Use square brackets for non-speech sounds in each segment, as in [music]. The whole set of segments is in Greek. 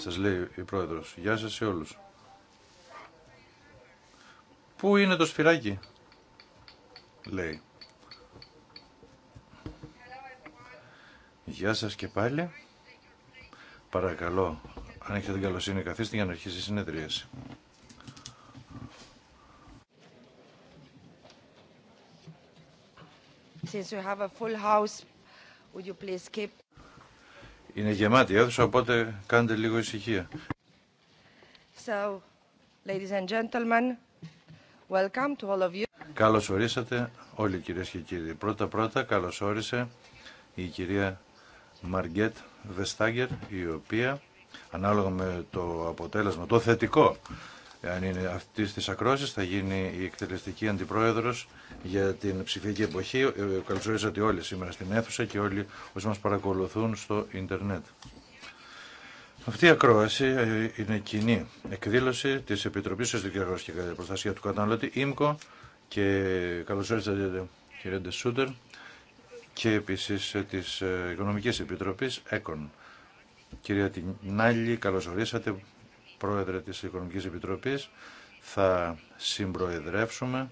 Σας λέει η πρόεδρος. Γεια σας σε όλους. Πού είναι το σφυράκι, λέει. Γεια σας και πάλι. Παρακαλώ, αν έχετε την καλοσύνη, καθίστε για να αρχίσει η συνεδρίαση. Since you have a full house, would you please keep... Είναι γεμάτη η αίθουσα, οπότε κάντε λίγο ησυχία. So, ladies and gentlemen, welcome to all of you. Καλώς ορίσατε όλοι κυρίες και κύριοι. Πρώτα-πρώτα καλώς όρισε η κυρία Μαργκέτ Βεστάγκερ, η οποία ανάλογα με το αποτέλεσμα, το θετικό αν είναι αυτή τη ακρόαση, θα γίνει η εκτελεστική αντιπρόεδρο για την ψηφιακή εποχή. Ε, καλώ όλοι σήμερα στην αίθουσα και όλοι όσοι μα παρακολουθούν στο ίντερνετ. Αυτή η ακρόαση ε, είναι κοινή εκδήλωση τη Επιτροπή Εσωτερική και Προστασία του Καταναλωτή, ΙΜΚΟ, και καλώ ορίσατε, κύριε Ντεσούτερ, και επίση τη ε, Οικονομική Επιτροπή, ΕΚΟΝ. Κυρία Τινάλη, καλώς ορίσατε, πρόεδρε της Οικονομικής Επιτροπής, θα συμπροεδρεύσουμε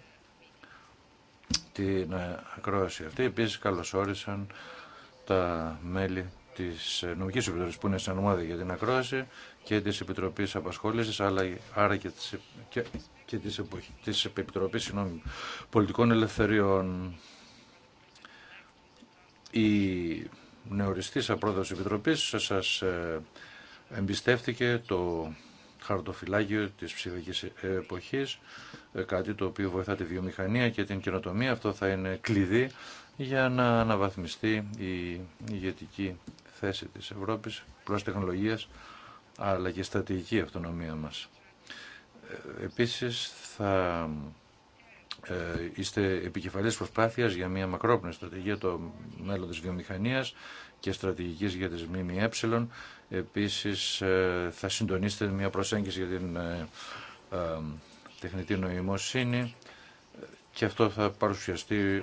την ε, ακρόαση αυτή. Επίσης καλωσόρισαν τα μέλη της ε, Νομικής Επιτροπής που είναι στην ομάδα για την ακρόαση και της Επιτροπής Απασχόλησης, αλλά άρα και της, και, και Επιτροπής Πολιτικών Ελευθεριών. Η νεοριστής απρόεδρος της Επιτροπής σας ε, εμπιστεύτηκε το χαρτοφυλάκιο της ψηφιακής εποχής, ε, κάτι το οποίο βοηθά τη βιομηχανία και την καινοτομία. Αυτό θα είναι κλειδί για να αναβαθμιστεί η ηγετική θέση της Ευρώπης προς τεχνολογίας αλλά και στρατηγική αυτονομία μας. Ε, επίσης θα ε, είστε επικεφαλής προσπάθειας για μια μακρόπνευση στρατηγία το μέλλον της βιομηχανίας και στρατηγικής για τις ΜΜΕ. Επίσης ε, θα συντονίσετε μια προσέγγιση για την ε, ε, τεχνητή νοημοσύνη και αυτό θα παρουσιαστεί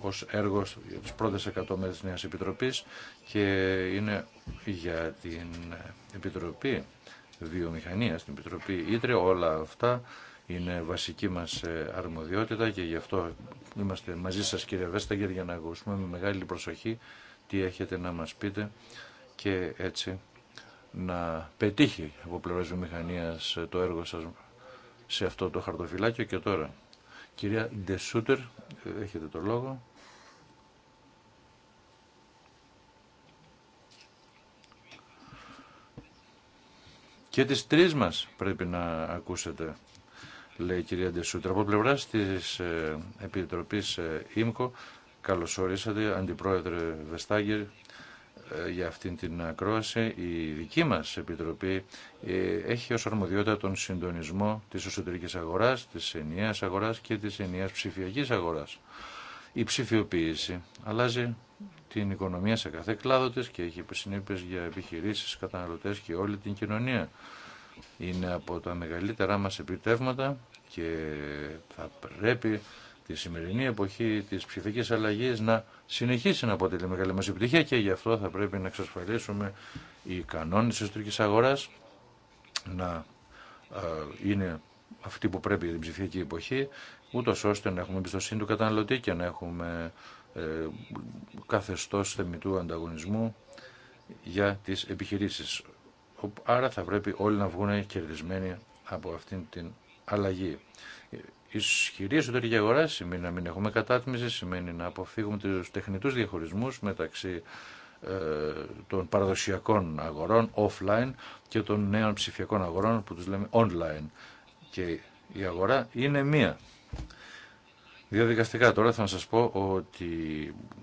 ως έργο για τις πρώτες 100 μέρες της Νέας Επιτροπής και είναι για την Επιτροπή Βιομηχανίας, την Επιτροπή Ήτρε, όλα αυτά είναι βασική μας αρμοδιότητα και γι' αυτό είμαστε μαζί σας κύριε Βέσταγκερ για να ακούσουμε με μεγάλη προσοχή τι έχετε να μας πείτε και έτσι να πετύχει από πλευράς βιομηχανία το έργο σας σε αυτό το χαρτοφυλάκιο και τώρα. Κυρία Ντεσούτερ, έχετε το λόγο. Και τις τρεις μας πρέπει να ακούσετε, λέει η κυρία Ντεσούτερ, Από πλευράς της ε, Επιτροπής ε, ΙΜΚΟ Καλώς ορίσατε, Αντιπρόεδρε Βεστάγκερ, ε, για αυτήν την ακρόαση. Η δική μας Επιτροπή ε, έχει ως αρμοδιότητα τον συντονισμό της εσωτερικής αγοράς, της ενιαίας αγοράς και της ενιαίας ψηφιακής αγοράς. Η ψηφιοποίηση αλλάζει την οικονομία σε κάθε κλάδο της και έχει συνέπειες για επιχειρήσεις, καταναλωτές και όλη την κοινωνία. Είναι από τα μεγαλύτερά μας επιτεύγματα και θα πρέπει τη σημερινή εποχή της ψηφικής αλλαγής να συνεχίσει να αποτελεί μεγάλη μας επιτυχία και γι' αυτό θα πρέπει να εξασφαλίσουμε οι κανόνες της τουρκικής αγοράς να ε, είναι αυτή που πρέπει για την ψηφιακή εποχή ούτω ώστε να έχουμε εμπιστοσύνη του καταναλωτή και να έχουμε ε, καθεστώς θεμητού ανταγωνισμού για τις επιχειρήσεις. Άρα θα πρέπει όλοι να βγουν κερδισμένοι από αυτήν την αλλαγή ισχυρή εσωτερική αγορά σημαίνει να μην έχουμε κατάτμιση, σημαίνει να αποφύγουμε τους τεχνητού διαχωρισμούς μεταξύ ε, των παραδοσιακών αγορών offline και των νέων ψηφιακών αγορών που τους λέμε online. Και η αγορά είναι μία. Διαδικαστικά τώρα θα σας πω ότι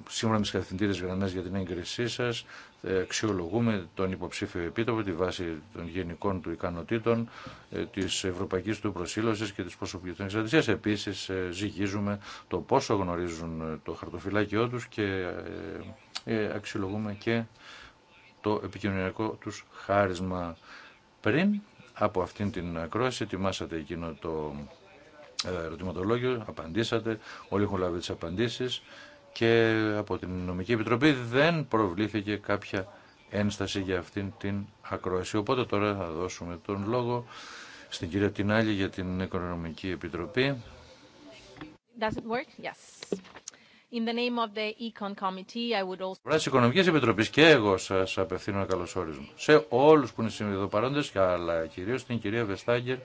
σύμφωνα με τις γραμμές για την έγκρισή σας ε, αξιολογούμε τον υποψήφιο επίτοπο τη βάση των γενικών του ικανοτήτων, ε, της ευρωπαϊκής του προσήλωσης και της προσωπικής του εξαρτησίας. Επίσης ε, ζυγίζουμε το πόσο γνωρίζουν το χαρτοφυλάκιό τους και αξιολογούμε και το επικοινωνιακό τους χάρισμα. Πριν από αυτήν την ακρόαση ετοιμάσατε εκείνο το ερωτηματολόγιο, απαντήσατε, όλοι έχουν λάβει τις απαντήσεις και από την Νομική Επιτροπή δεν προβλήθηκε κάποια ένσταση για αυτήν την ακρόαση. Οπότε τώρα θα δώσουμε τον λόγο στην κυρία Τινάλη για την Οικονομική Επιτροπή. Does it work? Οικονομικής Επιτροπής και εγώ σας απευθύνω ένα καλωσόρισμα. Σε όλους που είναι εδώ αλλά κυρίως την κυρία Βεστάγκερ,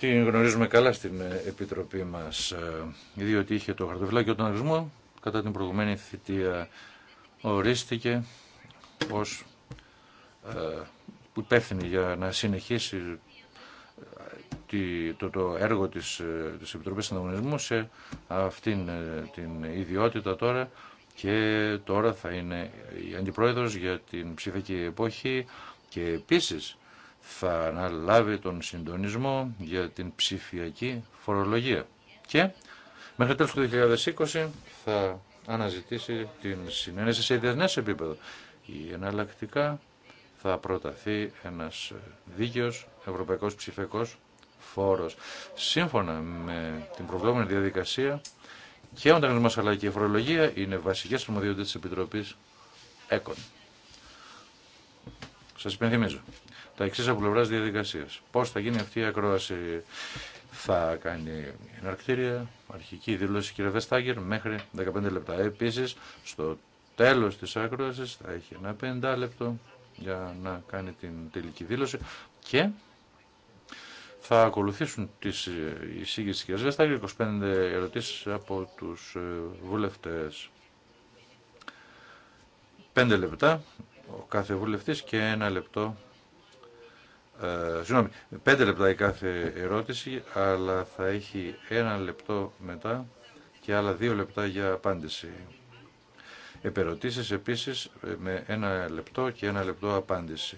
την γνωρίζουμε καλά στην ε, Επιτροπή μας, ε, διότι είχε το χαρτοφυλάκιο τον αναγνωρισμού κατά την προηγουμένη θητεία ορίστηκε ως που ε, υπεύθυνη για να συνεχίσει το, το έργο της, της Επιτροπής σε αυτήν την ιδιότητα τώρα και τώρα θα είναι η Αντιπρόεδρος για την ψηφιακή εποχή και επίσης θα αναλάβει τον συντονισμό για την ψηφιακή φορολογία και μέχρι τέλος του 2020 θα αναζητήσει την συνένεση σε διεθνές επίπεδο. Η εναλλακτικά θα προταθεί ένας δίκαιος ευρωπαϊκός ψηφιακός φόρος. Σύμφωνα με την προβλόμενη διαδικασία και ο ανταγωνισμός αλλά και η φορολογία είναι βασικές αρμοδιότητες της Επιτροπής ΕΚΟΝ. Σα υπενθυμίζω τα εξή από πλευρά διαδικασία. Πώ θα γίνει αυτή η ακρόαση, θα κάνει εναρκτήρια, αρχική δήλωση κ. Βεστάγκερ μέχρι 15 λεπτά. Επίση, στο τέλο τη ακρόαση θα έχει ένα λεπτό για να κάνει την τελική δήλωση και θα ακολουθήσουν τις εισήγησεις κ. Βεστάγκερ 25 ερωτήσεις από τους ε, βουλευτές. 5 λεπτά ο κάθε βουλευτής και ένα λεπτό ε, συγγνώμη, πέντε λεπτά η κάθε ερώτηση, αλλά θα έχει ένα λεπτό μετά και άλλα δύο λεπτά για απάντηση. Επερωτήσεις επίσης ε, με ένα λεπτό και ένα λεπτό απάντηση.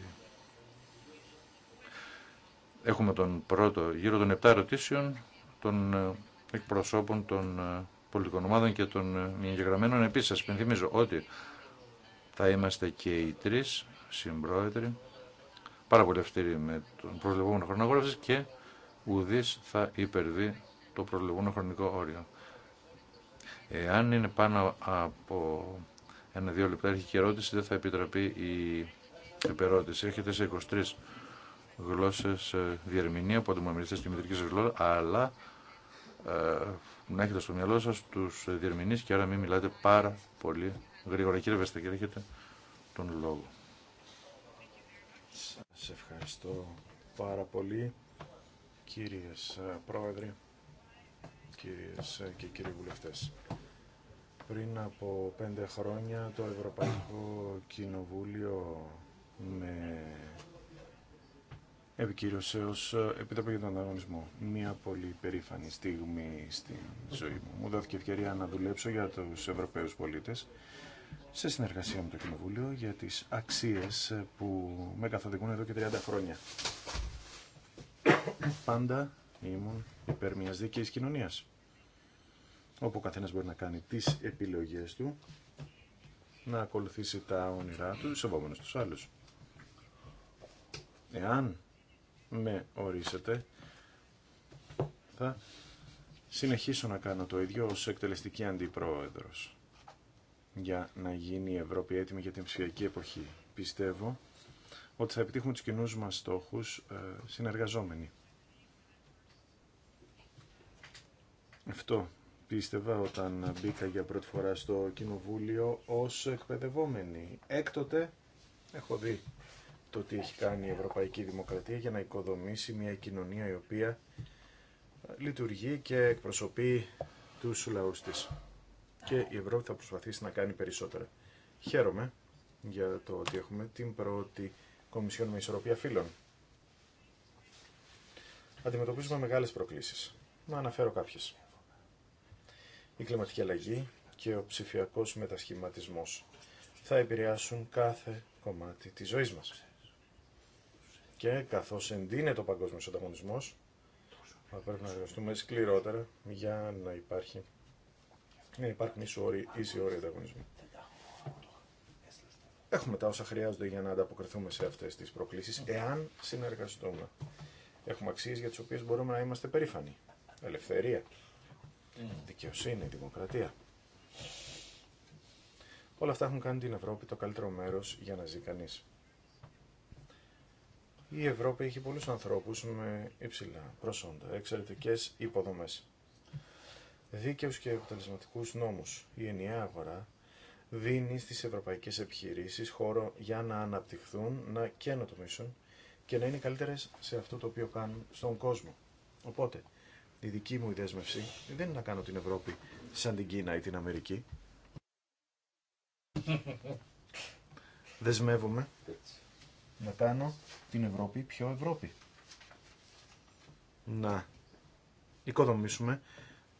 Έχουμε τον πρώτο γύρο των επτά ερωτήσεων των ε, εκπροσώπων των ε, πολιτικών ομάδων και των μη εγγεγραμμένων. Επίσης, σας πενθυμίζω ότι θα είμαστε και οι τρεις συμπρόεδροι, πάρα πολύ με τον προβλεπόμενο χρόνο και ουδής θα υπερβεί το προσλεγομενο χρονικο χρονικό όριο. Εάν είναι πάνω από ένα-δύο λεπτά και ερώτηση, δεν θα επιτραπεί η υπερώτηση. Έρχεται σε 23 γλώσσες ε, διερμηνία, οπότε μου μιλήσετε στη μητρική σας γλώσσα, αλλά ε, να έχετε στο μυαλό σας τους διερμηνείς και άρα μην μιλάτε πάρα πολύ γρήγορα. Κύριε έχετε τον λόγο. Σας ευχαριστώ πάρα πολύ, κύριες ε, πρόεδροι κυρίες ε, και κύριοι βουλευτές. Πριν από πέντε χρόνια το Ευρωπαϊκό Κοινοβούλιο με επικύρωσε ως ε, Επίτροπο για τον Ανταγωνισμό. Μία πολύ περήφανη στιγμή στη ζωή μου. Μου δόθηκε ευκαιρία να δουλέψω για τους Ευρωπαίους πολίτες σε συνεργασία με το Κοινοβούλιο για τις αξίες που με καθοδηγούν εδώ και 30 χρόνια. Πάντα ήμουν υπέρ μιας δίκαιης κοινωνίας, όπου ο καθένας μπορεί να κάνει τις επιλογές του, να ακολουθήσει τα όνειρά του, σεβόμενος τους άλλους. Εάν με ορίσετε, θα συνεχίσω να κάνω το ίδιο ως εκτελεστική αντιπρόεδρος για να γίνει η Ευρώπη έτοιμη για την ψηφιακή εποχή. Πιστεύω ότι θα επιτύχουμε τους κοινούς μας στόχους ε, συνεργαζόμενοι. Αυτό πίστευα όταν μπήκα για πρώτη φορά στο Κοινοβούλιο ως εκπαιδευόμενη. Έκτοτε έχω δει το τι έχει κάνει η Ευρωπαϊκή Δημοκρατία για να οικοδομήσει μια κοινωνία η οποία ε, λειτουργεί και εκπροσωπεί τους λαούς της και η Ευρώπη θα προσπαθήσει να κάνει περισσότερα. Χαίρομαι για το ότι έχουμε την πρώτη Κομισιόν με ισορροπία φύλων. Αντιμετωπίζουμε μεγάλες προκλήσεις. Να αναφέρω κάποιε. Η κλιματική αλλαγή και ο ψηφιακό μετασχηματισμό θα επηρεάσουν κάθε κομμάτι της ζωή μα. Και καθώ εντείνεται ο παγκόσμιο ανταγωνισμό, θα πρέπει να εργαστούμε σκληρότερα για να υπάρχει ναι, υπάρχουν ίσοι όρια ανταγωνισμού. Έχουμε τα όσα χρειάζονται για να ανταποκριθούμε σε αυτέ τι προκλήσει, εάν συνεργαστούμε. Έχουμε αξίε για τι οποίε μπορούμε να είμαστε περήφανοι. Ελευθερία, δικαιοσύνη, δημοκρατία. Όλα αυτά έχουν κάνει την Ευρώπη το καλύτερο μέρο για να ζει κανεί. Η Ευρώπη έχει πολλού ανθρώπου με υψηλά προσόντα, εξαιρετικέ υποδομέ δίκαιους και αποτελεσματικούς νόμους. Η ενιαία αγορά δίνει στις ευρωπαϊκές επιχειρήσεις χώρο για να αναπτυχθούν, να καινοτομήσουν και να είναι καλύτερες σε αυτό το οποίο κάνουν στον κόσμο. Οπότε, η δική μου δέσμευση δεν είναι να κάνω την Ευρώπη σαν την Κίνα ή την Αμερική. [laughs] Δεσμεύομαι να κάνω την Ευρώπη πιο Ευρώπη. Να οικοδομήσουμε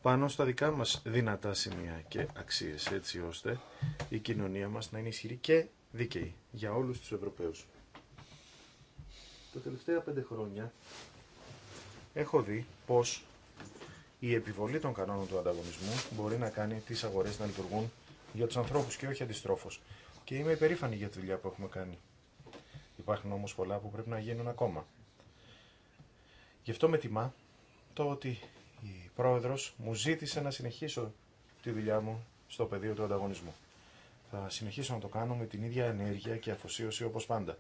πάνω στα δικά μας δυνατά σημεία και αξίες, έτσι ώστε η κοινωνία μας να είναι ισχυρή και δίκαιη για όλους τους Ευρωπαίους. Τα τελευταία πέντε χρόνια έχω δει πως η επιβολή των κανόνων του ανταγωνισμού μπορεί να κάνει τις αγορές να λειτουργούν για τους ανθρώπους και όχι αντιστρόφως. Και είμαι υπερήφανη για τη δουλειά που έχουμε κάνει. Υπάρχουν όμως πολλά που πρέπει να γίνουν ακόμα. Γι' αυτό με τιμά το ότι η πρόεδρος μου ζήτησε να συνεχίσω τη δουλειά μου στο πεδίο του ανταγωνισμού. Θα συνεχίσω να το κάνω με την ίδια ενέργεια και αφοσίωση όπως πάντα.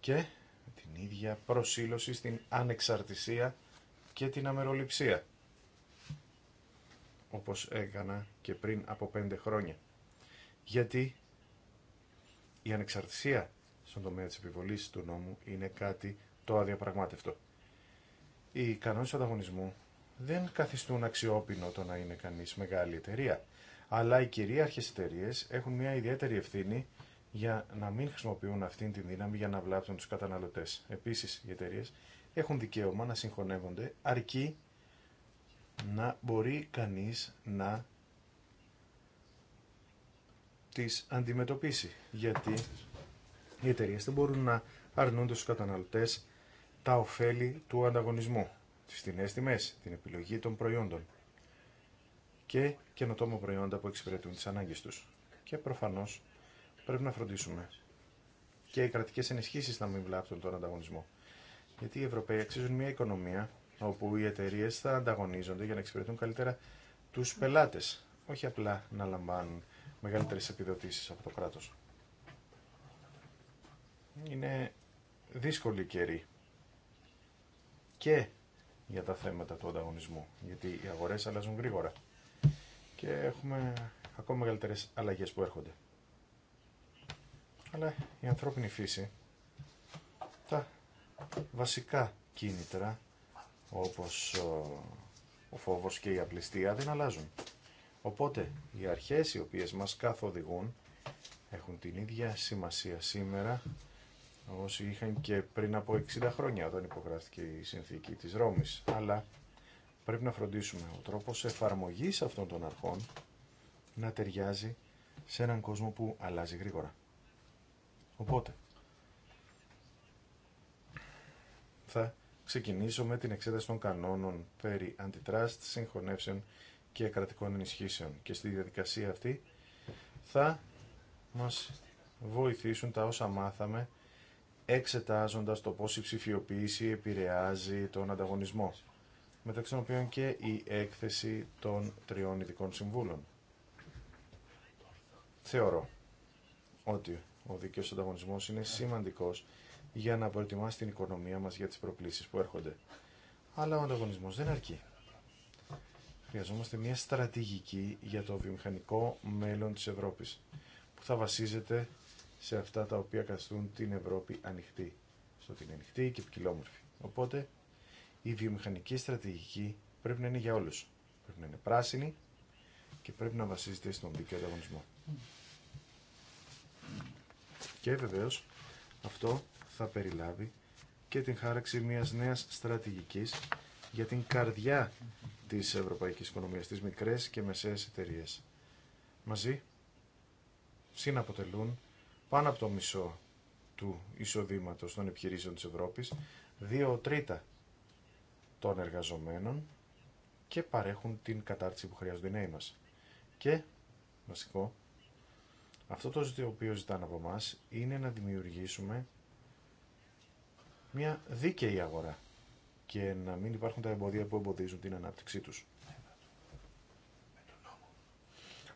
Και με την ίδια προσήλωση στην ανεξαρτησία και την αμεροληψία. Όπως έκανα και πριν από πέντε χρόνια. Γιατί η ανεξαρτησία στον τομέα της επιβολής του νόμου είναι κάτι το αδιαπραγμάτευτο. Οι κανόνες του ανταγωνισμού δεν καθιστούν αξιόπινο το να είναι κανείς μεγάλη εταιρεία. Αλλά οι κυρίαρχε εταιρείε έχουν μια ιδιαίτερη ευθύνη για να μην χρησιμοποιούν αυτή τη δύναμη για να βλάπτουν τους καταναλωτές. Επίσης, οι εταιρείε έχουν δικαίωμα να συγχωνεύονται αρκεί να μπορεί κανείς να τις αντιμετωπίσει. Γιατί οι εταιρείε δεν μπορούν να αρνούνται στου καταναλωτέ τα ωφέλη του ανταγωνισμού τις φθηνές τιμές, την επιλογή των προϊόντων και καινοτόμο προϊόντα που εξυπηρετούν τις ανάγκες τους. Και προφανώς πρέπει να φροντίσουμε και οι κρατικές ενισχύσεις να μην βλάπτουν τον ανταγωνισμό. Γιατί οι Ευρωπαίοι αξίζουν μια οικονομία όπου οι εταιρείε θα ανταγωνίζονται για να εξυπηρετούν καλύτερα τους πελάτες, όχι απλά να λαμβάνουν μεγαλύτερες επιδοτήσεις από το κράτος. Είναι δύσκολη καιρή και για τα θέματα του ανταγωνισμού, γιατί οι αγορές αλλάζουν γρήγορα και έχουμε ακόμα μεγαλύτερες αλλαγές που έρχονται. Αλλά η ανθρώπινη φύση, τα βασικά κίνητρα, όπως ε, ο φόβος και η απληστία, δεν αλλάζουν. Οπότε, οι αρχές οι οποίες μας καθοδηγούν έχουν την ίδια σημασία σήμερα όσοι είχαν και πριν από 60 χρόνια όταν υπογράφηκε η συνθήκη της Ρώμης. Αλλά πρέπει να φροντίσουμε ο τρόπος εφαρμογής αυτών των αρχών να ταιριάζει σε έναν κόσμο που αλλάζει γρήγορα. Οπότε, θα ξεκινήσω με την εξέταση των κανόνων περί αντιτράστ, συγχωνεύσεων και κρατικών ενισχύσεων. Και στη διαδικασία αυτή θα μας βοηθήσουν τα όσα μάθαμε εξετάζοντας το πώς η ψηφιοποίηση επηρεάζει τον ανταγωνισμό, μεταξύ των οποίων και η έκθεση των τριών ειδικών συμβούλων. Θεωρώ ότι ο δίκαιος ανταγωνισμός είναι σημαντικός για να προετοιμάσει την οικονομία μας για τις προκλήσεις που έρχονται. Αλλά ο ανταγωνισμός δεν αρκεί. Χρειαζόμαστε μια στρατηγική για το βιομηχανικό μέλλον της Ευρώπης, που θα βασίζεται σε αυτά τα οποία καθιστούν την Ευρώπη ανοιχτή. Στο ότι είναι ανοιχτή και ποικιλόμορφη. Οπότε η βιομηχανική στρατηγική πρέπει να είναι για όλους. Πρέπει να είναι πράσινη και πρέπει να βασίζεται στον δίκαιο ανταγωνισμό. Και βεβαίως αυτό θα περιλάβει και την χάραξη μιας νέας στρατηγικής για την καρδιά της ευρωπαϊκής οικονομίας, τις μικρές και μεσαίες εταιρείες. Μαζί συναποτελούν πάνω από το μισό του εισοδήματο των επιχειρήσεων της Ευρώπης, δύο τρίτα των εργαζομένων και παρέχουν την κατάρτιση που χρειάζονται οι νέοι μας. Και, βασικό, αυτό το οποίο ζητάνε από εμά είναι να δημιουργήσουμε μια δίκαιη αγορά και να μην υπάρχουν τα εμπόδια που εμποδίζουν την ανάπτυξή τους.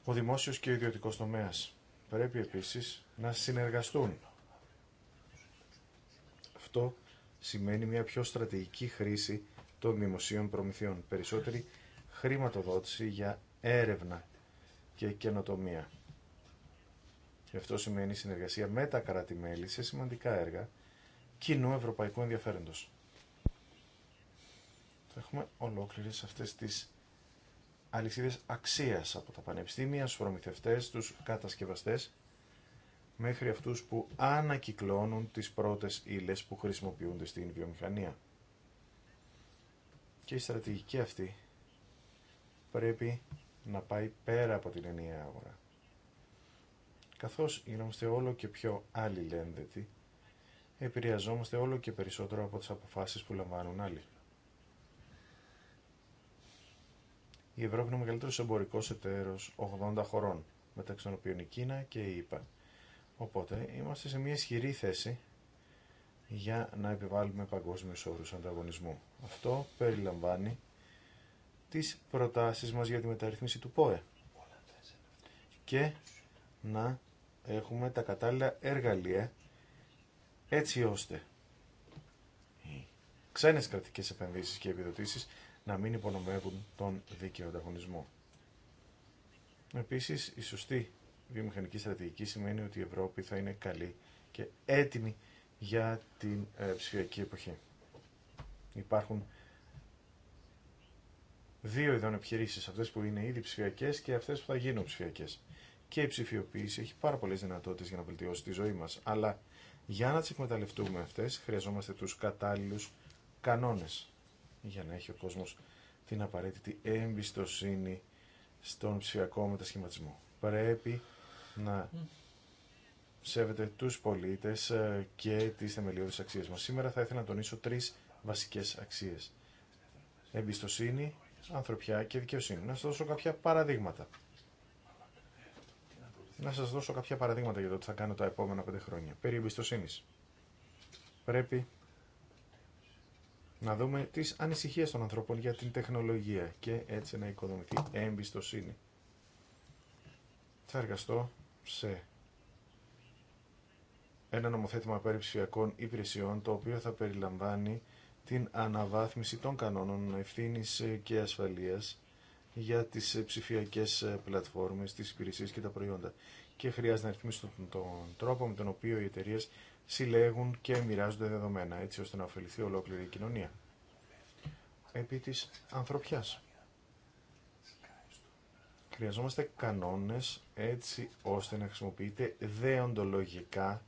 Ο δημόσιος και ο ιδιωτικός τομέας πρέπει επίσης να συνεργαστούν. Αυτό σημαίνει μια πιο στρατηγική χρήση των δημοσίων προμηθειών, περισσότερη χρηματοδότηση για έρευνα και καινοτομία. Και αυτό σημαίνει συνεργασία με τα κράτη-μέλη σε σημαντικά έργα κοινού ευρωπαϊκού ενδιαφέροντος. Θα έχουμε ολόκληρες αυτές τις αλυσίδες αξίας από τα πανεπιστήμια, στους προμηθευτέ, τους κατασκευαστές, μέχρι αυτούς που ανακυκλώνουν τις πρώτες ύλες που χρησιμοποιούνται στην βιομηχανία. Και η στρατηγική αυτή πρέπει να πάει πέρα από την ενιαία αγορά. Καθώς γινόμαστε όλο και πιο αλληλένδετοι, επηρεαζόμαστε όλο και περισσότερο από τις αποφάσεις που λαμβάνουν άλλοι. Η Ευρώπη είναι ο μεγαλύτερο εμπορικό εταίρο 80 χωρών, μεταξύ των οποίων η Κίνα και η Οπότε είμαστε σε μια ισχυρή θέση για να επιβάλλουμε παγκόσμιου όρου ανταγωνισμού. Αυτό περιλαμβάνει τι προτάσει μα για τη μεταρρύθμιση του ΠΟΕ και να έχουμε τα κατάλληλα εργαλεία έτσι ώστε οι ξένες κρατικές επενδύσεις και επιδοτήσεις να μην υπονομεύουν τον δίκαιο ανταγωνισμό. Επίσης, η σωστή βιομηχανική στρατηγική σημαίνει ότι η Ευρώπη θα είναι καλή και έτοιμη για την ε, ψηφιακή εποχή. Υπάρχουν δύο ειδών επιχειρήσει. Αυτέ που είναι ήδη ψηφιακέ και αυτές που θα γίνουν ψηφιακέ. Και η ψηφιοποίηση έχει πάρα πολλέ δυνατότητε για να βελτιώσει τη ζωή μα. αλλά για να τι εκμεταλλευτούμε αυτέ, χρειαζόμαστε του κατάλληλου κανόνες για να έχει ο κόσμος την απαραίτητη εμπιστοσύνη στον ψηφιακό μετασχηματισμό. Πρέπει να σέβεται τους πολίτες ε, και τις θεμελιώδεις αξίες μας. Σήμερα θα ήθελα να τονίσω τρεις βασικές αξίες. Εμπιστοσύνη, ανθρωπιά και δικαιοσύνη. Να σας δώσω κάποια παραδείγματα. Να σας δώσω κάποια παραδείγματα για το τι θα κάνω τα επόμενα πέντε χρόνια. Περί εμπιστοσύνης. Πρέπει να δούμε τις ανησυχίες των ανθρώπων για την τεχνολογία και έτσι να οικοδομηθεί εμπιστοσύνη. Θα εργαστώ σε ένα νομοθέτημα περί ψηφιακών υπηρεσιών το οποίο θα περιλαμβάνει την αναβάθμιση των κανόνων ευθύνη και ασφαλείας για τις ψηφιακές πλατφόρμες, τις υπηρεσίες και τα προϊόντα. Και χρειάζεται να ρυθμίσουμε τον τρόπο με τον οποίο οι εταιρείε συλλέγουν και μοιράζονται δεδομένα, έτσι ώστε να ωφεληθεί ολόκληρη η κοινωνία. Επί της ανθρωπιάς. Χρειαζόμαστε κανόνες έτσι ώστε να χρησιμοποιείται δεοντολογικά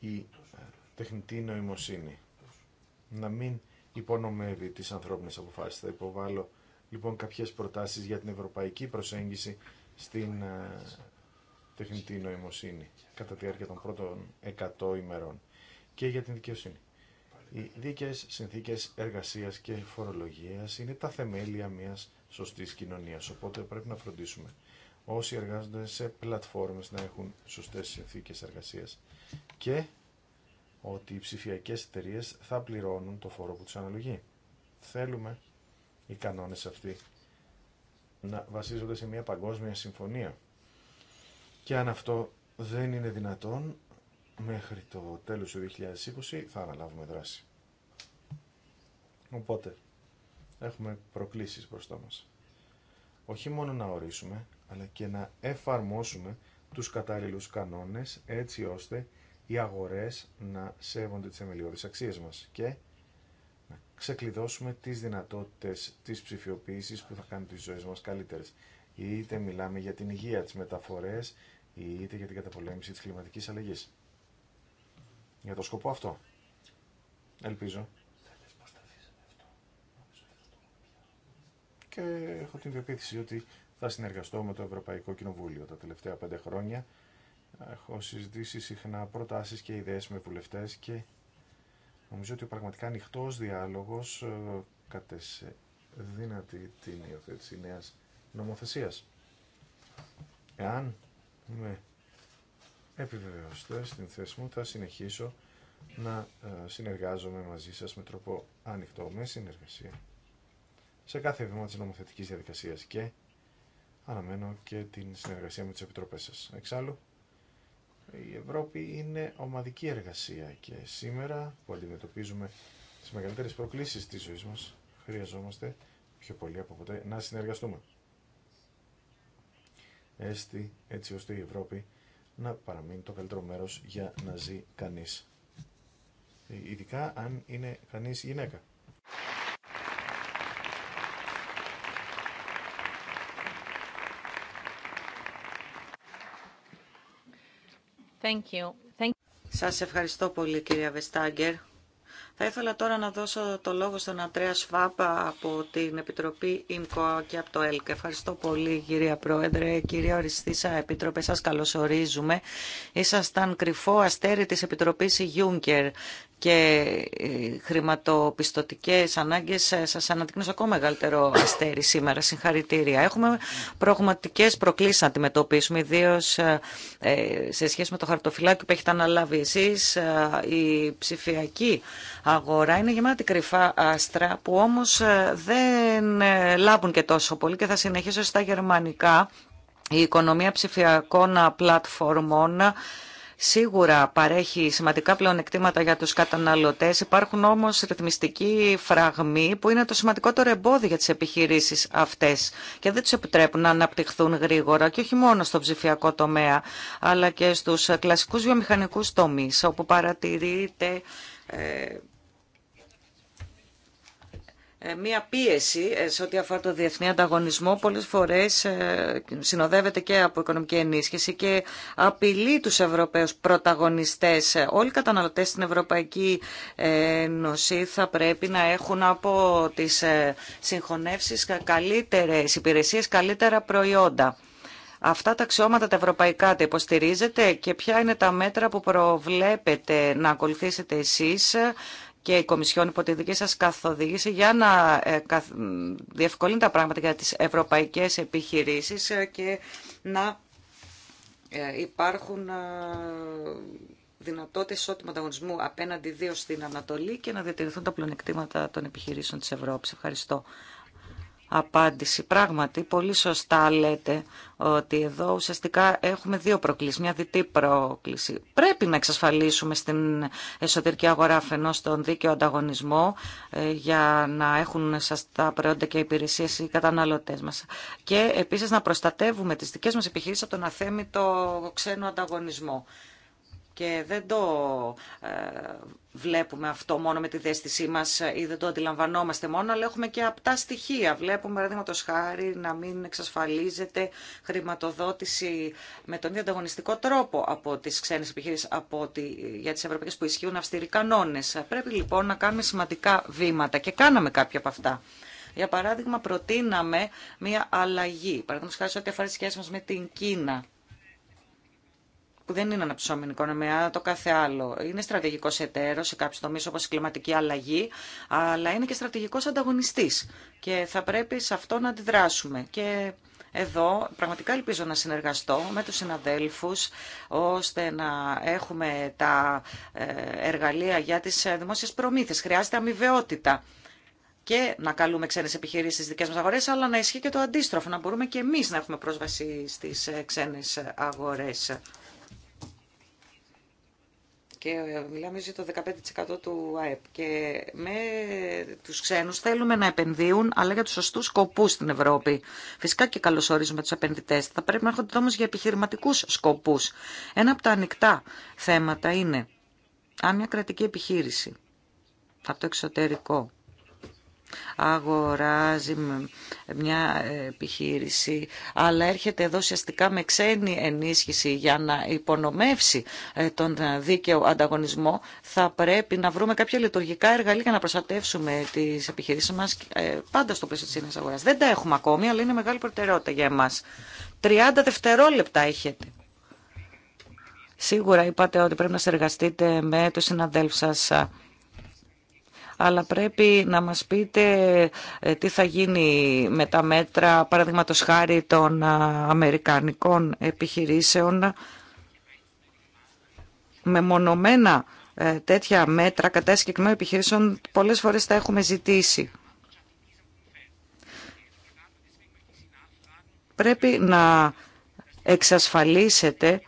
η ε, τεχνητή νοημοσύνη. Να μην υπονομεύει τις ανθρώπινες αποφάσεις. Θα υποβάλω λοιπόν κάποιες προτάσεις για την ευρωπαϊκή προσέγγιση στην ε, τεχνητή νοημοσύνη κατά τη διάρκεια των πρώτων 100 ημερών και για την δικαιοσύνη. Οι δίκαιε συνθήκες εργασία και φορολογία είναι τα θεμέλια μιας σωστή κοινωνίας, οπότε πρέπει να φροντίσουμε όσοι εργάζονται σε πλατφόρμες να έχουν σωστέ συνθήκε εργασία και ότι οι ψηφιακές εταιρείε θα πληρώνουν το φόρο που του αναλογεί. Θέλουμε οι κανόνε αυτοί να βασίζονται σε μια παγκόσμια συμφωνία και αν αυτό δεν είναι δυνατόν, μέχρι το τέλος του 2020 θα αναλάβουμε δράση. Οπότε, έχουμε προκλήσεις μπροστά μας. Όχι μόνο να ορίσουμε, αλλά και να εφαρμόσουμε τους κατάλληλους κανόνες, έτσι ώστε οι αγορές να σέβονται τις θεμελιώδεις αξίες μας και να ξεκλειδώσουμε τις δυνατότητες της ψηφιοποίησης που θα κάνουν τις ζωές μας καλύτερες. Είτε μιλάμε για την υγεία, τις μεταφορές, είτε για την καταπολέμηση της κλιματικής αλλαγής. Για το σκοπό αυτό. Ελπίζω. Και έχω την πεποίθηση ότι θα συνεργαστώ με το Ευρωπαϊκό Κοινοβούλιο τα τελευταία πέντε χρόνια. Έχω συζητήσει συχνά προτάσεις και ιδέες με βουλευτές και νομίζω ότι ο πραγματικά ανοιχτό διάλογος ε, κατέσε δυνατή την υιοθέτηση νέας νομοθεσίας. Εάν με ναι. επιβεβαίωστε στην θέση μου, θα συνεχίσω να ε, συνεργάζομαι μαζί σας με τρόπο ανοιχτό, με συνεργασία σε κάθε βήμα της νομοθετικής διαδικασίας και αναμένω και την συνεργασία με τις επιτροπές σας. Εξάλλου, η Ευρώπη είναι ομαδική εργασία και σήμερα που αντιμετωπίζουμε τις μεγαλύτερες προκλήσεις της ζωής μας, χρειαζόμαστε πιο πολύ από ποτέ να συνεργαστούμε έστι έτσι ώστε η Ευρώπη να παραμείνει το καλύτερο μέρος για να ζει κανείς. Ειδικά αν είναι κανείς γυναίκα. Thank you. Thank you. Σας ευχαριστώ πολύ κυρία Βεστάγκερ. Θα ήθελα τώρα να δώσω το λόγο στον Αντρέα Σφάπα από την Επιτροπή ΙΜΚΟ και από το ΕΛΚ. Ευχαριστώ πολύ κυρία Πρόεδρε, κυρία Οριστήσα Επίτροπε, σα καλωσορίζουμε. Ήσασταν κρυφό αστέρι της Επιτροπής Ιούνκερ και ε, χρηματοπιστωτικές ανάγκες ε, σας σε ακόμα μεγαλύτερο αστέρι σήμερα. Συγχαρητήρια. Έχουμε πραγματικές προκλήσεις να αντιμετωπίσουμε, ιδίω ε, σε σχέση με το χαρτοφυλάκι που έχετε αναλάβει εσείς. Η ψηφιακή αγορά είναι γεμάτη κρυφά άστρα που όμως δεν λάβουν και τόσο πολύ και θα συνεχίσω στα γερμανικά. Η οικονομία ψηφιακών πλατφορμών σίγουρα παρέχει σημαντικά πλεονεκτήματα για τους καταναλωτές. Υπάρχουν όμως ρυθμιστικοί φραγμοί που είναι το σημαντικότερο εμπόδιο για τις επιχειρήσεις αυτές και δεν τους επιτρέπουν να αναπτυχθούν γρήγορα και όχι μόνο στο ψηφιακό τομέα αλλά και στους κλασικούς βιομηχανικούς τομείς όπου παρατηρείται ε, ε, μία πίεση ε, σε ό,τι αφορά το διεθνή ανταγωνισμό πολλές φορές ε, συνοδεύεται και από οικονομική ενίσχυση και απειλεί τους Ευρωπαίους πρωταγωνιστές. Όλοι οι καταναλωτές στην Ευρωπαϊκή Ένωση θα πρέπει να έχουν από τις συγχωνεύσεις καλύτερες υπηρεσίες, καλύτερα προϊόντα. Αυτά τα αξιώματα τα ευρωπαϊκά τα υποστηρίζετε και ποια είναι τα μέτρα που προβλέπετε να ακολουθήσετε εσείς και η Κομισιόν υπό τη δική σας καθοδήγηση για να ε, διευκολύνει τα πράγματα για τις ευρωπαϊκές επιχειρήσεις ε, και να ε, υπάρχουν δυνατότητες ισότιμου ανταγωνισμού απέναντι δύο στην Ανατολή και να διατηρηθούν τα πλονεκτήματα των επιχειρήσεων της Ευρώπης. Ευχαριστώ απάντηση. Πράγματι, πολύ σωστά λέτε ότι εδώ ουσιαστικά έχουμε δύο προκλήσεις, μια διτή πρόκληση. Πρέπει να εξασφαλίσουμε στην εσωτερική αγορά αφενό τον δίκαιο ανταγωνισμό ε, για να έχουν τα προϊόντα και υπηρεσίες οι καταναλωτές μας. Και επίσης να προστατεύουμε τις δικές μας επιχειρήσεις από τον αθέμητο ξένο ανταγωνισμό. Και δεν το ε, βλέπουμε αυτό μόνο με τη δέστησή μα ή δεν το αντιλαμβανόμαστε μόνο, αλλά έχουμε και απτά στοιχεία. Βλέπουμε, παραδείγματο χάρη, να μην εξασφαλίζεται χρηματοδότηση με τον ίδιο ανταγωνιστικό τρόπο από τι ξένε επιχειρήσει από για τι ευρωπαϊκέ που ισχύουν αυστηροί κανόνε. Πρέπει λοιπόν να κάνουμε σημαντικά βήματα και κάναμε κάποια από αυτά. Για παράδειγμα, προτείναμε μία αλλαγή. Παραδείγματο χάρη, σε ό,τι αφορά τι σχέσει μα με την Κίνα που δεν είναι αναψώμενη οικονομία, το κάθε άλλο. Είναι στρατηγικό εταίρο σε κάποιου τομεί όπω η κλιματική αλλαγή, αλλά είναι και στρατηγικό ανταγωνιστή. Και θα πρέπει σε αυτό να αντιδράσουμε. Και εδώ πραγματικά ελπίζω να συνεργαστώ με τους συναδέλφους ώστε να έχουμε τα ε, εργαλεία για τις ε, δημόσιες προμήθειες. Χρειάζεται αμοιβαιότητα και να καλούμε ξένε επιχειρήσει στι δικέ μα αγορέ, αλλά να ισχύει και το αντίστροφο, να μπορούμε και εμεί να έχουμε πρόσβαση στι ε, ξένε αγορέ και μιλάμε για το 15% του ΑΕΠ και με τους ξένους θέλουμε να επενδύουν αλλά για τους σωστούς σκοπούς στην Ευρώπη. Φυσικά και καλωσορίζουμε τους επενδυτές. Θα πρέπει να έρχονται όμως για επιχειρηματικούς σκοπούς. Ένα από τα ανοιχτά θέματα είναι αν μια κρατική επιχείρηση από το εξωτερικό αγοράζει μια επιχείρηση, αλλά έρχεται εδώ ουσιαστικά με ξένη ενίσχυση για να υπονομεύσει ε, τον δίκαιο ανταγωνισμό, θα πρέπει να βρούμε κάποια λειτουργικά εργαλεία για να προστατεύσουμε τι επιχειρήσει μα ε, πάντα στο πλαίσιο τη ίδια αγορά. Δεν τα έχουμε ακόμη, αλλά είναι μεγάλη προτεραιότητα για εμά. 30 δευτερόλεπτα έχετε. Σίγουρα είπατε ότι πρέπει να συνεργαστείτε με το συναδέλφου σας αλλά πρέπει να μας πείτε ε, τι θα γίνει με τα μέτρα, παραδείγματος χάρη των αμερικανικών επιχειρήσεων, με μονομένα ε, τέτοια μέτρα κατά συγκεκριμένων επιχειρήσεων πολλές φορές τα έχουμε ζητήσει. Πρέπει να εξασφαλίσετε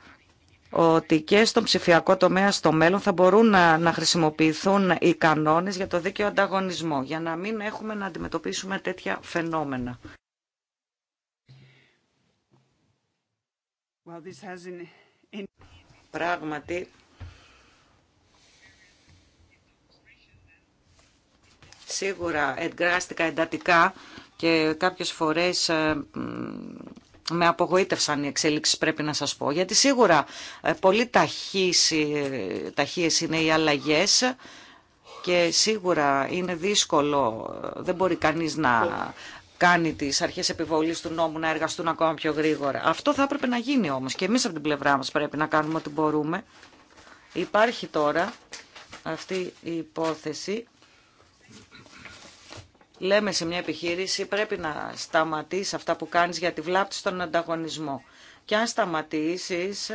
ότι και στον ψηφιακό τομέα στο μέλλον θα μπορούν να, να χρησιμοποιηθούν οι κανόνες για το δίκαιο ανταγωνισμό, για να μην έχουμε να αντιμετωπίσουμε τέτοια φαινόμενα. Well, this has Πράγματι, σίγουρα εγκράστηκα εντατικά και κάποιες φορές ε, με απογοήτευσαν οι εξέλιξεις πρέπει να σας πω, γιατί σίγουρα ε, πολύ ταχύς, ε, ταχύες είναι οι αλλαγές και σίγουρα είναι δύσκολο, ε, δεν μπορεί κανείς να κάνει τις αρχές επιβολής του νόμου να εργαστούν ακόμα πιο γρήγορα. Αυτό θα έπρεπε να γίνει όμως και εμείς από την πλευρά μας πρέπει να κάνουμε ό,τι μπορούμε. Υπάρχει τώρα αυτή η υπόθεση λέμε σε μια επιχείρηση πρέπει να σταματήσει αυτά που κάνεις γιατί βλάπτεις τον ανταγωνισμό. Και αν σταματήσεις,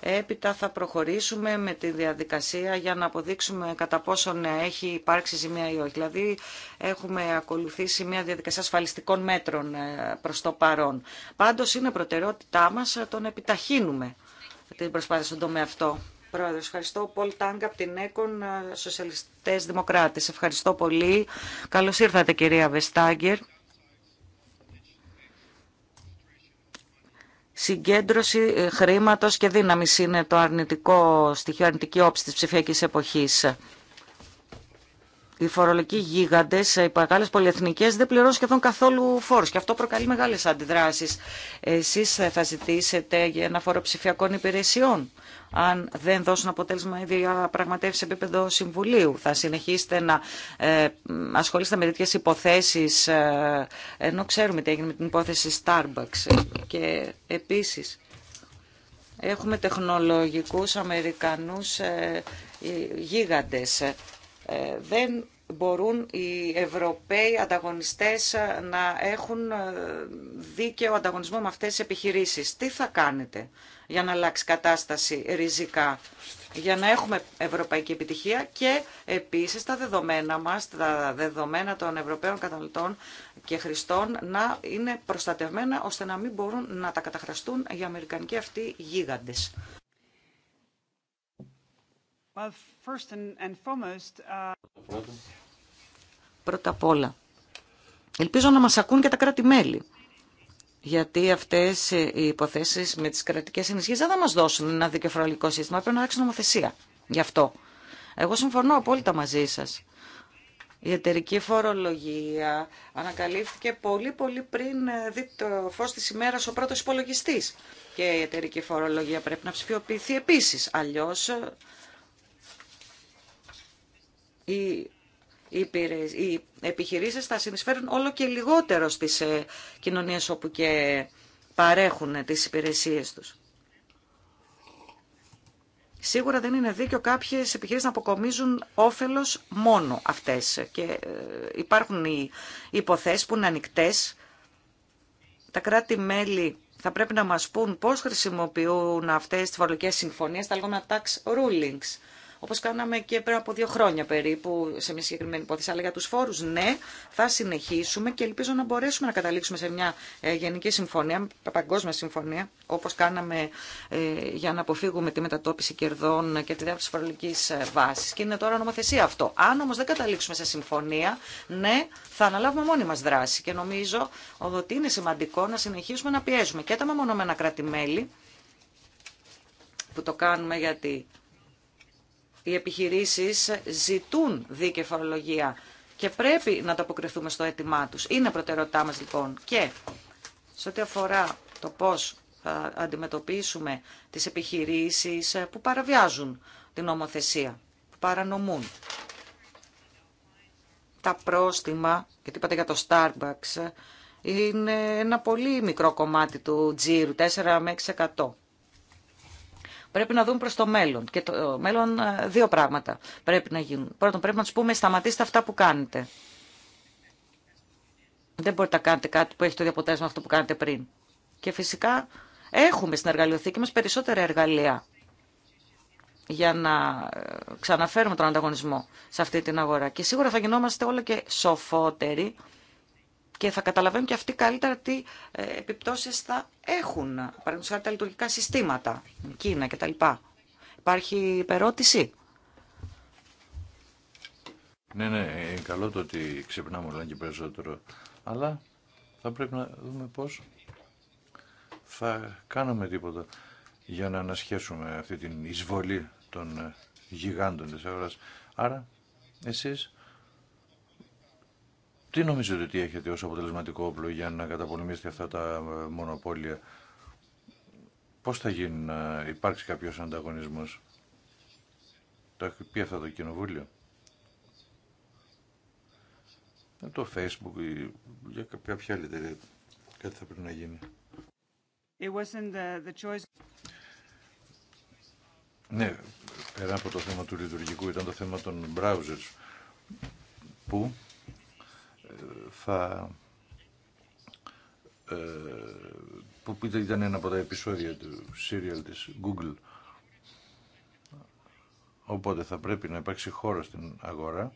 έπειτα θα προχωρήσουμε με τη διαδικασία για να αποδείξουμε κατά πόσον ναι, έχει υπάρξει ζημία ή όχι. Δηλαδή έχουμε ακολουθήσει μια διαδικασία ασφαλιστικών μέτρων ε, προς το παρόν. Πάντως είναι προτεραιότητά μας, τον επιταχύνουμε την προσπάθεια στον τομέα αυτό. Πρόεδρος. Ευχαριστώ. Πολ από ΕΚΟΝ, ε, Σοσιαλιστές Δημοκράτες. Ευχαριστώ πολύ. Καλώς ήρθατε κυρία Βεστάγκερ. Συγκέντρωση ε, χρήματος και δύναμης είναι το αρνητικό στοιχείο, αρνητική όψη της ψηφιακής εποχής. Οι φορολογικοί γίγαντε, ε, οι μεγάλε πολυεθνικέ δεν πληρώνουν σχεδόν καθόλου φόρου και αυτό προκαλεί μεγάλε αντιδράσει. Εσεί θα ζητήσετε για ένα φόρο ψηφιακών υπηρεσιών αν δεν δώσουν αποτέλεσμα οι διαπραγματεύσει σε επίπεδο Συμβουλίου. Θα συνεχίσετε να ε, ασχολείστε με τέτοιε υποθέσει, ε, ενώ ξέρουμε τι έγινε με την υπόθεση Starbucks. Και επίση, έχουμε τεχνολογικού Αμερικανού ε, γίγαντες. Ε, δεν μπορούν οι Ευρωπαίοι ανταγωνιστές ε, να έχουν ε, δίκαιο ανταγωνισμό με αυτές τις επιχειρήσεις. Τι θα κάνετε για να αλλάξει κατάσταση ριζικά, για να έχουμε ευρωπαϊκή επιτυχία και επίσης τα δεδομένα μας, τα δεδομένα των Ευρωπαίων καταναλωτών και χρηστών να είναι προστατευμένα ώστε να μην μπορούν να τα καταχραστούν οι Αμερικανικοί αυτοί γίγαντες. Uh, Πρώτα απ' όλα, ελπίζω να μας ακούν και τα κράτη-μέλη. Γιατί αυτές ε, οι υποθέσεις με τις κρατικές ενισχύσεις δεν θα μας δώσουν ένα δικαιοφορολογικό σύστημα. Πρέπει να αλλάξει νομοθεσία γι' αυτό. Εγώ συμφωνώ απόλυτα μαζί σας. Η εταιρική φορολογία ανακαλύφθηκε πολύ πολύ πριν ε, δει το φως της ημέρας ο πρώτος υπολογιστής. Και η εταιρική φορολογία πρέπει να ψηφιοποιηθεί επίσης. Αλλιώς ε, οι, οι επιχειρήσεις θα συνεισφέρουν όλο και λιγότερο στις ε, κοινωνίες όπου και παρέχουν ε, τις υπηρεσίες τους. Σίγουρα δεν είναι δίκιο κάποιες επιχειρήσεις να αποκομίζουν όφελος μόνο αυτές. Και ε, υπάρχουν οι υποθέσεις που είναι ανοιχτέ. Τα κράτη-μέλη θα πρέπει να μας πούν πώς χρησιμοποιούν αυτές τις φορολογικές συμφωνίες, τα λεγόμενα tax rulings όπω κάναμε και πριν από δύο χρόνια περίπου σε μια συγκεκριμένη υπόθεση. Αλλά για του φόρου, ναι, θα συνεχίσουμε και ελπίζω να μπορέσουμε να καταλήξουμε σε μια ε, γενική συμφωνία, παγκόσμια συμφωνία, όπω κάναμε ε, για να αποφύγουμε τη μετατόπιση κερδών και τη διάφορη φορολογική ε, βάση. Και είναι τώρα νομοθεσία αυτό. Αν όμω δεν καταλήξουμε σε συμφωνία, ναι, θα αναλάβουμε μόνοι μα δράση. Και νομίζω ότι είναι σημαντικό να συνεχίσουμε να πιέζουμε και τα μεμονωμένα κράτη-μέλη που το κάνουμε γιατί οι επιχειρήσεις ζητούν δίκαιη φορολογία και πρέπει να αποκριθούμε στο αίτημά τους. Είναι προτεραιότητά μας λοιπόν και σε ό,τι αφορά το πώς θα αντιμετωπίσουμε τις επιχειρήσεις που παραβιάζουν την νομοθεσία, που παρανομούν. Τα πρόστιμα, γιατί είπατε για το Starbucks, είναι ένα πολύ μικρό κομμάτι του τζίρου, 4 με πρέπει να δούμε προ το μέλλον. Και το μέλλον ε, δύο πράγματα πρέπει να γίνουν. Πρώτον, πρέπει να του πούμε σταματήστε αυτά που κάνετε. Δεν μπορείτε να κάνετε κάτι που έχει το ίδιο αποτέλεσμα αυτό που κάνετε πριν. Και φυσικά έχουμε στην εργαλειοθήκη μας περισσότερα εργαλεία για να ε, ξαναφέρουμε τον ανταγωνισμό σε αυτή την αγορά. Και σίγουρα θα γινόμαστε όλο και σοφότεροι και θα καταλαβαίνουν και αυτοί καλύτερα τι ε, επιπτώσεις θα έχουν, παραδείγματος χάρη τα λειτουργικά συστήματα, Κίνα κτλ. Υπάρχει υπερώτηση. Ναι, ναι, ε, καλό το ότι ξυπνάμε όλα και περισσότερο, αλλά θα πρέπει να δούμε πώς θα κάνουμε τίποτα για να ανασχέσουμε αυτή την εισβολή των ε, γιγάντων της αγοράς. Άρα, εσείς τι νομίζετε ότι έχετε ως αποτελεσματικό όπλο για να καταπολεμήσετε αυτά τα ε, μονοπόλια. Πώς θα γίνει να υπάρξει κάποιος ανταγωνισμός. Το έχει πει αυτό το κοινοβούλιο. Ε, το facebook ή για κάποια άλλη εταιρεία. Κάτι θα πρέπει να γίνει. Ναι, πέρα από το θέμα του λειτουργικού ήταν το θέμα των browsers που θα που ήταν ένα από τα επεισόδια του serial της Google. Οπότε θα πρέπει να υπάρξει χώρο στην αγορά,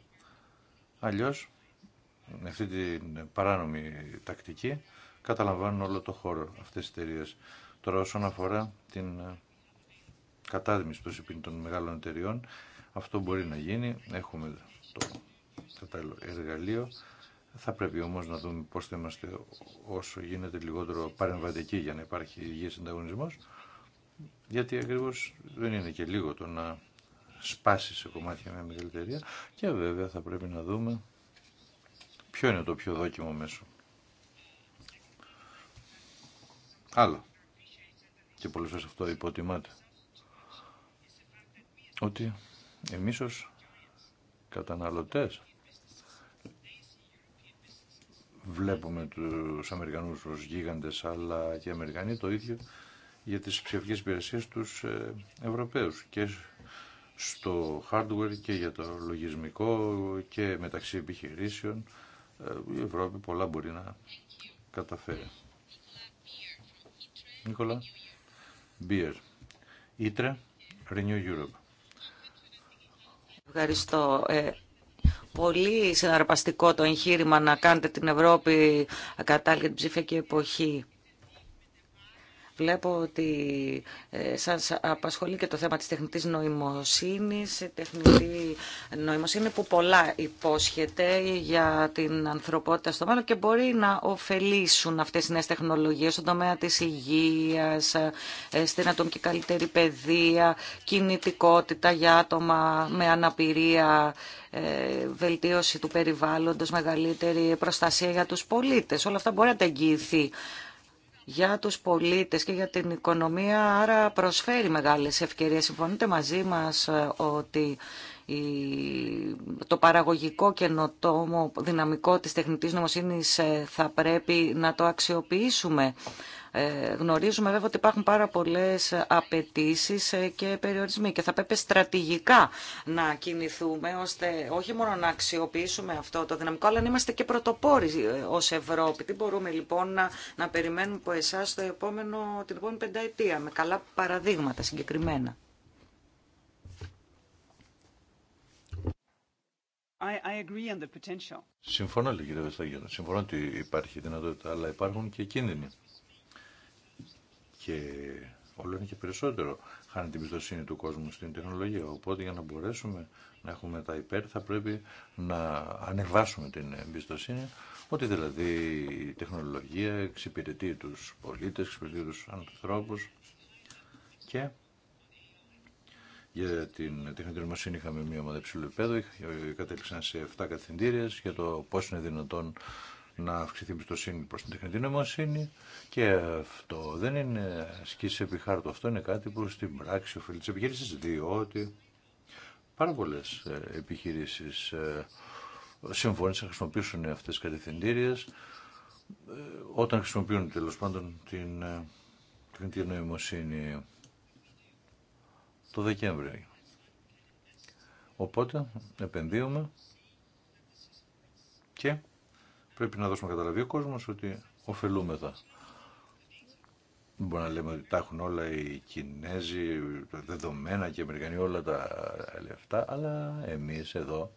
αλλιώς με αυτή την παράνομη τακτική καταλαμβάνουν όλο το χώρο αυτές τις εταιρείε. Τώρα όσον αφορά την κατάδυμηση των των μεγάλων εταιρεών αυτό μπορεί να γίνει, έχουμε το εργαλείο, θα πρέπει όμως να δούμε πώς θα είμαστε όσο γίνεται λιγότερο παρεμβατικοί για να υπάρχει υγιή συνταγωνισμό, γιατί ακριβώς δεν είναι και λίγο το να σπάσει σε κομμάτια μια μεγάλη εταιρεία και βέβαια θα πρέπει να δούμε ποιο είναι το πιο δόκιμο μέσο. Άλλο, και πολλέ φορέ αυτό υποτιμάται, ότι εμεί ω καταναλωτές βλέπουμε τους Αμερικανούς ως γίγαντες αλλά και οι Αμερικανοί το ίδιο για τις ψηφιακές υπηρεσίε τους ε, Ευρωπαίους και στο hardware και για το λογισμικό και μεταξύ επιχειρήσεων ε, η Ευρώπη πολλά μπορεί να καταφέρει. Νίκολα, Μπίερ, Ήτρε, Renew Europe. Ευχαριστώ. Ε, πολύ συναρπαστικό το εγχείρημα να κάνετε την Ευρώπη κατάλληλη την ψηφιακή εποχή. Βλέπω ότι ε, σας απασχολεί και το θέμα της τεχνητής νοημοσύνης, η τεχνητή νοημοσύνη που πολλά υπόσχεται για την ανθρωπότητα στο μέλλον και μπορεί να ωφελήσουν αυτές οι νέες τεχνολογίες στον τομέα της υγείας, ε, στην ατομική καλύτερη παιδεία, κινητικότητα για άτομα με αναπηρία, ε, βελτίωση του περιβάλλοντος, μεγαλύτερη προστασία για τους πολίτες. Όλα αυτά μπορεί να τα εγγυηθεί για τους πολίτες και για την οικονομία, άρα προσφέρει μεγάλες ευκαιρίες. Συμφωνείτε μαζί μας ε, ότι το παραγωγικό καινοτόμο δυναμικό της τεχνητής νομοσύνης ε, θα πρέπει να το αξιοποιήσουμε ε, γνωρίζουμε βέβαια ότι υπάρχουν πάρα πολλές απαιτήσει ε, και περιορισμοί και θα πρέπει στρατηγικά να κινηθούμε ώστε όχι μόνο να αξιοποιήσουμε αυτό το δυναμικό αλλά να είμαστε και πρωτοπόροι ε, ως Ευρώπη. Τι μπορούμε λοιπόν να, να περιμένουμε από εσά το επόμενο, την επόμενη πενταετία με καλά παραδείγματα συγκεκριμένα. I Συμφωνώ, λέει κύριε Βεσταγιώνα Συμφωνώ ότι υπάρχει δυνατότητα, αλλά υπάρχουν και κίνδυνοι και όλο είναι και περισσότερο χάνει την πιστοσύνη του κόσμου στην τεχνολογία. Οπότε για να μπορέσουμε να έχουμε τα υπέρ θα πρέπει να ανεβάσουμε την εμπιστοσύνη ότι δηλαδή η τεχνολογία εξυπηρετεί τους πολίτες, εξυπηρετεί τους ανθρώπους και για την τεχνητή νοημοσύνη είχαμε μία ομάδα υψηλού επέδου κατέληξαν σε 7 κατευθυντήριε για το πώ είναι δυνατόν να αυξηθεί η εμπιστοσύνη προς την τεχνητή νοημοσύνη και αυτό δεν είναι σκίση επί χάρτου. Αυτό είναι κάτι που στην πράξη οφείλει τι επιχειρήσει, διότι πάρα πολλέ ε, επιχειρήσει ε, συμφώνησαν να χρησιμοποιήσουν αυτές τι κατευθυντήριε ε, όταν χρησιμοποιούν τέλο πάντων την τεχνητή νοημοσύνη το Δεκέμβριο. Οπότε επενδύουμε και Πρέπει να δώσουμε καταλαβή ο κόσμο ότι εδώ. Μπορεί να λέμε ότι τα έχουν όλα οι Κινέζοι, τα δεδομένα και οι Αμερικανοί όλα τα λεφτά, αλλά εμείς εδώ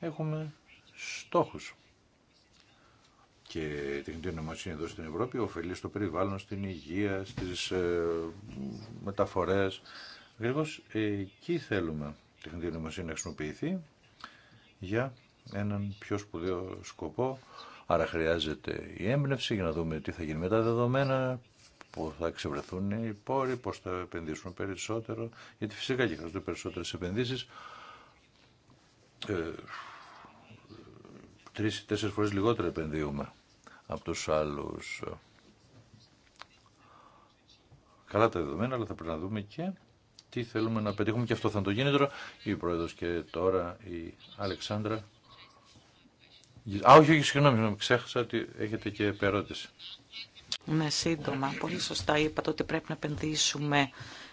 έχουμε στόχους. Και η τεχνητή νοημοσύνη εδώ στην Ευρώπη ωφελεί στο περιβάλλον, στην υγεία, στις ε, μεταφορές. Ακριβώ εκεί θέλουμε η τεχνητή νοημοσύνη να χρησιμοποιηθεί για έναν πιο σπουδαίο σκοπό Άρα χρειάζεται η έμπνευση για να δούμε τι θα γίνει με τα δεδομένα, πού θα ξεβρεθούν οι πόροι, πώ θα επενδύσουν περισσότερο, γιατί φυσικά και χρειάζονται περισσοτερε επενδύσεις. Ε, τρεις ή τέσσερις φορές λιγότερο επενδύουμε από του άλλου. Καλά τα δεδομένα, αλλά θα πρέπει να δούμε και τι θέλουμε να πετύχουμε και αυτό θα είναι το κίνητρο. Η πρόεδρο και τώρα η Αλεξάνδρα Α, όχι, όχι, συγγνώμη, ξέχασα ότι έχετε και ερώτηση. Ναι, σύντομα. Πολύ σωστά είπατε ότι πρέπει να επενδύσουμε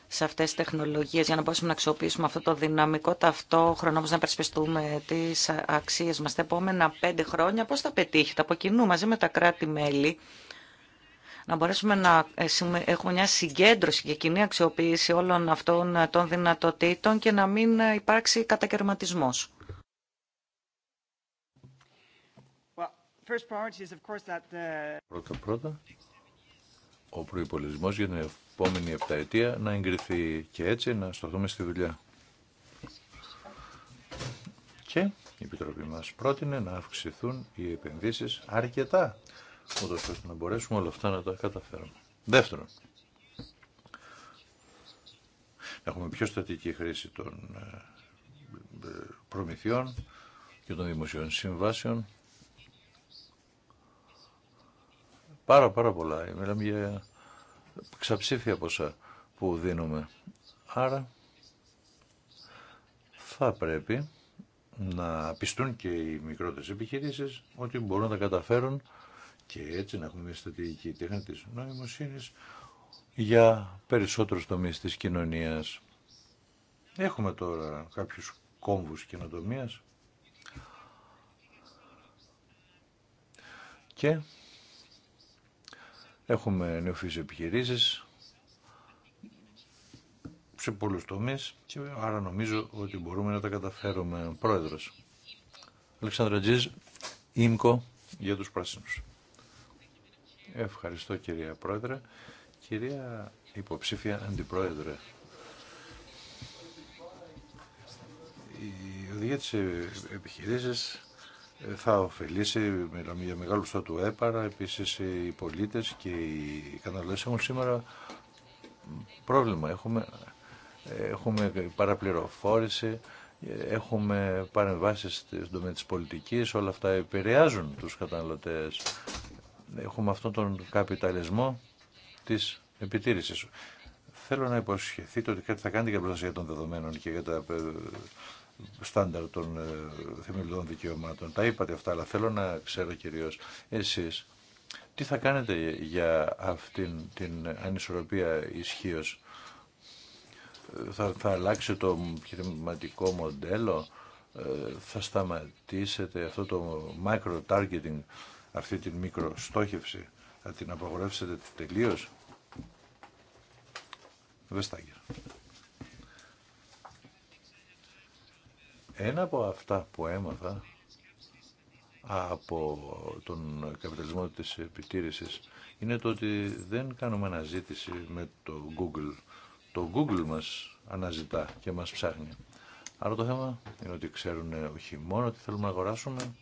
σε αυτέ τι τεχνολογίε για να μπορέσουμε να αξιοποιήσουμε αυτό το δυναμικό ταυτόχρονα, όπω να υπερασπιστούμε τι αξίε μα. Τα επόμενα πέντε χρόνια πώ θα πετύχετε από κοινού μαζί με τα κράτη-μέλη να μπορέσουμε να ε, έχουμε μια συγκέντρωση και κοινή αξιοποίηση όλων αυτών των δυνατοτήτων και να μην ε, υπάρξει κατακαιρματισμός. Πρώτα πρώτα, ο προϋπολογισμός για την επόμενη επταετία να εγκριθεί και έτσι να σταθούμε στη δουλειά. Και η Επιτροπή μας πρότεινε να αυξηθούν οι επενδύσεις αρκετά, ούτως ώστε να μπορέσουμε όλα αυτά να τα καταφέρουμε. Δεύτερον, έχουμε πιο στατική χρήση των ε, ε, προμηθειών και των δημοσίων συμβάσεων Πάρα πάρα πολλά. Μιλάμε για ξαψήφια ποσά που δίνουμε. Άρα θα πρέπει να πιστούν και οι μικρότερες επιχειρήσεις ότι μπορούν να τα καταφέρουν και έτσι να έχουμε μια στρατηγική τέχνη της νοημοσύνης για περισσότερους τομείς της κοινωνίας. Έχουμε τώρα κάποιους κόμβους καινοτομίας και Έχουμε νεοφύης επιχειρήσεις σε πολλούς τομείς και άρα νομίζω ότι μπορούμε να τα καταφέρουμε πρόεδρος. Αλεξάνδρα Τζίζ, ΙΜΚΟ για τους πράσινους. Ευχαριστώ κυρία Πρόεδρε. Κυρία Υποψήφια Αντιπρόεδρε, η οδηγία της επιχειρήσης θα ωφελήσει, μιλάμε για μεγάλο ποσό του έπαρα, επίσης οι πολίτες και οι καταναλωτές έχουν σήμερα πρόβλημα. Έχουμε, έχουμε παραπληροφόρηση, έχουμε παρεμβάσεις στον τομέα της πολιτικής, όλα αυτά επηρεάζουν τους καταναλωτές. Έχουμε αυτόν τον καπιταλισμό της επιτήρησης. Θέλω να υποσχεθείτε ότι κάτι θα κάνετε για προστασία των δεδομένων και για τα ε, στάνταρ των ε, θεμελιωδών δικαιωμάτων. Τα είπατε αυτά, αλλά θέλω να ξέρω κυρίως εσείς τι θα κάνετε για αυτήν την ανισορροπία ισχύω. Ε, θα, θα αλλάξει το επιχειρηματικό μοντέλο, ε, θα σταματήσετε αυτό το micro-targeting, αυτή την μικροστόχευση, θα την απογορεύσετε τελείως. Βεστάγερ. Ένα από αυτά που έμαθα από τον καπιταλισμό της επιτήρησης είναι το ότι δεν κάνουμε αναζήτηση με το Google. Το Google μας αναζητά και μας ψάχνει. Άρα το θέμα είναι ότι ξέρουν όχι μόνο τι θέλουμε να αγοράσουμε,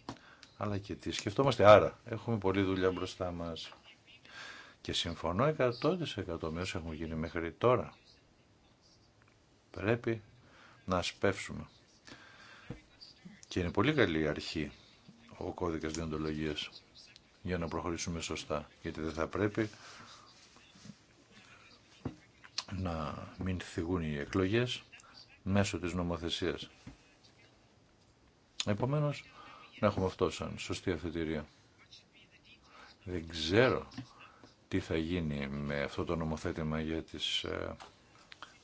αλλά και τι σκεφτόμαστε. Άρα έχουμε πολλή δουλειά μπροστά μας. Και συμφωνώ 100% με όσα έχουν γίνει μέχρι τώρα. Πρέπει να σπεύσουμε. Και είναι πολύ καλή αρχή ο κώδικας διοντολογίας για να προχωρήσουμε σωστά. Γιατί δεν θα πρέπει να μην θυγούν οι εκλογές μέσω της νομοθεσίας. Επομένως, να έχουμε αυτό σαν σωστή αφετηρία. Δεν ξέρω τι θα γίνει με αυτό το νομοθέτημα για τις ε,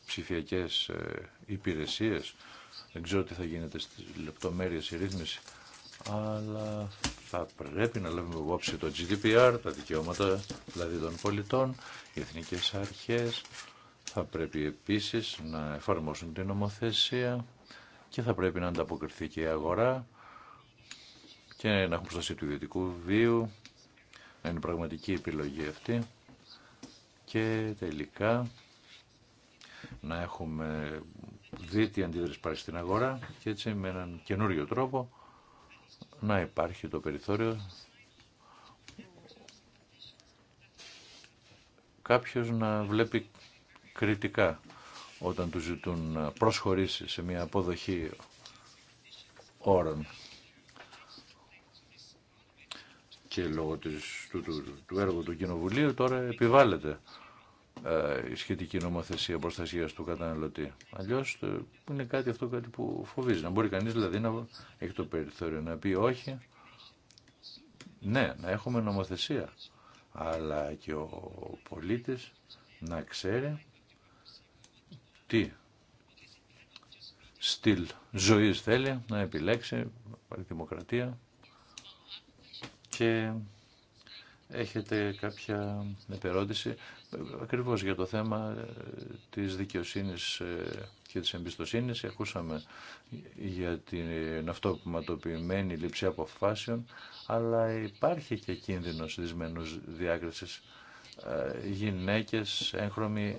ψηφιακές ε, υπηρεσίες δεν ξέρω τι θα γίνεται στις λεπτομέρειες η ρύθμιση, αλλά θα πρέπει να λάβουμε υπόψη το GDPR, τα δικαιώματα δηλαδή των πολιτών, οι εθνικέ αρχές, θα πρέπει επίσης να εφαρμόσουν την νομοθεσία και θα πρέπει να ανταποκριθεί και η αγορά και να έχουμε προστασία του ιδιωτικού βίου, να είναι πραγματική επιλογή αυτή και τελικά να έχουμε Δείτε τι αντίδραση στην αγορά και έτσι με έναν καινούριο τρόπο να υπάρχει το περιθώριο κάποιος να βλέπει κριτικά όταν του ζητούν να σε μια αποδοχή όρων. Και λόγω του, του, του, έργου του Κοινοβουλίου τώρα επιβάλλεται ε, η σχετική νομοθεσία προστασία του καταναλωτή. Αλλιώ ε, είναι κάτι αυτό κάτι που φοβίζει. Να μπορεί κανεί δηλαδή να έχει το περιθώριο να πει όχι. Ναι, να έχουμε νομοθεσία. Αλλά και ο πολίτης να ξέρει τι στυλ ζωής θέλει να επιλέξει, δημοκρατία και έχετε κάποια επερώτηση ακριβώς για το θέμα ε, της δικαιοσύνης ε, και της εμπιστοσύνης. Ακούσαμε για την ε, αυτοματοποιημένη λήψη αποφάσεων, αλλά υπάρχει και κίνδυνος δυσμένους διάκρισης. Γυναίκες, έγχρωμοι,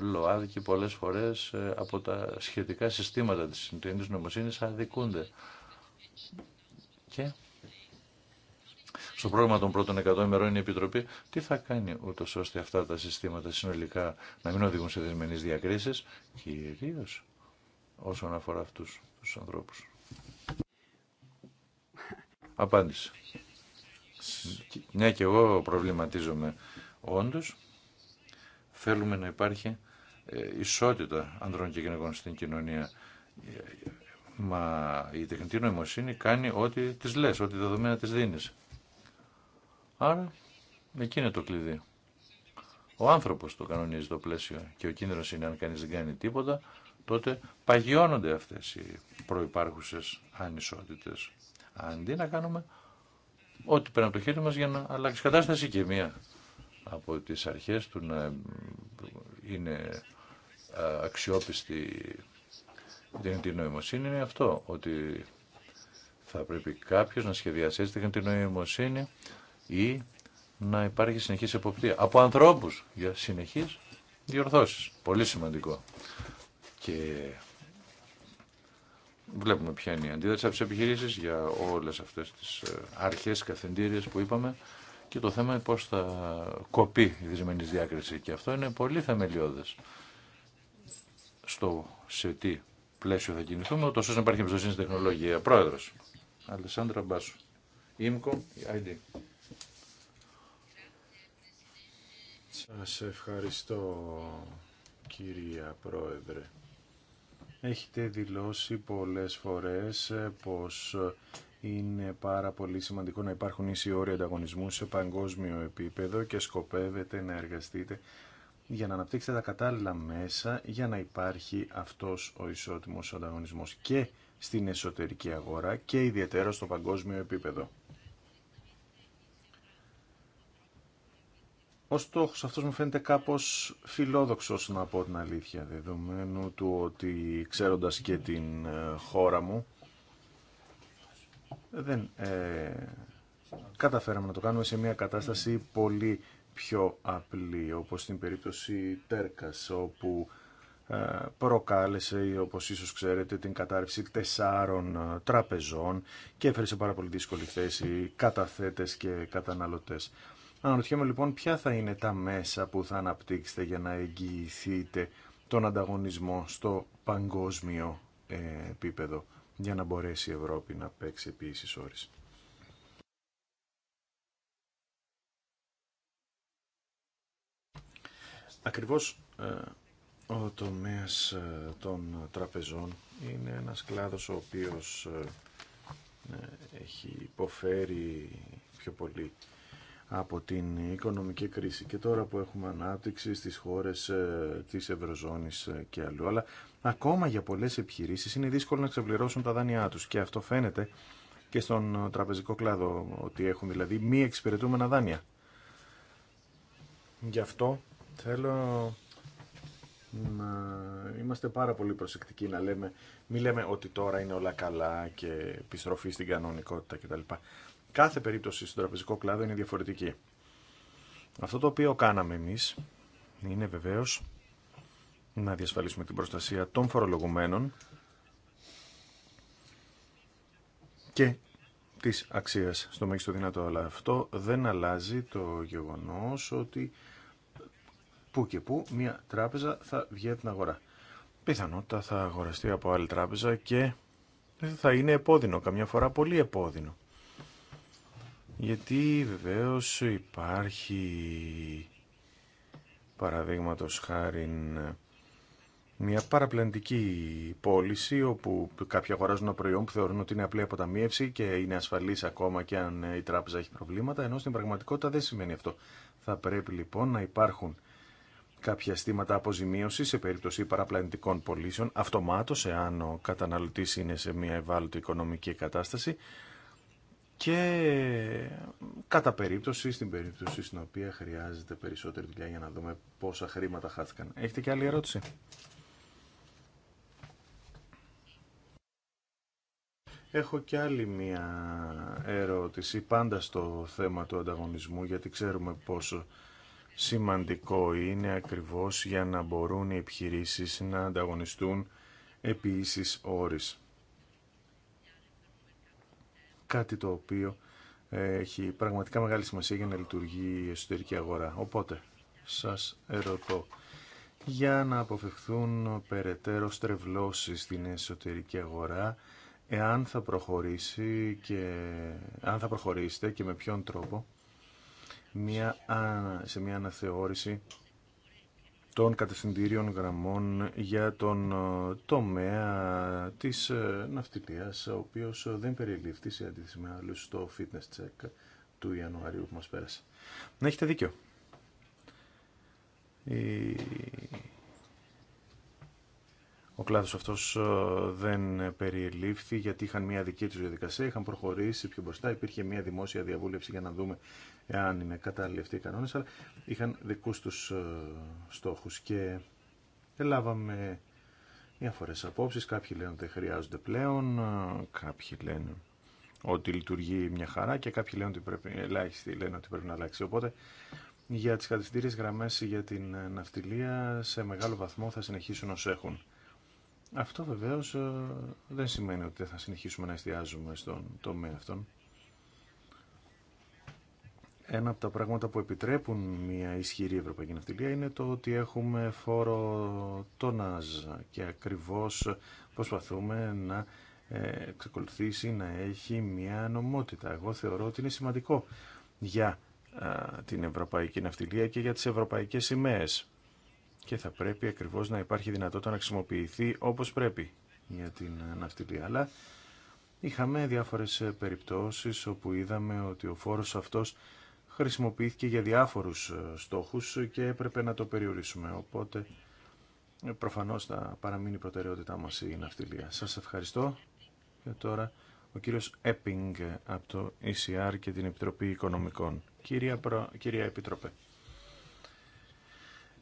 λοάδικοι πολλές φορές από τα σχετικά συστήματα της συντηρητικής νομοσύνης αδικούνται. Και στο πρόγραμμα των πρώτων 100 ημερών η Επιτροπή, τι θα κάνει ούτω ώστε αυτά τα συστήματα συνολικά να μην οδηγούν σε δεσμενεί διακρίσεις, κυρίω όσον αφορά αυτού του ανθρώπους. Απάντηση. Ναι και εγώ προβληματίζομαι όντω. θέλουμε να υπάρχει ε, ισότητα ανδρών και γυναικών στην κοινωνία. Μα η τεχνητή νοημοσύνη κάνει ό,τι της λες, ό,τι δεδομένα της δίνεις. Άρα, εκεί είναι το κλειδί. Ο άνθρωπος το κανονίζει το πλαίσιο και ο κίνδυνος είναι αν κανείς δεν κάνει τίποτα, τότε παγιώνονται αυτές οι προϋπάρχουσες ανισότητες. Αντί να κάνουμε ό,τι πρέπει από το χέρι μας για να αλλάξει κατάσταση και μία από τις αρχές του να είναι ε, αξιόπιστη την την νοημοσύνη είναι αυτό, ότι θα πρέπει κάποιος να σχεδιάσει την νοημοσύνη ή να υπάρχει συνεχής εποπτεία από ανθρώπους για συνεχείς διορθώσεις. Πολύ σημαντικό. Και βλέπουμε ποια είναι η αντίδραση από τις επιχειρήσεις για όλες αυτές τις ε, αρχές καθεντήριες που είπαμε και το θέμα είναι πώς θα κοπεί η δυσμενής διάκριση και αυτό είναι πολύ θεμελιώδες στο σε τι πλαίσιο θα κινηθούμε, ώστε να υπάρχει εμπιστοσύνη στην τεχνολογία. Πρόεδρος, Αλεσάνδρα Μπάσου, ΙΜΚΟ, ID. Σας ευχαριστώ κυρία Πρόεδρε. Έχετε δηλώσει πολλές φορές ε, πως είναι πάρα πολύ σημαντικό να υπάρχουν ίσοι όροι ανταγωνισμού σε παγκόσμιο επίπεδο και σκοπεύετε να εργαστείτε για να αναπτύξετε τα κατάλληλα μέσα για να υπάρχει αυτός ο ισότιμος ανταγωνισμός και στην εσωτερική αγορά και ιδιαίτερα στο παγκόσμιο επίπεδο. Ο στόχος αυτός μου φαίνεται κάπως φιλόδοξος να πω την αλήθεια δεδομένου του ότι ξέροντας και την ε, χώρα μου δεν ε, καταφέραμε να το κάνουμε σε μια κατάσταση πολύ πιο απλή όπως στην περίπτωση Τέρκας όπου ε, προκάλεσε, όπως ίσως ξέρετε, την κατάρρευση τεσσάρων ε, τραπεζών και έφερε σε πάρα πολύ δύσκολη θέση καταθέτες και καταναλωτές. Αναρωτιέμαι λοιπόν ποια θα είναι τα μέσα που θα αναπτύξετε για να εγγυηθείτε τον ανταγωνισμό στο παγκόσμιο ε, επίπεδο για να μπορέσει η Ευρώπη να παίξει επίση όρις. Ακριβώς ε, ο τομέας ε, των τραπεζών είναι ένας κλάδος ο οποίος έχει υποφέρει πιο πολύ από την οικονομική κρίση και τώρα που έχουμε ανάπτυξη στις χώρες ε, της Ευρωζώνης ε, και αλλού. Αλλά ακόμα για πολλές επιχειρήσεις είναι δύσκολο να ξεπληρώσουν τα δάνειά τους και αυτό φαίνεται και στον ε, τραπεζικό κλάδο ότι έχουν δηλαδή μη εξυπηρετούμενα δάνεια. Γι' αυτό θέλω να είμαστε πάρα πολύ προσεκτικοί να λέμε, λέμε ότι τώρα είναι όλα καλά και επιστροφή στην κανονικότητα κτλ. Κάθε περίπτωση στον τραπεζικό κλάδο είναι διαφορετική. Αυτό το οποίο κάναμε εμείς είναι βεβαίως να διασφαλίσουμε την προστασία των φορολογουμένων και της αξίας στο μέγιστο δυνατό. Αλλά αυτό δεν αλλάζει το γεγονός ότι που και που μια τράπεζα θα βγει από την αγορά. Πιθανότητα θα αγοραστεί από άλλη τράπεζα και θα είναι επώδυνο, καμιά φορά πολύ επώδυνο γιατί βεβαίως υπάρχει παραδείγματος χάρη μια παραπλανητική πώληση όπου κάποιοι αγοράζουν ένα προϊόν που θεωρούν ότι είναι απλή αποταμίευση και είναι ασφαλής ακόμα και αν ε, η τράπεζα έχει προβλήματα ενώ στην πραγματικότητα δεν σημαίνει αυτό. Θα πρέπει λοιπόν να υπάρχουν κάποια στήματα αποζημίωση σε περίπτωση παραπλανητικών πωλήσεων αυτομάτως εάν ο καταναλωτής είναι σε μια ευάλωτη οικονομική κατάσταση και κατά περίπτωση, στην περίπτωση στην οποία χρειάζεται περισσότερη δουλειά για να δούμε πόσα χρήματα χάθηκαν. Έχετε και άλλη ερώτηση. Έχω και άλλη μία ερώτηση πάντα στο θέμα του ανταγωνισμού γιατί ξέρουμε πόσο σημαντικό είναι ακριβώς για να μπορούν οι επιχειρήσεις να ανταγωνιστούν επί ίσης όρης κάτι το οποίο ε, έχει πραγματικά μεγάλη σημασία για να λειτουργεί η εσωτερική αγορά. Οπότε, σας ερωτώ, για να αποφευχθούν περαιτέρω στρεβλώσεις στην εσωτερική αγορά, εάν θα προχωρήσει και αν θα προχωρήσετε και με ποιον τρόπο μια, σε μια αναθεώρηση των κατευθυντήριων γραμμών για τον ε, τομέα της ε, ναυτιλίας, ο οποίος ε, δεν περιελήφθη σε αντίθεση με άλλους στο fitness check του Ιανουαρίου που μας πέρασε. Να έχετε δίκιο. Ο κλάδος αυτός δεν περιελήφθη γιατί είχαν μια δική τους διαδικασία, είχαν προχωρήσει πιο μπροστά, υπήρχε μια δημόσια διαβούλευση για να δούμε εάν είναι κατάλληλοι αυτοί οι κανόνες, αλλά είχαν δικούς τους ε, στόχους και έλαβαμε διάφορες απόψεις. Κάποιοι λένε ότι δεν χρειάζονται πλέον, ε, κάποιοι λένε ότι λειτουργεί μια χαρά και κάποιοι λένε ότι πρέπει, ελάχιστοι λένε ότι πρέπει να αλλάξει. Οπότε για τις κατευθυντήριες γραμμές για την ε, ναυτιλία σε μεγάλο βαθμό θα συνεχίσουν ως έχουν. Αυτό βεβαίως δεν σημαίνει ότι θα συνεχίσουμε να εστιάζουμε στον τομέα αυτόν. Ένα από τα πράγματα που επιτρέπουν μια ισχυρή ευρωπαϊκή ναυτιλία είναι το ότι έχουμε φόρο ναζ και ακριβώς προσπαθούμε να ε, εξακολουθήσει να έχει μια νομότητα. Εγώ θεωρώ ότι είναι σημαντικό για την ευρωπαϊκή ναυτιλία και για τις ευρωπαϊκές σημαίες και θα πρέπει ακριβώς να υπάρχει δυνατότητα να χρησιμοποιηθεί όπως πρέπει για την ναυτιλία. Αλλά είχαμε διάφορες περιπτώσεις όπου είδαμε ότι ο φόρος αυτός χρησιμοποιήθηκε για διάφορους ε, στόχους και έπρεπε να το περιορίσουμε. Οπότε ε, προφανώς θα παραμείνει η προτεραιότητά μας η ναυτιλία. Σας ευχαριστώ και τώρα ο κύριος Έπινγκ από το ECR και την Επιτροπή Οικονομικών. Κυρία, Προ... Κυρία Επιτροπέ.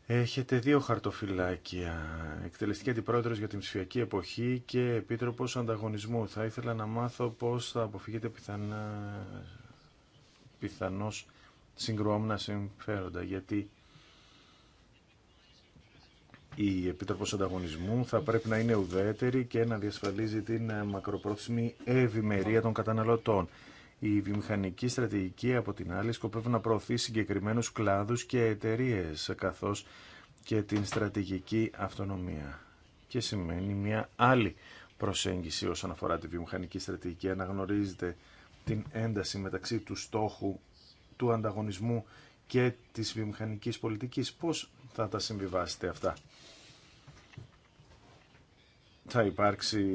Έχετε δύο χαρτοφυλάκια. Εκτελεστική αντιπρόεδρος για την ψηφιακή εποχή και επίτροπος ανταγωνισμού. Θα ήθελα να μάθω πώς θα αποφύγετε πιθανά συγκρουόμουν συμφέροντα γιατί η Επίτροπος Ανταγωνισμού θα πρέπει να είναι ουδέτερη και να διασφαλίζει την μακροπρόθεσμη ευημερία των καταναλωτών. Η βιομηχανική στρατηγική, από την άλλη, σκοπεύει να προωθεί συγκεκριμένους κλάδους και εταιρείε καθώς και την στρατηγική αυτονομία. Και σημαίνει μια άλλη προσέγγιση όσον αφορά τη βιομηχανική στρατηγική. Αναγνωρίζεται την ένταση μεταξύ του στόχου του ανταγωνισμού και της βιομηχανικής πολιτικής. Πώς θα τα συμβιβάσετε αυτά. Θα υπάρξει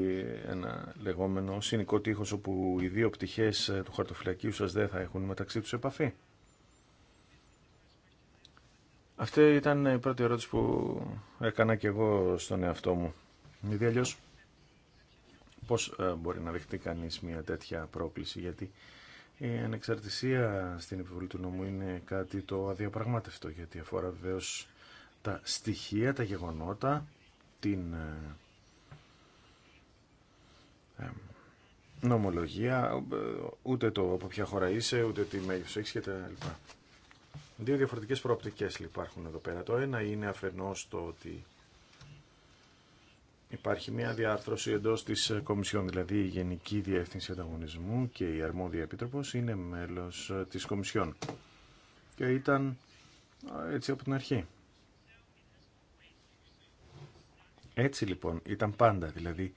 ένα λεγόμενο συνικό τείχος όπου οι δύο πτυχές ε, του χαρτοφυλακίου σας δεν θα έχουν μεταξύ τους επαφή. Αυτή ήταν η πρώτη ερώτηση που έκανα και εγώ στον εαυτό μου. Μη αλλιώ πώς ε, μπορεί να δεχτεί κανείς μια τέτοια πρόκληση, γιατί η ανεξαρτησία στην επιβολή του νόμου είναι κάτι το αδιαπραγμάτευτο γιατί αφορά βεβαίω τα στοιχεία, τα γεγονότα, την ε, ε, νομολογία, ούτε το από ποια χώρα είσαι, ούτε τι μέγεθος έχεις και τα Δύο διαφορετικές προοπτικές λοιπόν υπάρχουν εδώ πέρα. Το ένα είναι αφενός το ότι Υπάρχει μια διάρθρωση εντό τη ε, Κομισιόν, δηλαδή η Γενική Διεύθυνση Ανταγωνισμού και η Αρμόδια επίτροπο είναι μέλος ε, της Κομισιόν. Και ήταν ε, έτσι από την αρχή. Έτσι λοιπόν ήταν πάντα, δηλαδή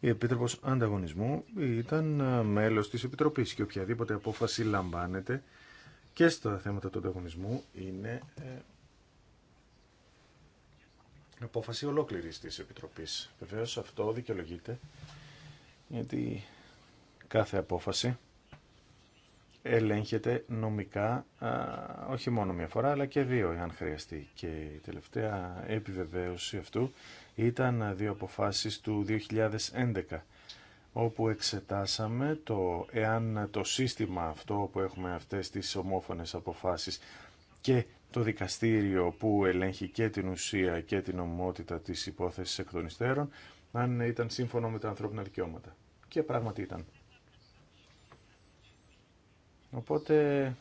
η Επίτροπος Ανταγωνισμού ήταν μέλος της Επιτροπής και οποιαδήποτε απόφαση λαμβάνεται και στα θέματα του ανταγωνισμού είναι απόφαση ολόκληρη της Επιτροπής. Βεβαίω αυτό δικαιολογείται γιατί κάθε απόφαση ελέγχεται νομικά όχι μόνο μια φορά αλλά και δύο αν χρειαστεί. Και η τελευταία επιβεβαίωση αυτού ήταν δύο αποφάσεις του 2011 όπου εξετάσαμε το εάν το σύστημα αυτό που έχουμε αυτές τις ομόφωνες αποφάσεις και το δικαστήριο που ελέγχει και την ουσία και την ομότητα της υπόθεσης εκ των υστέρων αν ήταν σύμφωνο με τα ανθρώπινα δικαιώματα. Και πράγματι ήταν. Οπότε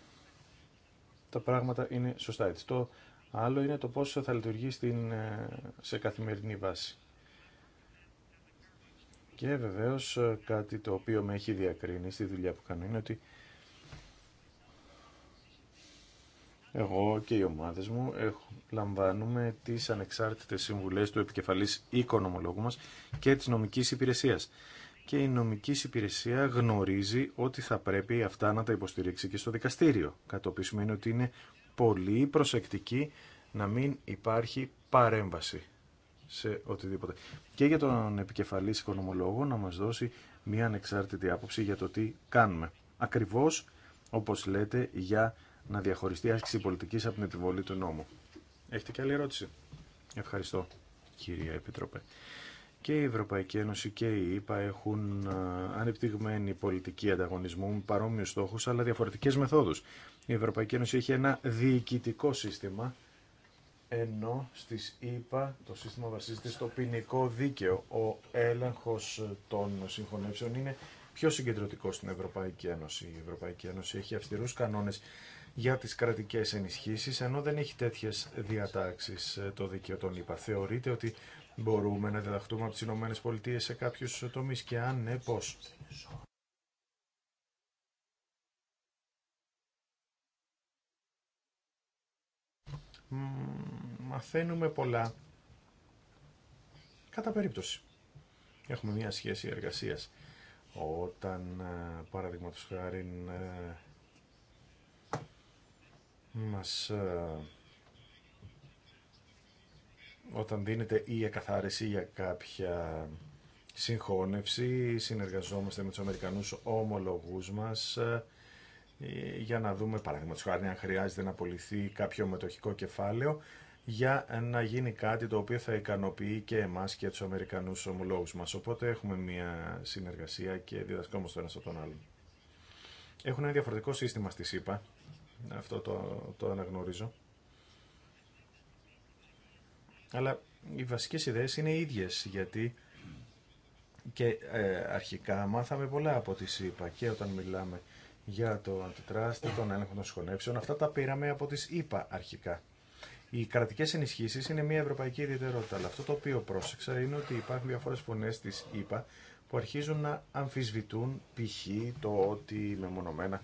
τα πράγματα είναι σωστά έτσι. Το άλλο είναι το πόσο θα λειτουργεί στην, ε, σε καθημερινή βάση. Και βεβαίως ε, κάτι το οποίο με έχει διακρίνει στη δουλειά που κάνω είναι ότι εγώ και οι ομάδες μου λαμβάνουμε τις ανεξάρτητες συμβουλές του επικεφαλής οικονομολόγου μας και της νομικής υπηρεσίας. Και η νομική υπηρεσία γνωρίζει ότι θα πρέπει αυτά να τα υποστηρίξει και στο δικαστήριο, Κατ' το σημαίνει ότι είναι πολύ προσεκτική να μην υπάρχει παρέμβαση σε οτιδήποτε. Και για τον επικεφαλής οικονομολόγο να μας δώσει μια ανεξάρτητη άποψη για το τι κάνουμε. Ακριβώς όπως λέτε για να διαχωριστεί άσκηση πολιτική από την επιβολή του νόμου. Έχετε και άλλη ερώτηση. Ευχαριστώ, κυρία Επίτροπε. Και η Ευρωπαϊκή Ένωση και η ΕΠΑ έχουν ανεπτυγμένη πολιτική ανταγωνισμού με παρόμοιου στόχους αλλά διαφορετικέ μεθόδου. Η Ευρωπαϊκή Ένωση έχει ένα διοικητικό σύστημα ενώ στι ΕΠΑ το σύστημα βασίζεται στο ποινικό δίκαιο. Ο έλεγχο των συγχωνεύσεων είναι πιο συγκεντρωτικό στην Ευρωπαϊκή Ένωση. Η Ευρωπαϊκή Ένωση έχει αυστηρού κανόνε για τις κρατικές ενισχύσεις, ενώ δεν έχει τέτοιες διατάξεις ε, το δίκαιο των ΗΠΑ. Θεωρείτε ότι μπορούμε να διδαχτούμε από τις ΗΠΑ σε κάποιους τομείς και αν ναι, πώς. Μαθαίνουμε πολλά κατά περίπτωση. Έχουμε μια σχέση εργασίας. Όταν, ε, παραδείγματος χάρη, ε, μας ε, όταν δίνεται η εκαθάριση για κάποια συγχώνευση, συνεργαζόμαστε με τους Αμερικανούς ομολογούς μας ε, για να δούμε, παραδείγματο χάρη, αν χρειάζεται να απολυθεί κάποιο μετοχικό κεφάλαιο για να γίνει κάτι το οποίο θα ικανοποιεί και εμάς και τους Αμερικανούς ομολόγους μας. Οπότε έχουμε μια συνεργασία και διδασκόμαστε το ένα από τον άλλον. Έχουν ένα διαφορετικό σύστημα στη ΣΥΠΑ, αυτό το, το αναγνωρίζω. Αλλά οι βασικές ιδέες είναι οι ίδιες, γιατί και ε, αρχικά μάθαμε πολλά από τη ΣΥΠΑ και όταν μιλάμε για το αντιτράστη, τον έλεγχο των σχονέψεων αυτά τα πήραμε από τις ΙΠΑ αρχικά. Οι κρατικές ενισχύσεις είναι μια ευρωπαϊκή ιδιαιτερότητα, αλλά αυτό το οποίο πρόσεξα είναι ότι υπάρχουν διάφορε φωνές της ΕΠΑ που αρχίζουν να αμφισβητούν π.χ. το ότι μεμονωμένα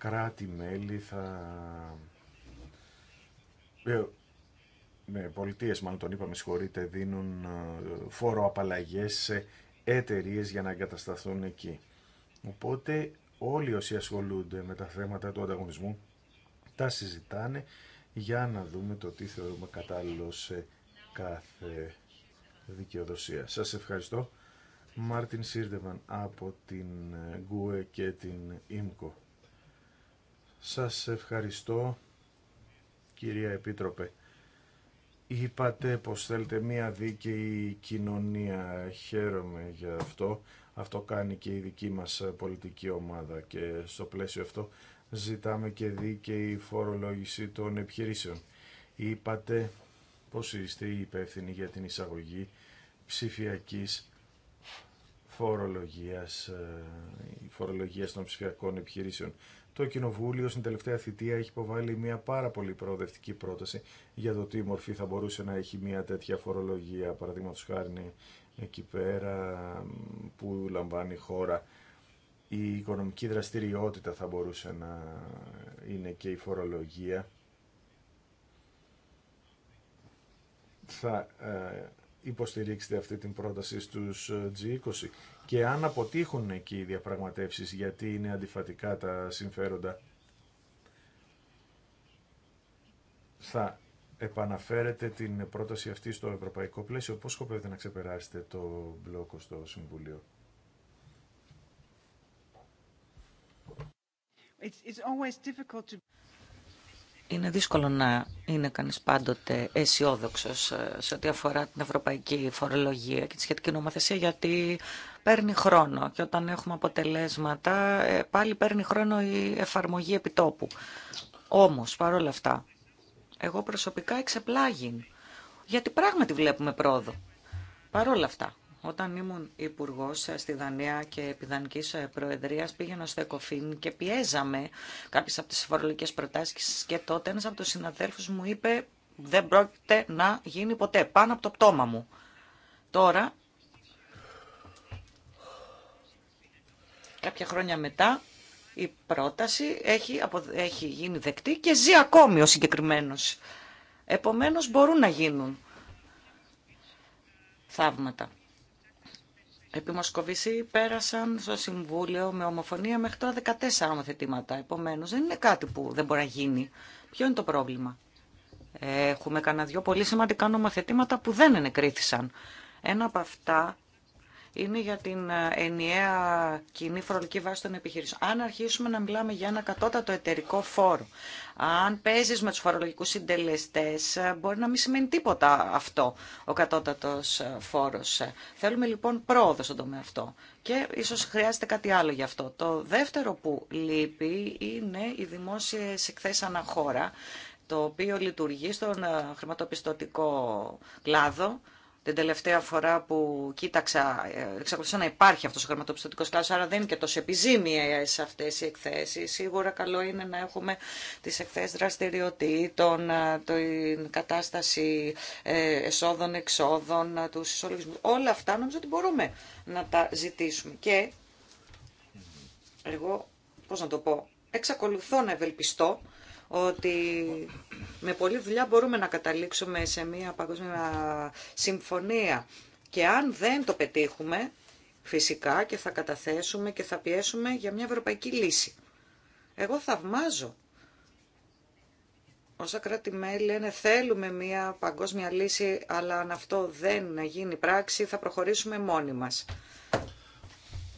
κράτη-μέλη θα... Ε, με πολιτείες μάλλον τον είπαμε, συγχωρείτε, δίνουν ε, φόρο απαλλαγές σε εταιρείε για να εγκατασταθούν εκεί. Οπότε όλοι όσοι ασχολούνται με τα θέματα του ανταγωνισμού τα συζητάνε για να δούμε το τι θεωρούμε κατάλληλο σε κάθε δικαιοδοσία. Σας ευχαριστώ. Μάρτιν Σίρτεβαν από την Γκουε και την ΙΜΚΟ. Σας ευχαριστώ κυρία Επίτροπε. Είπατε πως θέλετε μία δίκαιη κοινωνία. Χαίρομαι για αυτό. Αυτό κάνει και η δική μας πολιτική ομάδα και στο πλαίσιο αυτό ζητάμε και δίκαιη φορολόγηση των επιχειρήσεων. Είπατε πως είστε υπεύθυνοι για την εισαγωγή ψηφιακής φορολογίας, ε, φορολογίας των ψηφιακών επιχειρήσεων. Το Κοινοβούλιο στην τελευταία θητεία έχει υποβάλει μια πάρα πολύ προοδευτική πρόταση για το τι μορφή θα μπορούσε να έχει μια τέτοια φορολογία, Παραδείγματος χάρη εκεί πέρα που λαμβάνει η χώρα. Η οικονομική δραστηριότητα θα μπορούσε να είναι και η φορολογία. Θα ε, υποστηρίξετε αυτή την πρόταση στους ε, G20 και αν αποτύχουν εκεί οι διαπραγματεύσεις γιατί είναι αντιφατικά τα συμφέροντα θα επαναφέρετε την πρόταση αυτή στο ευρωπαϊκό πλαίσιο. Πώς σκοπεύετε να ξεπεράσετε το μπλόκο στο Συμβουλίο. Είναι δύσκολο να είναι κανείς πάντοτε αισιόδοξο ε, σε ό,τι αφορά την ευρωπαϊκή φορολογία και τη σχετική νομοθεσία, γιατί παίρνει χρόνο και όταν έχουμε αποτελέσματα ε, πάλι παίρνει χρόνο η εφαρμογή επιτόπου. Όμως, παρόλα αυτά, εγώ προσωπικά εξεπλάγει γιατί πράγματι βλέπουμε πρόοδο. Παρόλα αυτά, όταν ήμουν υπουργό ε, στη Δανία και επιδανική ε, Προεδρία, πήγαινα στο ΕΚΟΦΗΝ και πιέζαμε κάποιε από τι φορολογικέ προτάσει. Και τότε ένα από του συναδέλφου μου είπε: Δεν πρόκειται να γίνει ποτέ πάνω από το πτώμα μου. Τώρα Κάποια χρόνια μετά η πρόταση έχει, έχει γίνει δεκτή και ζει ακόμη ο συγκεκριμένος. Επομένως μπορούν να γίνουν θαύματα. Επί Μοσκοβισή πέρασαν στο Συμβούλιο με ομοφωνία μέχρι τώρα 14 νομοθετήματα. Επομένω, δεν είναι κάτι που δεν μπορεί να γίνει. Ποιο είναι το πρόβλημα. Έχουμε κανένα δυο πολύ σημαντικά νομοθετήματα που δεν ενεκρίθησαν. Ένα από αυτά είναι για την ε, ενιαία κοινή φορολογική βάση των επιχειρήσεων. Αν αρχίσουμε να μιλάμε για ένα κατώτατο εταιρικό φόρο, αν παίζει με του φορολογικού συντελεστέ, ε, μπορεί να μην σημαίνει τίποτα αυτό ο κατώτατο ε, φόρο. Θέλουμε λοιπόν πρόοδο στον τομέα αυτό. Και ίσω χρειάζεται κάτι άλλο γι' αυτό. Το δεύτερο που λείπει είναι οι δημόσιε εκθέσει αναχώρα, το οποίο λειτουργεί στον χρηματοπιστωτικό κλάδο την τελευταία φορά που κοίταξα, ε, εξακολουθούσε να υπάρχει αυτός ο χρηματοπιστωτικός κλάδος, άρα δεν είναι και τόσο σε αυτές οι εκθέσεις. Σίγουρα καλό είναι να έχουμε τις εκθέσεις δραστηριοτήτων, ε, την κατάσταση ε, εσόδων, εξόδων, του ισολογισμού. Όλα αυτά νομίζω ότι μπορούμε να τα ζητήσουμε. Και εγώ, πώς να το πω, εξακολουθώ να ευελπιστώ ότι με πολλή δουλειά μπορούμε να καταλήξουμε σε μια παγκόσμια συμφωνία. Και αν δεν το πετύχουμε, φυσικά και θα καταθέσουμε και θα πιέσουμε για μια ευρωπαϊκή λύση. Εγώ θαυμάζω όσα κράτη-μέλη λένε θέλουμε μια παγκόσμια λύση, αλλά αν αυτό δεν γίνει πράξη θα προχωρήσουμε μόνοι μας.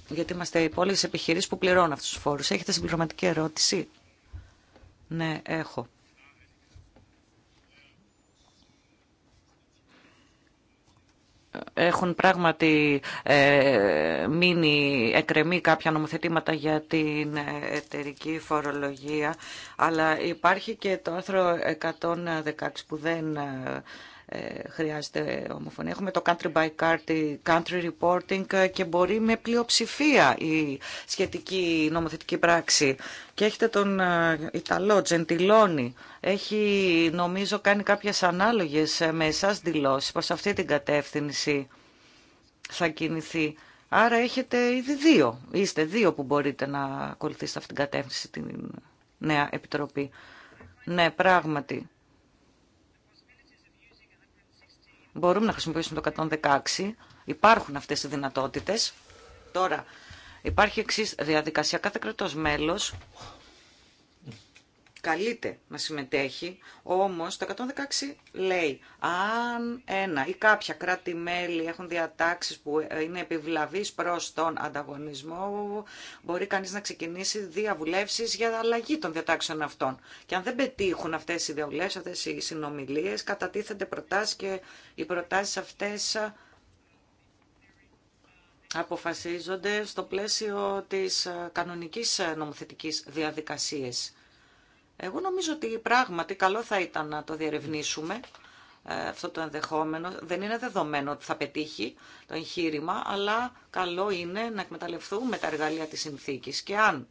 Γιατί είμαστε οι υπόλοιπε επιχειρήσεις που πληρώνουν αυτού του φόρου. Έχετε συμπληρωματική ερώτηση. Ναι, έχω. Έχουν πράγματι ε, μείνει εκρεμή κάποια νομοθετήματα για την εταιρική φορολογία, αλλά υπάρχει και το άρθρο 116 που δεν ε, ε, χρειάζεται ομοφωνία. Έχουμε το country by country, country reporting και μπορεί με πλειοψηφία η σχετική νομοθετική πράξη. Και έχετε τον ε, Ιταλό Τζεντιλόνι. Έχει νομίζω κάνει κάποιες ανάλογες ε, με εσάς δηλώσει πως αυτή την κατεύθυνση θα κινηθεί. Άρα έχετε ήδη δύο. Είστε δύο που μπορείτε να ακολουθήσετε αυτή την κατεύθυνση την νέα επιτροπή. Ναι, πράγματι. μπορούμε να χρησιμοποιήσουμε το 116. Υπάρχουν αυτές οι δυνατότητες. Τώρα, υπάρχει εξή διαδικασία. Κάθε κρατός μέλος καλείται να συμμετέχει, όμως το 116 λέει αν ένα ή κάποια κράτη-μέλη έχουν διατάξεις που ε, είναι επιβλαβείς προς τον ανταγωνισμό, μπορεί κανείς να ξεκινήσει διαβουλεύσεις για αλλαγή των διατάξεων αυτών. Και αν δεν πετύχουν αυτές οι διαβουλεύσεις, αυτές οι συνομιλίες, κατατίθενται προτάσεις και οι προτάσεις αυτές ε, αποφασίζονται στο πλαίσιο της ε, κανονικής νομοθετικής διαδικασίας. Εγώ νομίζω ότι πράγματι καλό θα ήταν να το διερευνήσουμε ε, αυτό το ενδεχόμενο. Δεν είναι δεδομένο ότι θα πετύχει το εγχείρημα, αλλά καλό είναι να εκμεταλλευτούμε τα εργαλεία της συνθήκης και αν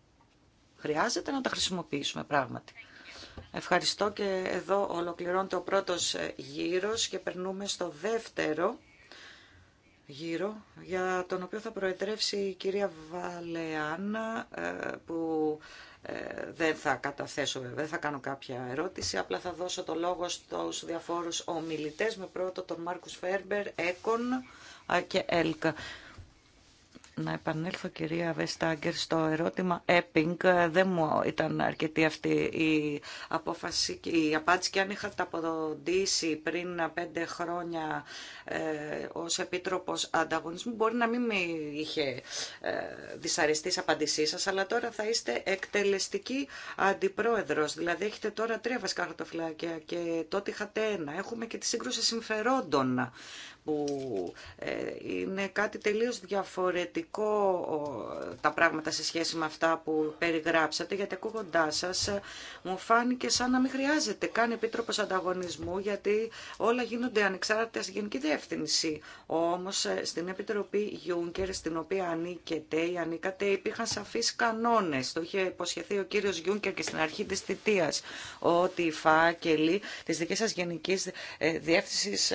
χρειάζεται να τα χρησιμοποιήσουμε πράγματι. Ευχαριστώ και εδώ ολοκληρώνεται ο πρώτος ε, γύρος και περνούμε στο δεύτερο γύρο για τον οποίο θα προεδρεύσει η κυρία Βαλεάνα ε, που ε, δεν θα καταθέσω βέβαια, δεν θα κάνω κάποια ερώτηση απλά θα δώσω το λόγο στους διαφόρους ομιλητές με πρώτο τον Μάρκους Φέρμπερ, Έκον ε, και Έλκα. Να επανέλθω κυρία Βεστάγκερ στο ερώτημα Επινγκ. Δεν μου ήταν αρκετή αυτή η απόφαση η απάντηση και αν είχα αποδοτήσει πριν πέντε χρόνια ε, ως Επίτροπος Ανταγωνισμού μπορεί να μην με είχε ε, δυσαρεστεί απάντησή σας αλλά τώρα θα είστε εκτελεστική αντιπρόεδρος. Δηλαδή έχετε τώρα τρία βασικά χαρτοφυλάκια και τότε είχατε ένα. Έχουμε και τη σύγκρουση συμφερόντων που ε, είναι κάτι τελείως διαφορετικό τα πράγματα σε σχέση με αυτά που περιγράψατε, γιατί ακούγοντά σας ε, μου φάνηκε σαν να μην χρειάζεται καν επίτροπος ανταγωνισμού, γιατί όλα γίνονται ανεξάρτητα στη Γενική Διεύθυνση. Όμως ε, στην Επιτροπή Γιούγκερ στην οποία ανήκετε ή ανήκατε, υπήρχαν σαφείς κανόνες. Το είχε υποσχεθεί ο κύριος Γιούγκερ και στην αρχή της θητείας, ότι οι φάκελοι της δικής σας Γενικής Διεύθυνσης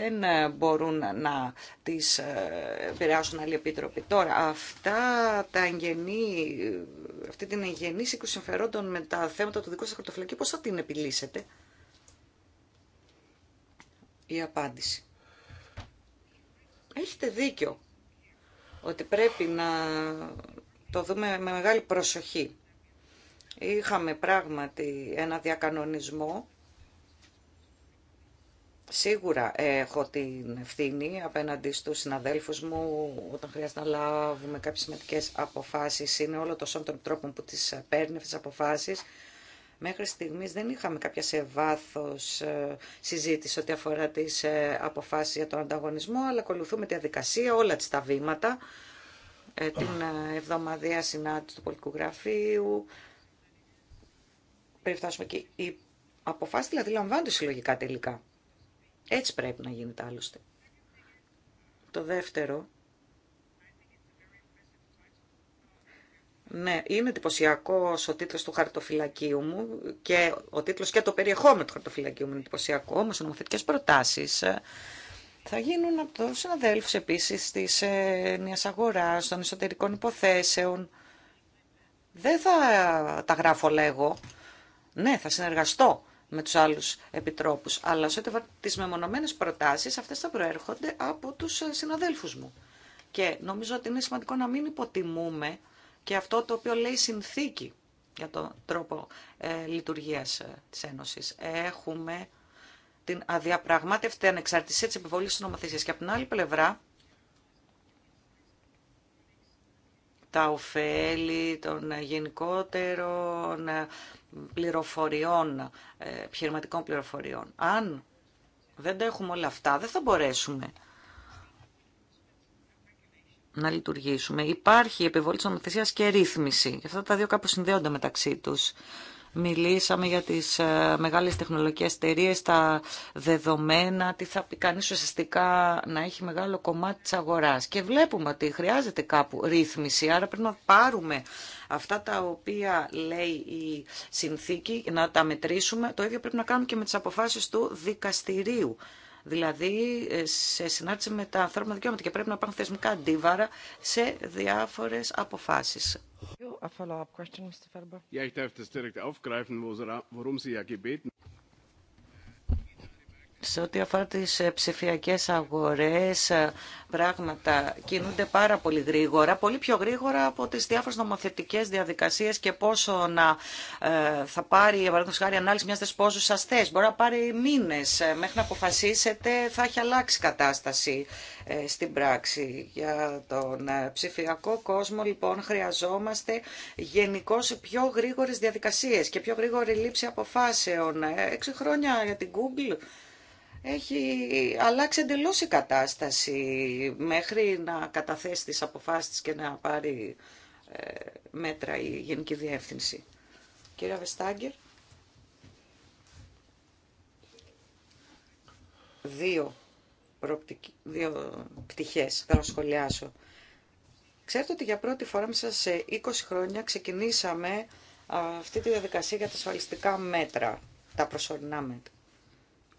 δεν ε, μπορούν να τις ε, επηρεάσουν άλλοι επίτροποι. Τώρα, αυτά τα εγγενή, αυτή την εγγενή σύγκρουση συμφερόντων με τα θέματα του δικού σας χαρτοφυλακή, πώς θα την επιλύσετε. Η απάντηση. Έχετε δίκιο ότι πρέπει να το δούμε με μεγάλη προσοχή. Είχαμε πράγματι ένα διακανονισμό Σίγουρα έχω την ευθύνη απέναντι στους συναδέλφους μου όταν χρειάζεται να λάβουμε κάποιες σημαντικές αποφάσεις. Είναι όλο το σώμα των τρόπων που τις παίρνει αυτές τις αποφάσεις. Μέχρι στιγμής δεν είχαμε κάποια σε βάθος ε, συζήτηση ό,τι αφορά τις ε, αποφάσεις για τον ανταγωνισμό, αλλά ακολουθούμε τη διαδικασία, όλα τα βήματα, ε, την εβδομαδία συνάντηση του πολιτικού γραφείου, περιφτάσουμε και οι αποφάσεις δηλαδή λαμβάνονται συλλογικά τελικά. Έτσι πρέπει να γίνεται άλλωστε. Το δεύτερο. Ναι, είναι εντυπωσιακό ο τίτλο του χαρτοφυλακίου μου και ο τίτλο και το περιεχόμενο του χαρτοφυλακίου μου είναι εντυπωσιακό. Όμω, οι νομοθετικέ προτάσει ε, θα γίνουν από του συναδέλφου επίση τη ε, ενιαία αγορά, των εσωτερικών υποθέσεων. Δεν θα τα γράφω λέγω. Ναι, θα συνεργαστώ με τους άλλους επιτρόπους. Αλλά σε ό,τι τις μεμονωμένες προτάσεις, αυτές θα προέρχονται από τους συναδέλφους μου. Και νομίζω ότι είναι σημαντικό να μην υποτιμούμε και αυτό το οποίο λέει συνθήκη για τον τρόπο ε, λειτουργίας ε, της Ένωσης. Έχουμε την αδιαπραγμάτευτη ανεξαρτησία της επιβολής της νομοθεσίας. Και από την άλλη πλευρά τα ωφέλη των γενικότερων ε, πληροφοριών, ε, επιχειρηματικών πληροφοριών. Αν δεν τα έχουμε όλα αυτά, δεν θα μπορέσουμε να λειτουργήσουμε. Υπάρχει επιβολή της νομοθεσίας και ρύθμιση. αυτά τα δύο κάπως συνδέονται μεταξύ τους. Μιλήσαμε για τις ε, μεγάλες τεχνολογικές εταιρείε, τα δεδομένα, τι θα πει κανείς ουσιαστικά να έχει μεγάλο κομμάτι της αγοράς. Και βλέπουμε ότι χρειάζεται κάπου ρύθμιση, άρα πρέπει να πάρουμε αυτά τα οποία λέει η συνθήκη, να τα μετρήσουμε. Το ίδιο πρέπει να κάνουμε και με τις αποφάσεις του δικαστηρίου δηλαδή σε συνάρτηση με τα ανθρώπινα δικαιώματα και πρέπει να υπάρχουν θεσμικά αντίβαρα σε διάφορες αποφάσεις σε ό,τι αφορά τις ε, ψηφιακές αγορές, ε, πράγματα κινούνται πάρα πολύ γρήγορα, πολύ πιο γρήγορα από τις διάφορες νομοθετικές διαδικασίες και πόσο να ε, θα πάρει, παράδειγμα, χάρη, ανάλυση μιας σας θες. Μπορεί να πάρει μήνες μέχρι να αποφασίσετε, θα έχει αλλάξει κατάσταση ε, στην πράξη. Για τον ψηφιακό κόσμο, λοιπόν, χρειαζόμαστε γενικώ πιο γρήγορες διαδικασίες και πιο γρήγορη λήψη αποφάσεων. Έξι χρόνια για την Google έχει αλλάξει εντελώς η κατάσταση μέχρι να καταθέσει τις αποφάσεις και να πάρει ε, μέτρα η Γενική Διεύθυνση. Κύριε Βεστάγκερ. Δύο, πτυχέ. δύο πτυχές θα σχολιάσω. Ξέρετε ότι για πρώτη φορά μέσα σε 20 χρόνια ξεκινήσαμε αυτή τη διαδικασία για τα ασφαλιστικά μέτρα, τα προσωρινά μέτρα.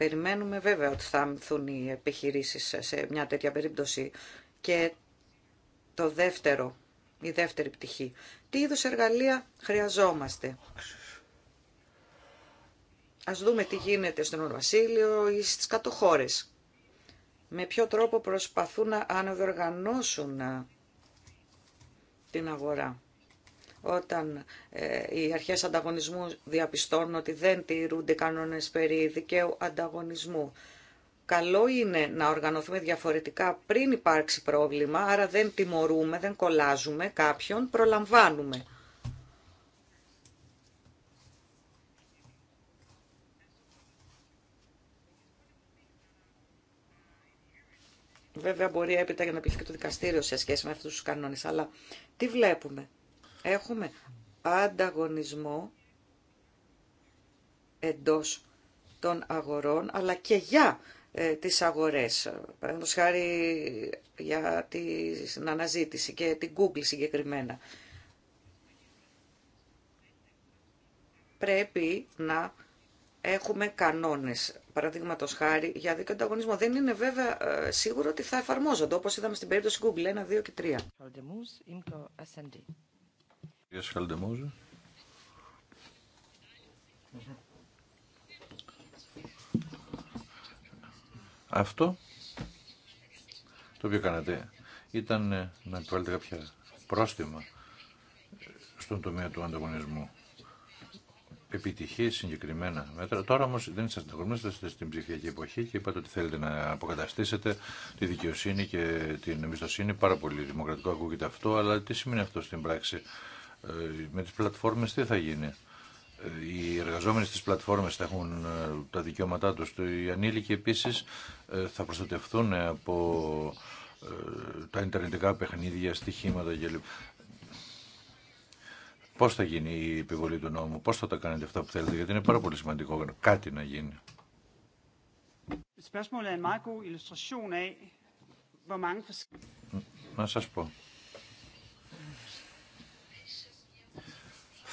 Περιμένουμε βέβαια ότι θα αμυνθούν οι επιχειρήσεις σε μια τέτοια περίπτωση. Και το δεύτερο, η δεύτερη πτυχή. Τι είδους εργαλεία χρειαζόμαστε. Ας δούμε τι γίνεται στον Ουρβασίλειο ή στις κατοχώρες. Με ποιο τρόπο προσπαθούν να αναδιοργανώσουν την αγορά όταν ε, οι αρχές ανταγωνισμού διαπιστώνουν ότι δεν τηρούνται κανόνες περί δικαίου ανταγωνισμού. Καλό είναι να οργανωθούμε διαφορετικά πριν υπάρξει πρόβλημα, άρα δεν τιμωρούμε, δεν κολλάζουμε κάποιον, προλαμβάνουμε. Βέβαια μπορεί έπειτα για να πει και το δικαστήριο σε σχέση με αυτούς τους κανόνες, αλλά τι βλέπουμε έχουμε ανταγωνισμό εντός των αγορών, αλλά και για ε, τις αγορές. Παραδείγματος χάρη για την αναζήτηση και την Google συγκεκριμένα. Πρέπει να έχουμε κανόνες, παραδείγματο χάρη, για δίκαιο ανταγωνισμό. Δεν είναι βέβαια ε, σίγουρο ότι θα εφαρμόζονται, όπως είδαμε στην περίπτωση Google 1, 2 και 3. Αυτό το οποίο κάνατε ήταν ε, να επιβάλλετε κάποια πρόστιμα στον τομέα του ανταγωνισμού. Επιτυχή συγκεκριμένα μέτρα. Τώρα όμω δεν είστε ανταγωνιστές είστε στην ψηφιακή εποχή και είπατε ότι θέλετε να αποκαταστήσετε τη δικαιοσύνη και την εμπιστοσύνη. Πάρα πολύ δημοκρατικό ακούγεται αυτό, αλλά τι σημαίνει αυτό στην πράξη. Ε, με τις πλατφόρμες τι θα γίνει. Ε, οι εργαζόμενοι στις πλατφόρμες θα έχουν ε, τα δικαιώματά τους. Οι ανήλικοι επίσης θα προστατευτούν από τα ιντερνετικά παιχνίδια, στοιχήματα κλπ. Πώ θα γίνει η επιβολή του νόμου, πώ θα τα κάνετε αυτά που θέλετε, γιατί είναι πάρα πολύ σημαντικό κάτι να γίνει. Er να σα πω.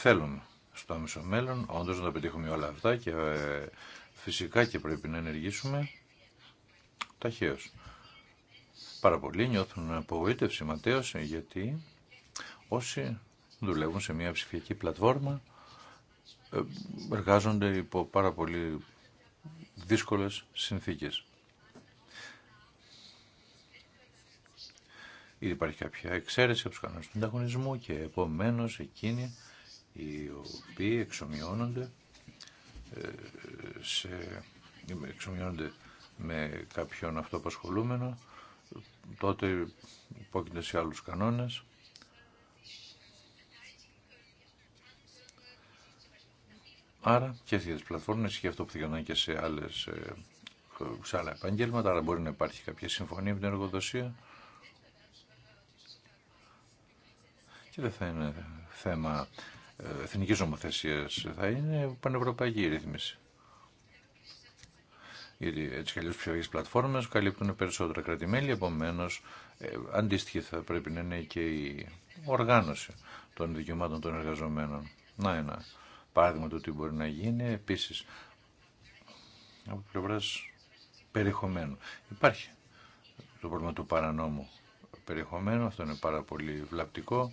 θέλουν στο άμεσο μέλλον, όντω να τα πετύχουμε όλα αυτά και ε, φυσικά και πρέπει να ενεργήσουμε ταχαίω. Πάρα πολλοί νιώθουν απογοήτευση ματέωση γιατί όσοι δουλεύουν σε μια ψηφιακή πλατφόρμα ε, εργάζονται υπό πάρα πολύ δύσκολες συνθήκες. Ήδη υπάρχει κάποια εξαίρεση από τους κανόνες του ανταγωνισμού και επομένως εκείνοι οι οποίοι εξομοιώνονται ε, σε, με κάποιον αυτοπασχολούμενο, τότε υπόκειται σε άλλους κανόνες. Άρα και για τις πλατφόρμες και αυτό που θυγανά και σε, άλλες, ε, σε άλλα επαγγέλματα, άρα μπορεί να υπάρχει κάποια συμφωνία με την εργοδοσία και δεν θα είναι θέμα εθνική νομοθεσία. Θα είναι πανευρωπαϊκή η ρύθμιση. Γιατί έτσι κι αλλιώ ψηφιακέ πλατφόρμε καλύπτουν περισσότερα κράτη-μέλη, επομένω ε, αντίστοιχη θα πρέπει να είναι και η οργάνωση των δικαιωμάτων των εργαζομένων. Να ένα παράδειγμα του τι μπορεί να γίνει. Επίση, από πλευρά περιεχομένου. Υπάρχει το πρόβλημα του παρανόμου περιεχομένου, αυτό είναι πάρα πολύ βλαπτικό.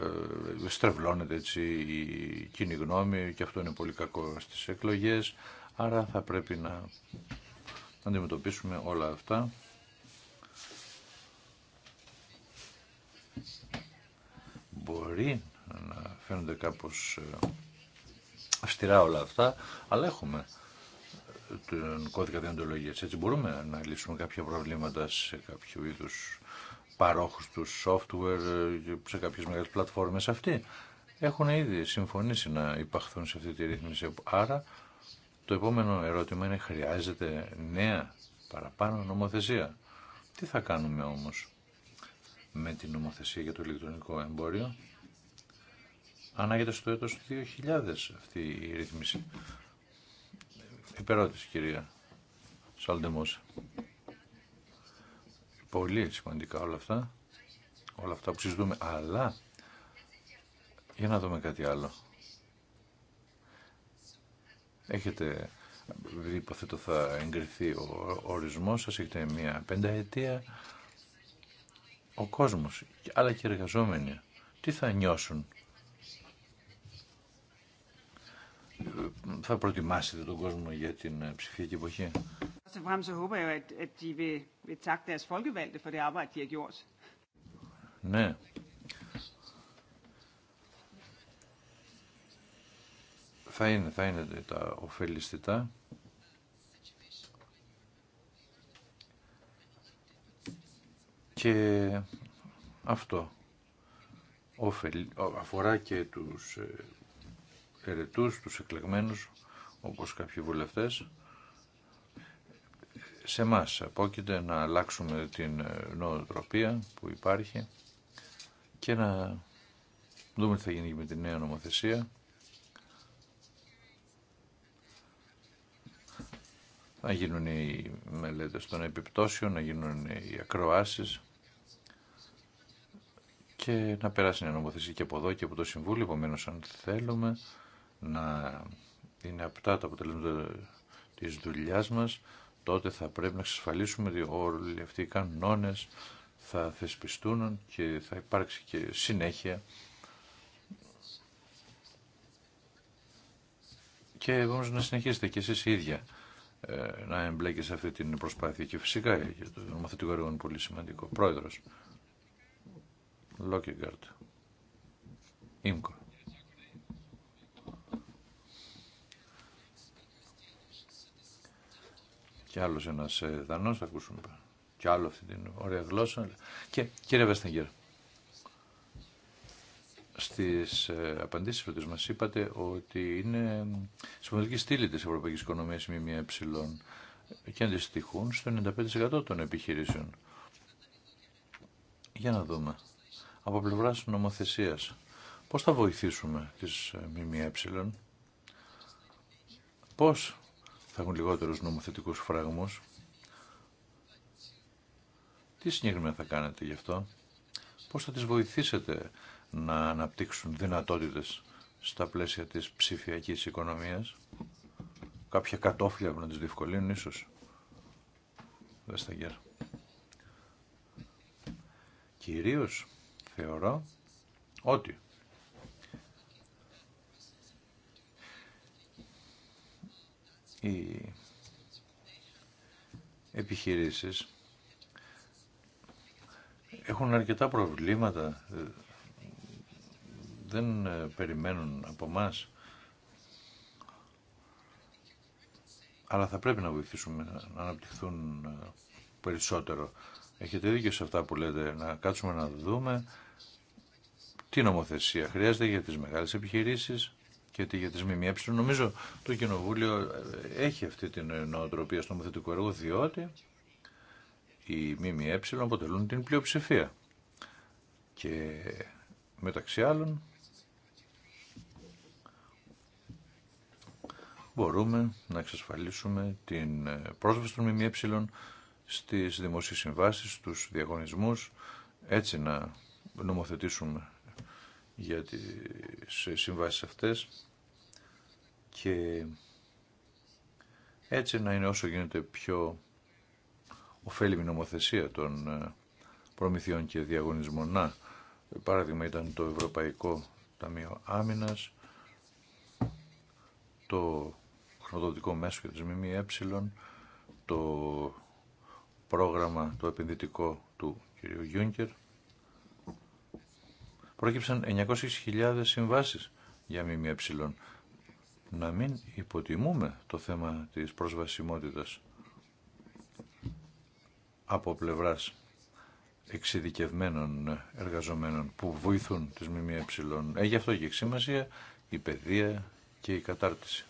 Ε, στρεβλώνεται έτσι η κοινή γνώμη και αυτό είναι πολύ κακό στις εκλογές, άρα θα πρέπει να αντιμετωπίσουμε όλα αυτά. Μπορεί να φαίνονται κάπως ε, αυστηρά όλα αυτά, αλλά έχουμε ε, τον κώδικα διοντολογίας. Έτσι μπορούμε να λύσουμε κάποια προβλήματα σε κάποιο είδους παρόχους του software ε, σε κάποιες μεγάλες πλατφόρμες αυτοί έχουν ήδη συμφωνήσει να υπαχθούν σε αυτή τη ρύθμιση. Άρα το επόμενο ερώτημα είναι χρειάζεται νέα παραπάνω νομοθεσία. Τι θα κάνουμε όμως με την νομοθεσία για το ηλεκτρονικό εμπόριο. Ανάγεται στο έτος 2000 αυτή η ρύθμιση. Υπερώτηση κυρία Σαλντεμόσα. Πολύ σημαντικά όλα αυτά, όλα αυτά που συζητούμε, αλλά για να δούμε κάτι άλλο. Έχετε, υποθέτω θα εγκριθεί ο ορισμός σας, έχετε μία πενταετία, ο κόσμος, αλλά και οι εργαζόμενοι, τι θα νιώσουν. Θα προετοιμάσετε τον κόσμο για την ψηφιακή εποχή. Θα είναι, θα είναι τα ωφελιστικά. Και αυτό αφορά και τους ερετούς, τους εκλεγμένους, όπως κάποιοι βουλευτές σε εμά απόκειται να αλλάξουμε την ε, νοοτροπία που υπάρχει και να δούμε τι θα γίνει με τη νέα νομοθεσία. Να γίνουν οι μελέτες των επιπτώσεων, να γίνουν οι ακροάσεις και να περάσει μια νομοθεσία και από εδώ και από το Συμβούλιο. Επομένω, αν θέλουμε να είναι απτά τα αποτελέσματα της δουλειάς μας, τότε θα πρέπει να εξασφαλίσουμε ότι όλοι αυτοί οι κανόνες θα θεσπιστούν και θα υπάρξει και συνέχεια. Και όμω να συνεχίσετε και εσείς οι ίδια ε, να εμπλέκετε σε αυτή την προσπάθεια και φυσικά για το νομοθετικό έργο είναι πολύ σημαντικό. Πρόεδρος, Λόκεγκαρτ, Ίμκο. Και άλλο ένα ε, Δανό, θα ακούσουμε και άλλο αυτή την ωραία γλώσσα. Και κύριε Βεσταγκέρ, στις ε, απαντήσεις που μας είπατε ότι είναι σημαντική στήλη τη Ευρωπαϊκή οικονομίας η ΜΜΕ και αντιστοιχούν στο 95% των επιχειρήσεων. Για να δούμε. Από πλευράς νομοθεσία. πώς θα βοηθήσουμε τις ε, ΜΜΕ, Πώ, θα έχουν λιγότερους νομοθετικούς φραγμούς. Τι συγκεκριμένα θα κάνετε γι' αυτό, πώς θα τις βοηθήσετε να αναπτύξουν δυνατότητες στα πλαίσια της ψηφιακής οικονομίας, κάποια κατόφλια που να τις διευκολύνουν ίσως. Βεσταγέρ. Κυρίως θεωρώ ότι οι επιχειρήσεις έχουν αρκετά προβλήματα, δεν ε, περιμένουν από μας, αλλά θα πρέπει να βοηθήσουμε να αναπτυχθούν ε, περισσότερο. Έχετε δίκιο σε αυτά που λέτε, να κάτσουμε να δούμε τι νομοθεσία χρειάζεται για τις μεγάλες επιχειρήσεις, γιατί για τις ΜΜΕ νομίζω το Κοινοβούλιο έχει αυτή την νοοτροπία στο νομοθετικό έργο διότι οι ΜΜΕ αποτελούν την πλειοψηφία και μεταξύ άλλων μπορούμε να εξασφαλίσουμε την πρόσβαση των ΜΜΕ στις δημοσίες συμβάσεις, στους διαγωνισμούς, έτσι να νομοθετήσουμε για τις συμβάσεις αυτές και έτσι να είναι όσο γίνεται πιο ωφέλιμη νομοθεσία των ε, προμηθειών και διαγωνισμών. Να, παράδειγμα ήταν το Ευρωπαϊκό Ταμείο Άμυνας, το χρονοδοτικό μέσο για τις ΜΜΕ, το πρόγραμμα το επενδυτικό του κ. Γιούνκερ. Πρόκειψαν 900.000 συμβάσεις για ΜΜΕ να μην υποτιμούμε το θέμα της προσβασιμότητας από πλευράς εξειδικευμένων εργαζομένων που βοηθούν τις ΜΜΕ. Έχει αυτό και σημασία η παιδεία και η κατάρτιση.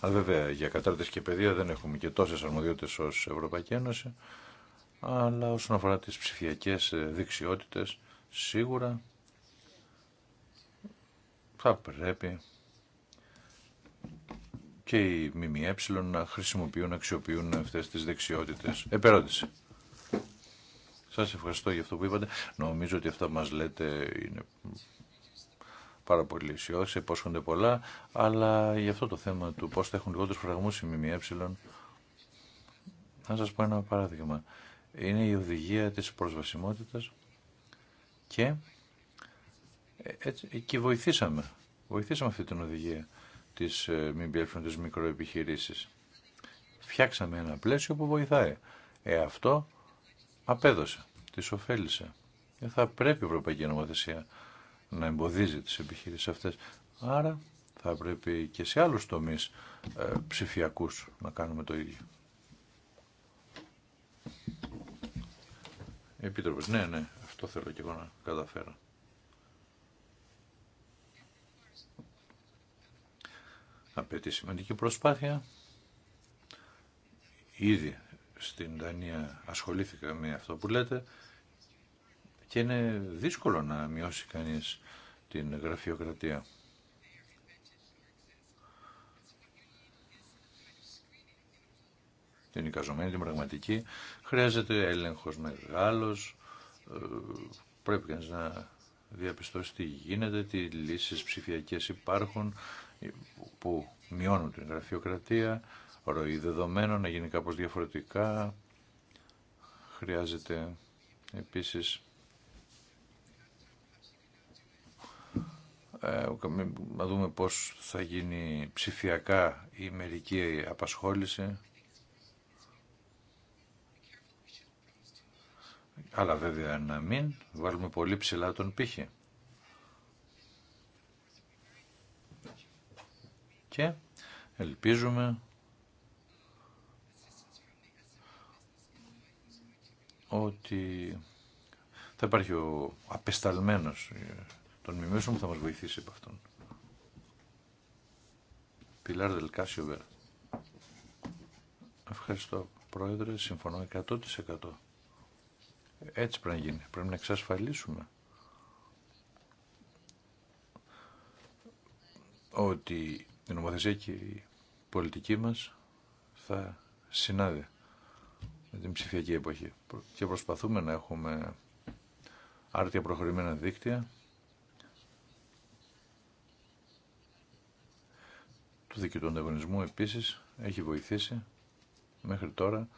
Αλλά βέβαια για κατάρτιση και παιδεία δεν έχουμε και τόσες αρμοδιότητες ως Ευρωπαϊκή Ένωση, αλλά όσον αφορά τις ψηφιακές δεξιότητες σίγουρα θα πρέπει και οι ΜΜΕ να χρησιμοποιούν, να αξιοποιούν αυτές τις δεξιότητες. Επερώτηση. Σας ευχαριστώ για αυτό που είπατε. Νομίζω ότι αυτά μας λέτε είναι πάρα πολύ αισιόδοξα, υπόσχονται πολλά, αλλά για αυτό το θέμα του πώς θα έχουν λιγότερους φραγμούς οι ΜΜΕ, να σας πω ένα παράδειγμα. Είναι η οδηγία της προσβασιμότητας και ε, έτσι, βοηθήσαμε. Βοηθήσαμε αυτή την οδηγία της ε, μη της μικροεπιχειρήση. Φτιάξαμε ένα πλαίσιο που βοηθάει. Ε, αυτό απέδωσε, τη ωφέλησε. Ε, θα πρέπει η Ευρωπαϊκή Νομοθεσία να εμποδίζει τις επιχειρήσεις αυτές. Άρα θα πρέπει και σε άλλους τομείς ε, ψηφιακούς να κάνουμε το ίδιο. Επίτροπος, ναι, ναι. Το θέλω και εγώ να καταφέρω. Απαιτεί σημαντική προσπάθεια. Ήδη στην Δανία ασχολήθηκα με αυτό που λέτε και είναι δύσκολο να μειώσει κανείς την γραφειοκρατία. Την εικαζομένη, την πραγματική, χρειάζεται έλεγχος μεγάλος, ε, πρέπει κανείς να διαπιστώσει τι γίνεται, τι λύσεις ψηφιακές υπάρχουν που μειώνουν την γραφειοκρατία, ροή δεδομένων να γίνει κάπως διαφορετικά. Χρειάζεται επίσης ε, να δούμε πώς θα γίνει ψηφιακά η μερική απασχόληση. αλλά βέβαια να μην βάλουμε πολύ ψηλά τον πύχη. Και ελπίζουμε ότι θα υπάρχει ο απεσταλμένος των μιμήσεων που θα μας βοηθήσει από αυτόν. Πιλάρ Δελκάσιο Βέρα. Ευχαριστώ Πρόεδρε, συμφωνώ 100%. Έτσι πρέπει να γίνει. Πρέπει να εξασφαλίσουμε ότι η νομοθεσία και η πολιτική μας θα συνάδει με την ψηφιακή εποχή. Και προσπαθούμε να έχουμε άρτια προχωρημένα δίκτυα Το δίκαιο του ανταγωνισμού επίσης έχει βοηθήσει μέχρι τώρα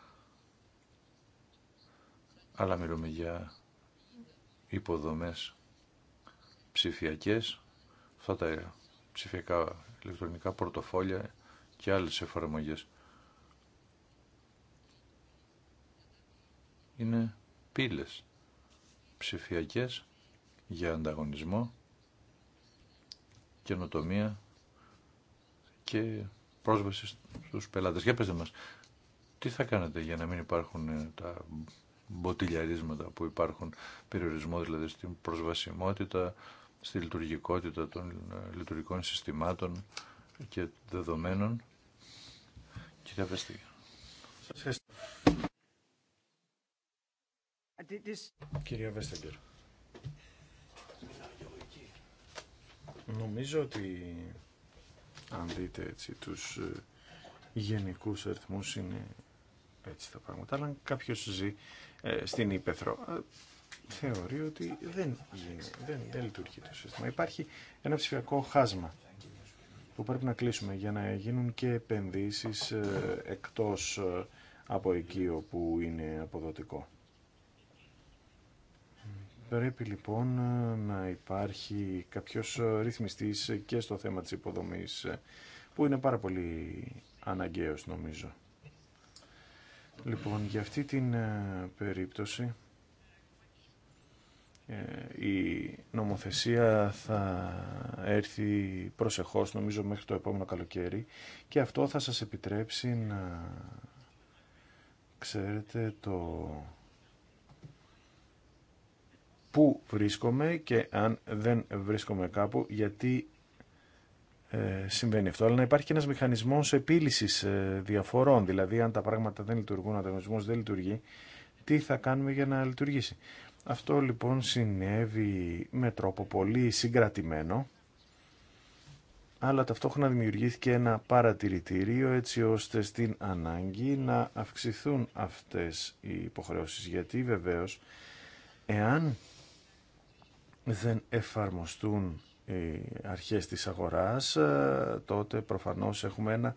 αλλά μιλούμε για υποδομές ψηφιακές, αυτά τα ψηφιακά ηλεκτρονικά πορτοφόλια και άλλες εφαρμογές. Είναι πύλες ψηφιακές για ανταγωνισμό, καινοτομία και πρόσβαση στους πελάτες. Για πετε μας, τι θα κάνετε για να μην υπάρχουν τα μποτιλιαρίσματα που υπάρχουν, περιορισμό δηλαδή στην προσβασιμότητα, στη λειτουργικότητα των ε, λειτουργικών συστημάτων και δεδομένων. Κυρία Βεστή. Κυρία Βέστεγκερ. Νομίζω ότι αν δείτε έτσι τους ε, γενικούς αριθμούς είναι έτσι τα πράγματα, αλλά αν κάποιος ζει ε, στην Ήπεθρο, ε, θεωρεί ότι δεν, δεν, λειτουργεί το σύστημα. Υπάρχει ένα ψηφιακό χάσμα που πρέπει να κλείσουμε για να γίνουν και επενδύσεις ε, εκτός από εκεί όπου είναι αποδοτικό. Πρέπει λοιπόν να υπάρχει κάποιος ρυθμιστής και στο θέμα της υποδομής που είναι πάρα πολύ αναγκαίος νομίζω. Λοιπόν, για αυτή την ε, περίπτωση ε, η νομοθεσία θα έρθει προσεχώς νομίζω μέχρι το επόμενο καλοκαίρι και αυτό θα σας επιτρέψει να ξέρετε το πού βρίσκομαι και αν δεν βρίσκομαι κάπου γιατί ε, συμβαίνει αυτό, αλλά να υπάρχει και ένας μηχανισμός επίλυσης ε, διαφορών, δηλαδή αν τα πράγματα δεν λειτουργούν, ο μηχανισμός δεν λειτουργεί, τι θα κάνουμε για να λειτουργήσει. Αυτό λοιπόν συνέβη με τρόπο πολύ συγκρατημένο, αλλά ταυτόχρονα δημιουργήθηκε ένα παρατηρητήριο έτσι ώστε στην ανάγκη να αυξηθούν αυτές οι υποχρεώσεις. Γιατί βεβαίως εάν δεν εφαρμοστούν οι αρχές της αγοράς, ε, τότε προφανώς έχουμε ένα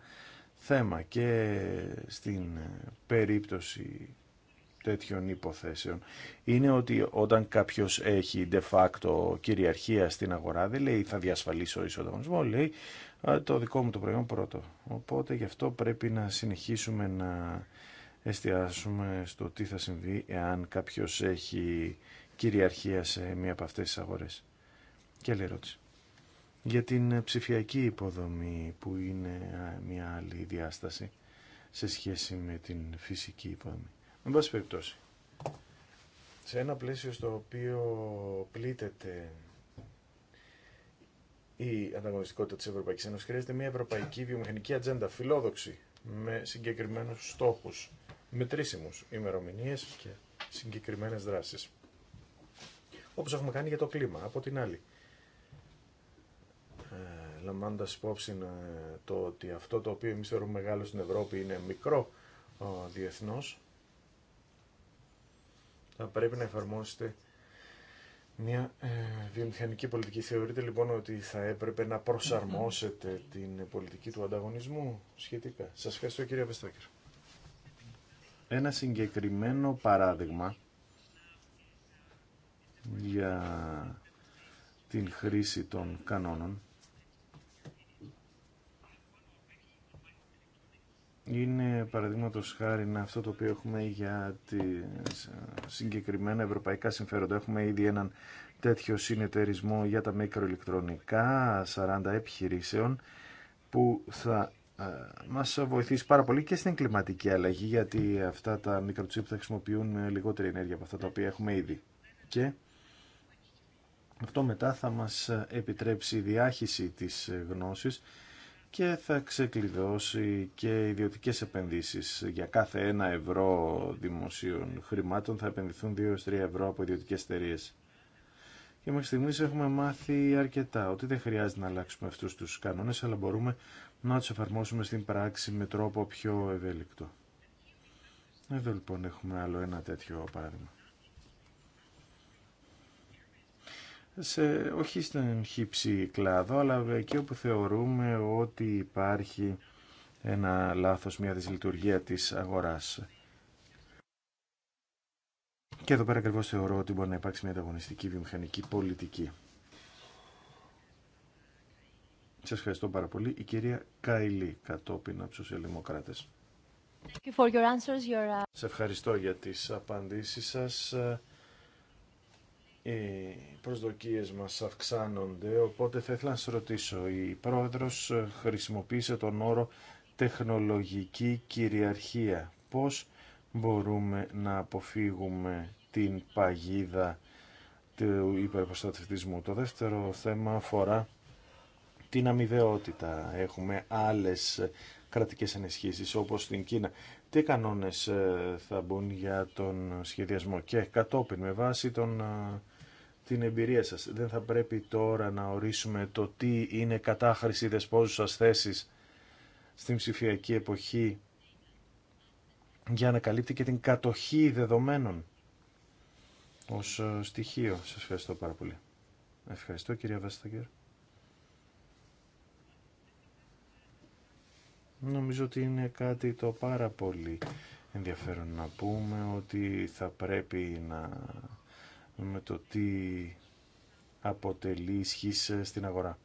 θέμα και στην ε, περίπτωση τέτοιων υποθέσεων είναι ότι όταν κάποιος έχει de facto κυριαρχία στην αγορά δεν λέει θα διασφαλίσω ισοδομισμό, λέει το δικό μου το προϊόν πρώτο. Οπότε γι' αυτό πρέπει να συνεχίσουμε να εστιάσουμε στο τι θα συμβεί εάν κάποιος έχει κυριαρχία σε μία από αυτές τις αγορές. Και άλλη για την ε, ψηφιακή υποδομή που είναι μια άλλη διάσταση σε σχέση με την φυσική υποδομή. Με πάση περιπτώσει, σε ένα πλαίσιο στο οποίο πλήττεται η ανταγωνιστικότητα της Ευρωπαϊκής Ένωσης χρειάζεται μια ευρωπαϊκή βιομηχανική ατζέντα φιλόδοξη με συγκεκριμένους στόχους, μετρήσιμους ημερομηνίε και συγκεκριμένες δράσεις. Όπως έχουμε κάνει για το κλίμα, από την άλλη ε, λαμβάνοντας υπόψη ε, το ότι αυτό το οποίο εμείς θεωρούμε μεγάλο στην Ευρώπη είναι μικρό διεθνώς, θα πρέπει να εφαρμόσετε μια ε, βιομηχανική πολιτική. Θεωρείτε λοιπόν ότι θα έπρεπε να προσαρμόσετε την πολιτική του ανταγωνισμού σχετικά. Σας ευχαριστώ κύριε Βεστάκερ. Ένα συγκεκριμένο παράδειγμα για την χρήση των κανόνων είναι παραδείγματο χάρη αυτό το οποίο έχουμε για τις ε, συγκεκριμένα ευρωπαϊκά συμφέροντα. Έχουμε ήδη έναν τέτοιο συνεταιρισμό για τα μικροηλεκτρονικά 40 επιχειρήσεων που θα ε, μας βοηθήσει πάρα πολύ και στην κλιματική αλλαγή γιατί αυτά τα μικροτσίπ θα χρησιμοποιούν λιγότερη ενέργεια από αυτά τα οποία έχουμε ήδη. Και αυτό μετά θα μας επιτρέψει η διάχυση της γνώσης και θα ξεκλειδώσει και ιδιωτικές επενδύσεις. Για κάθε ένα ευρώ δημοσίων χρημάτων θα επενδυθούν 2-3 ευρώ από ιδιωτικές εταιρείε. Και μέχρι στιγμής έχουμε μάθει αρκετά ότι δεν χρειάζεται να αλλάξουμε αυτούς τους κανόνες, αλλά μπορούμε να τους εφαρμόσουμε στην πράξη με τρόπο πιο ευέλικτο. Εδώ λοιπόν έχουμε άλλο ένα τέτοιο παράδειγμα. σε, όχι στην χύψη κλάδο, αλλά εκεί όπου θεωρούμε ότι υπάρχει ένα λάθος, μια δυσλειτουργία της αγοράς. Και εδώ πέρα ακριβώ θεωρώ ότι μπορεί να υπάρξει μια ανταγωνιστική βιομηχανική πολιτική. Σας ευχαριστώ πάρα πολύ. Η κυρία Καϊλή, κατόπιν από τους uh, Σας ευχαριστώ για τις απαντήσεις σας οι προσδοκίες μας αυξάνονται, οπότε θα ήθελα να σας ρωτήσω, η πρόεδρος χρησιμοποίησε τον όρο τεχνολογική κυριαρχία. Πώς μπορούμε να αποφύγουμε την παγίδα του υπερπροστατευτισμού. Το δεύτερο θέμα αφορά την αμοιβαιότητα. Έχουμε άλλες κρατικές ενισχύσεις όπως στην Κίνα. Τι κανόνες ε, θα μπουν για τον σχεδιασμό και κατόπιν με βάση τον ε, την εμπειρία σας. Δεν θα πρέπει τώρα να ορίσουμε το τι είναι κατάχρηση δεσπόζουσας θέσης στην ψηφιακή εποχή για να καλύπτει και την κατοχή δεδομένων ως ε, στοιχείο. Σας ευχαριστώ πάρα πολύ. Ευχαριστώ κυρία Βασταγκέρ. Νομίζω ότι είναι κάτι το πάρα πολύ ενδιαφέρον να πούμε ότι θα πρέπει να με το τι αποτελεί ισχύς ε, στην αγορά.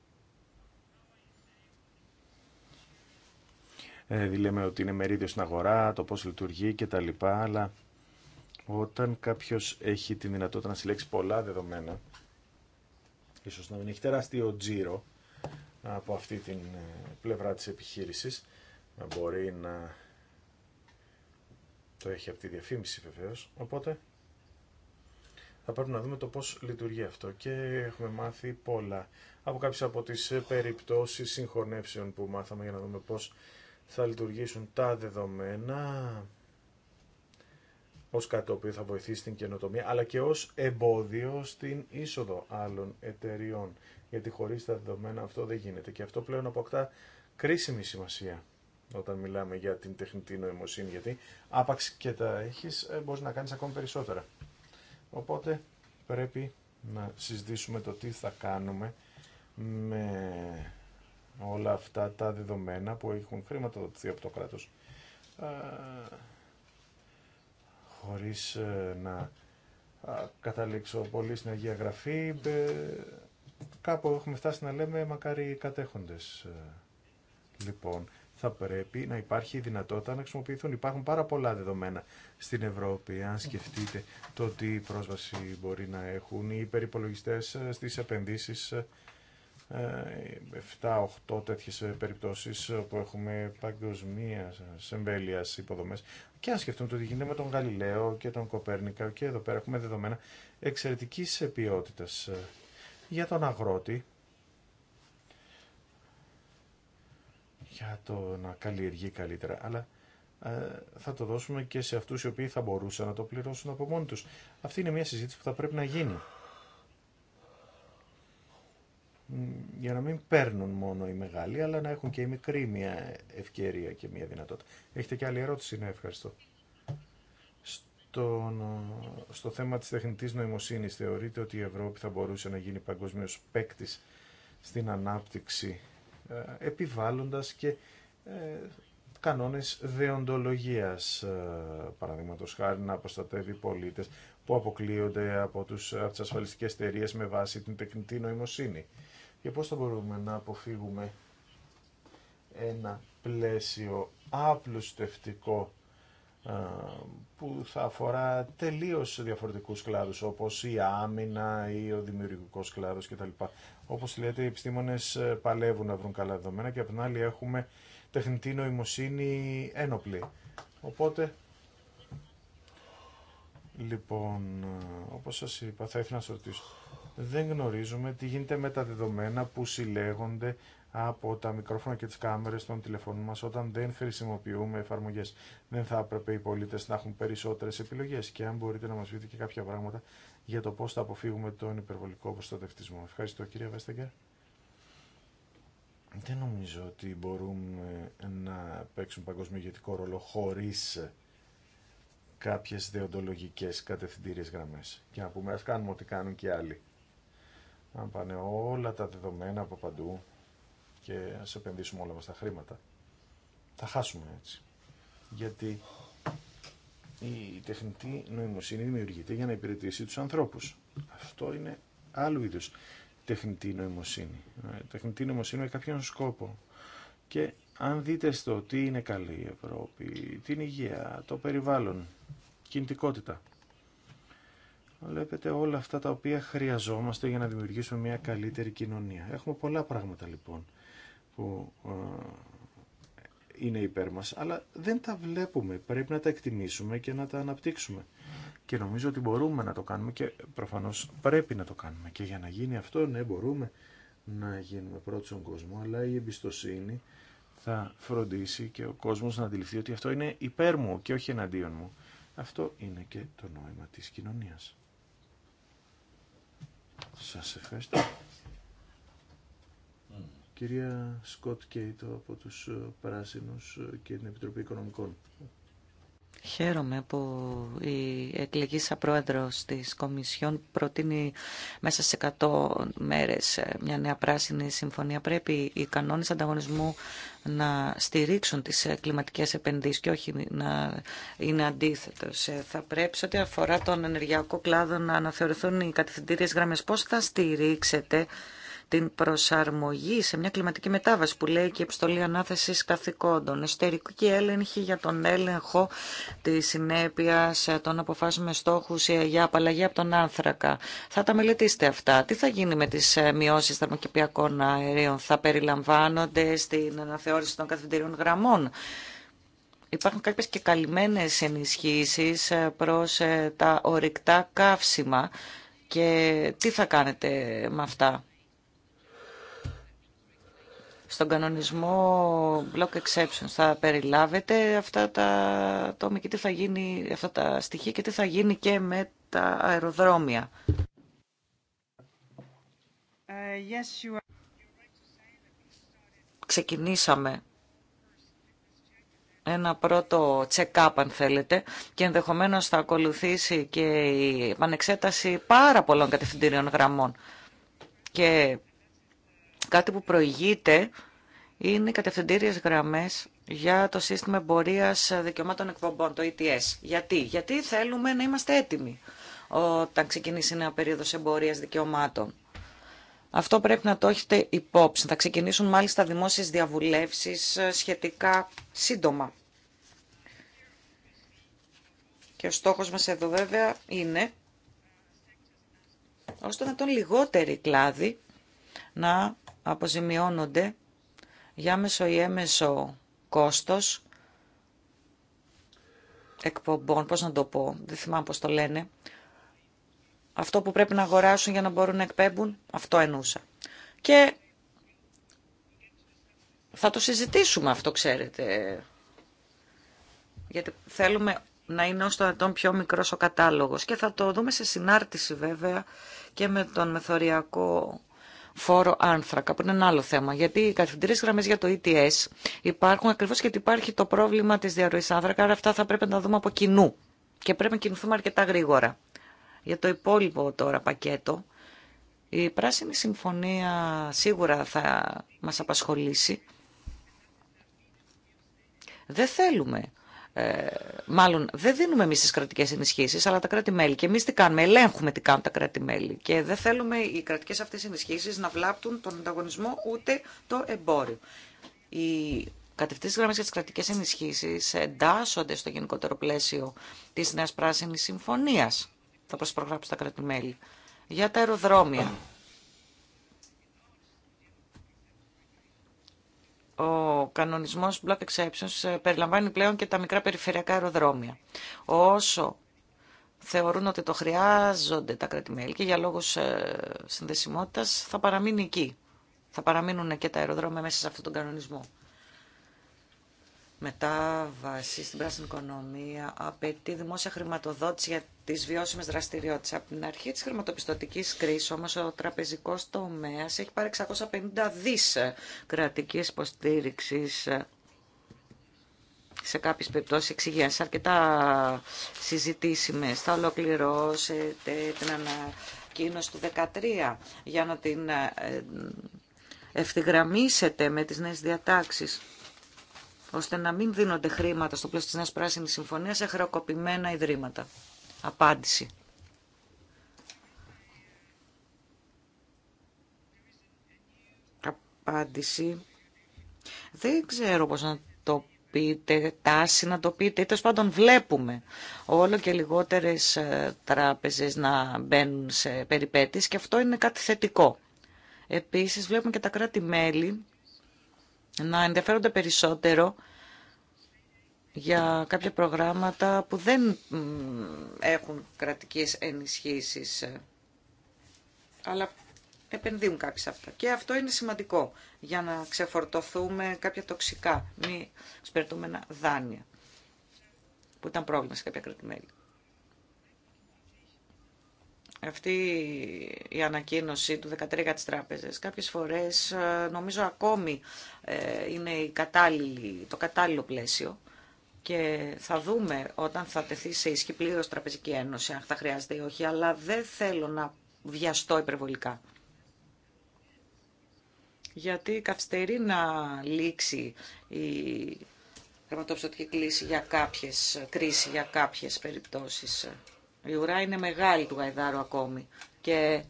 Ε, δηλαδή λέμε ότι είναι μερίδιο στην αγορά, το πώς λειτουργεί και τα λοιπά, αλλά όταν κάποιος έχει τη δυνατότητα να συλλέξει πολλά δεδομένα, ίσως να μην έχει τεράστιο τζίρο από αυτή την ε, πλευρά της επιχείρησης, μπορεί να το έχει από τη διαφήμιση βεβαίως, οπότε θα πρέπει να δούμε το πώς λειτουργεί αυτό και έχουμε μάθει πολλά από κάποιες από τις περιπτώσεις συγχωνεύσεων που μάθαμε για να δούμε πώς θα λειτουργήσουν τα δεδομένα ως κάτι το οποίο θα βοηθήσει την καινοτομία αλλά και ως εμπόδιο στην είσοδο άλλων εταιριών γιατί χωρίς τα δεδομένα αυτό δεν γίνεται και αυτό πλέον αποκτά κρίσιμη σημασία όταν μιλάμε για την τεχνητή νοημοσύνη γιατί άπαξ και τα έχεις ε, μπορείς να κάνεις ακόμη περισσότερα. Οπότε πρέπει να συζητήσουμε το τι θα κάνουμε με όλα αυτά τα δεδομένα που έχουν χρηματοδοτηθεί από το κράτος χωρίς ε, να καταλήξω πολύ στην Αγία Γραφή κάπου έχουμε φτάσει να λέμε μακάρι κατέχοντες ε. λοιπόν θα πρέπει να υπάρχει η δυνατότητα να χρησιμοποιηθούν. Υπάρχουν πάρα πολλά δεδομένα στην Ευρώπη, αν σκεφτείτε το τι πρόσβαση μπορεί να έχουν οι υπερυπολογιστέ ε, στι επενδυσει 7 ε, 7-8 ε, τέτοιες περιπτώσει που έχουμε παγκοσμία εμβέλεια υποδομέ και αν σκεφτούμε το τι γίνεται με τον Γαλιλαίο και τον Κοπέρνικα και εδώ πέρα έχουμε δεδομένα εξαιρετικής ποιότητα για τον αγρότη για το να καλλιεργεί καλύτερα, αλλά ε, θα το δώσουμε και σε αυτούς οι οποίοι θα μπορούσαν να το πληρώσουν από μόνοι τους. Αυτή είναι μια συζήτηση που θα πρέπει να γίνει. Για να μην παίρνουν μόνο οι μεγάλοι, αλλά να έχουν και οι μικροί μια ευκαιρία και μια δυνατότητα. Έχετε και άλλη ερώτηση, ναι, ευχαριστώ. Στον, ε, στο θέμα της τεχνητής νοημοσύνης θεωρείτε ότι η Ευρώπη θα μπορούσε να γίνει παγκοσμίως παίκτη στην ανάπτυξη ε, επιβάλλοντας και ε, κανόνες δεοντολογίας, ε, παραδείγματος χάρη να προστατεύει πολίτες που αποκλείονται από, τους, από τις ασφαλιστικές εταιρείε με βάση την τεχνητή νοημοσύνη. Και πώς θα μπορούμε να αποφύγουμε ένα πλαίσιο άπλουστευτικό που θα αφορά τελείως διαφορετικούς κλάδους όπως η άμυνα ή ο δημιουργικός κλάδος κτλ. Όπως λέτε οι επιστήμονες ε, παλεύουν να βρουν καλά δεδομένα και από την άλλη έχουμε τεχνητή νοημοσύνη ένοπλη. Οπότε, λοιπόν, ε, όπως σας είπα θα ήθελα να σας ρωτήσω δεν γνωρίζουμε τι γίνεται με τα δεδομένα που συλλέγονται από τα μικρόφωνα και τις κάμερες των τηλεφώνων μας όταν δεν χρησιμοποιούμε εφαρμογές. Δεν θα έπρεπε οι πολίτες να έχουν περισσότερες επιλογές και αν μπορείτε να μας πείτε και κάποια πράγματα για το πώς θα αποφύγουμε τον υπερβολικό προστατευτισμό. Ευχαριστώ κύριε Βέστεγκερ. Δεν νομίζω ότι μπορούμε να παίξουν παγκόσμιο ηγετικό ρόλο χωρίς κάποιες δεοντολογικές κατευθυντήριες γραμμές και να πούμε ας κάνουμε ό,τι κάνουν και άλλοι. Αν πάνε όλα τα δεδομένα από παντού και ας επενδύσουμε όλα μας τα χρήματα. Θα χάσουμε έτσι. Γιατί η τεχνητή νοημοσύνη δημιουργείται για να υπηρετήσει τους ανθρώπους. Αυτό είναι άλλου είδους τεχνητή νοημοσύνη. Η ε, τεχνητή νοημοσύνη με κάποιον σκόπο. Και αν δείτε στο τι είναι καλή η Ευρώπη, την υγεία, το περιβάλλον, κινητικότητα, Βλέπετε όλα αυτά τα οποία χρειαζόμαστε για να δημιουργήσουμε μια καλύτερη κοινωνία. Έχουμε πολλά πράγματα λοιπόν που ε, είναι υπέρ μας, αλλά δεν τα βλέπουμε. Πρέπει να τα εκτιμήσουμε και να τα αναπτύξουμε. Και νομίζω ότι μπορούμε να το κάνουμε και προφανώς πρέπει να το κάνουμε. Και για να γίνει αυτό, ναι, μπορούμε να γίνουμε πρώτοι στον κόσμο, αλλά η εμπιστοσύνη θα φροντίσει και ο κόσμος να αντιληφθεί ότι αυτό είναι υπέρ μου και όχι εναντίον μου. Αυτό είναι και το νόημα της κοινωνίας. Σας ευχαριστώ. Κυρία Σκοτ Κέιτο από τους Πράσινους και την Επιτροπή Οικονομικών. Χαίρομαι που η εκλεγήσα πρόεδρος της Κομισιόν προτείνει μέσα σε 100 μέρες ε, μια νέα πράσινη συμφωνία. Πρέπει οι κανόνες ανταγωνισμού να στηρίξουν τις ε, κλιματικές επενδύσεις και όχι να είναι αντίθετος. Ε, θα πρέπει σε ό,τι αφορά τον ενεργειακό κλάδο να αναθεωρηθούν οι κατευθυντήριες γραμμές. Πώς θα στηρίξετε την προσαρμογή σε μια κλιματική μετάβαση που λέει και η επιστολή ανάθεση καθηκόντων, Εστερική έλεγχη για τον έλεγχο τη συνέπεια ε, των αποφάσεων με στόχου ε, για απαλλαγή από τον άνθρακα. Θα τα μελετήσετε αυτά. Τι θα γίνει με τι ε, μειώσει θερμοκηπιακών αερίων, θα περιλαμβάνονται στην αναθεώρηση των καθημερινών γραμμών. Υπάρχουν κάποιες και καλυμμένες ενισχύσεις προς τα ορυκτά καύσιμα και τι θα κάνετε με αυτά στον κανονισμό block exceptions θα περιλάβετε αυτά τα και τι θα γίνει, αυτά τα στοιχεία και τι θα γίνει και με τα αεροδρόμια. Ε, yes, you are... Ξεκινήσαμε ένα πρώτο check-up αν θέλετε και ενδεχομένως θα ακολουθήσει και η επανεξέταση πάρα πολλών κατευθυντήριων γραμμών και Κάτι που προηγείται είναι οι κατευθυντήριες γραμμές για το σύστημα εμπορίας δικαιωμάτων εκπομπών, το ETS. Γιατί, Γιατί θέλουμε να είμαστε έτοιμοι όταν ξεκινήσει νέα περίοδος εμπορίας δικαιωμάτων. Αυτό πρέπει να το έχετε υπόψη. Θα ξεκινήσουν μάλιστα δημόσιες διαβουλεύσεις ε, σχετικά σύντομα. Και ο στόχος μας εδώ βέβαια είναι ώστε να τον λιγότερη κλάδη να αποζημιώνονται για μέσο ή έμεσο κόστος εκπομπών, πώς να το πω, δεν θυμάμαι πώς το λένε, αυτό που πρέπει να αγοράσουν για να μπορούν να εκπέμπουν, αυτό εννοούσα. Και θα το συζητήσουμε αυτό, ξέρετε, γιατί θέλουμε να είναι ως το πιο μικρός ο κατάλογος και θα το δούμε σε συνάρτηση βέβαια και με τον μεθοριακό φόρο άνθρακα, που είναι ένα άλλο θέμα. Γιατί οι καθημερινέ γραμμέ για το ETS υπάρχουν ακριβώ γιατί υπάρχει το πρόβλημα τη διαρροή άνθρακα, άρα αυτά θα πρέπει να τα δούμε από κοινού. Και πρέπει να κινηθούμε αρκετά γρήγορα. Για το υπόλοιπο τώρα πακέτο, η Πράσινη Συμφωνία σίγουρα θα μας απασχολήσει. Δεν θέλουμε ε, μάλλον δεν δίνουμε εμεί τι κρατικέ ενισχύσει, αλλά τα κράτη-μέλη. Και εμεί τι κάνουμε, ελέγχουμε τι κάνουν τα κράτη-μέλη. Και δεν θέλουμε οι κρατικέ αυτέ ενισχύσει να βλάπτουν τον ανταγωνισμό ούτε το εμπόριο. Οι κατευθύνσει γραμμέ για τι κρατικέ ενισχύσει εντάσσονται στο γενικότερο πλαίσιο τη Νέα Πράσινη Συμφωνία. Θα προσπρογράψω τα κράτη-μέλη. Για τα αεροδρόμια. ο κανονισμός Block Exceptions ε, περιλαμβάνει πλέον και τα μικρά περιφερειακά αεροδρόμια. Όσο θεωρούν ότι το χρειάζονται τα κρατημέλη και για λόγους ε, συνδεσιμότητας θα παραμείνει εκεί. Θα παραμείνουν και τα αεροδρόμια μέσα σε αυτόν τον κανονισμό μετάβαση στην πράσινη οικονομία απαιτεί δημόσια χρηματοδότηση για τι βιώσιμε δραστηριότητε. Από την αρχή της χρηματοπιστωτικής κρίσης όμως ο τραπεζικό τομέας έχει πάρει 650 δι κρατική υποστήριξη σε κάποιες περιπτώσεις Σε αρκετά συζητήσιμες. Θα ολοκληρώσετε την ανακοίνωση του 2013 για να την ε, ευθυγραμμίσετε με τις νέες διατάξεις ώστε να μην δίνονται χρήματα στο πλαίσιο τη Νέα Πράσινη συμφωνία σε χρεοκοπημένα ιδρύματα. Απάντηση. Απάντηση. Δεν ξέρω πώς να το πείτε, τάση να το πείτε, τέλο πάντων βλέπουμε όλο και λιγότερες ε, τράπεζες να μπαίνουν σε περιπέτειες και αυτό είναι κάτι θετικό. Επίσης βλέπουμε και τα κράτη-μέλη να ενδιαφέρονται περισσότερο για κάποια προγράμματα που δεν έχουν κρατικές ενισχύσεις, ε, αλλά επενδύουν κάποιοι αυτά. Και αυτό είναι σημαντικό για να ξεφορτωθούμε κάποια τοξικά, μη σπερτούμενα δάνεια, που ήταν πρόβλημα σε κάποια κρατημέλη αυτή η ανακοίνωση του 13 για τις τράπεζες κάποιες φορές ε, νομίζω ακόμη ε, είναι η το κατάλληλο πλαίσιο και θα δούμε όταν θα τεθεί σε ισχύ πλήρω τραπεζική ένωση αν θα χρειάζεται ή όχι, αλλά δεν θέλω να βιαστώ υπερβολικά. Γιατί καυστερεί να λήξει η χρηματοπιστωτική κλίση για κάποιες κρίσεις για κάποιες περιπτώσεις. Η ουρά είναι μεγάλη του Γαϊδάρου ακόμη. Και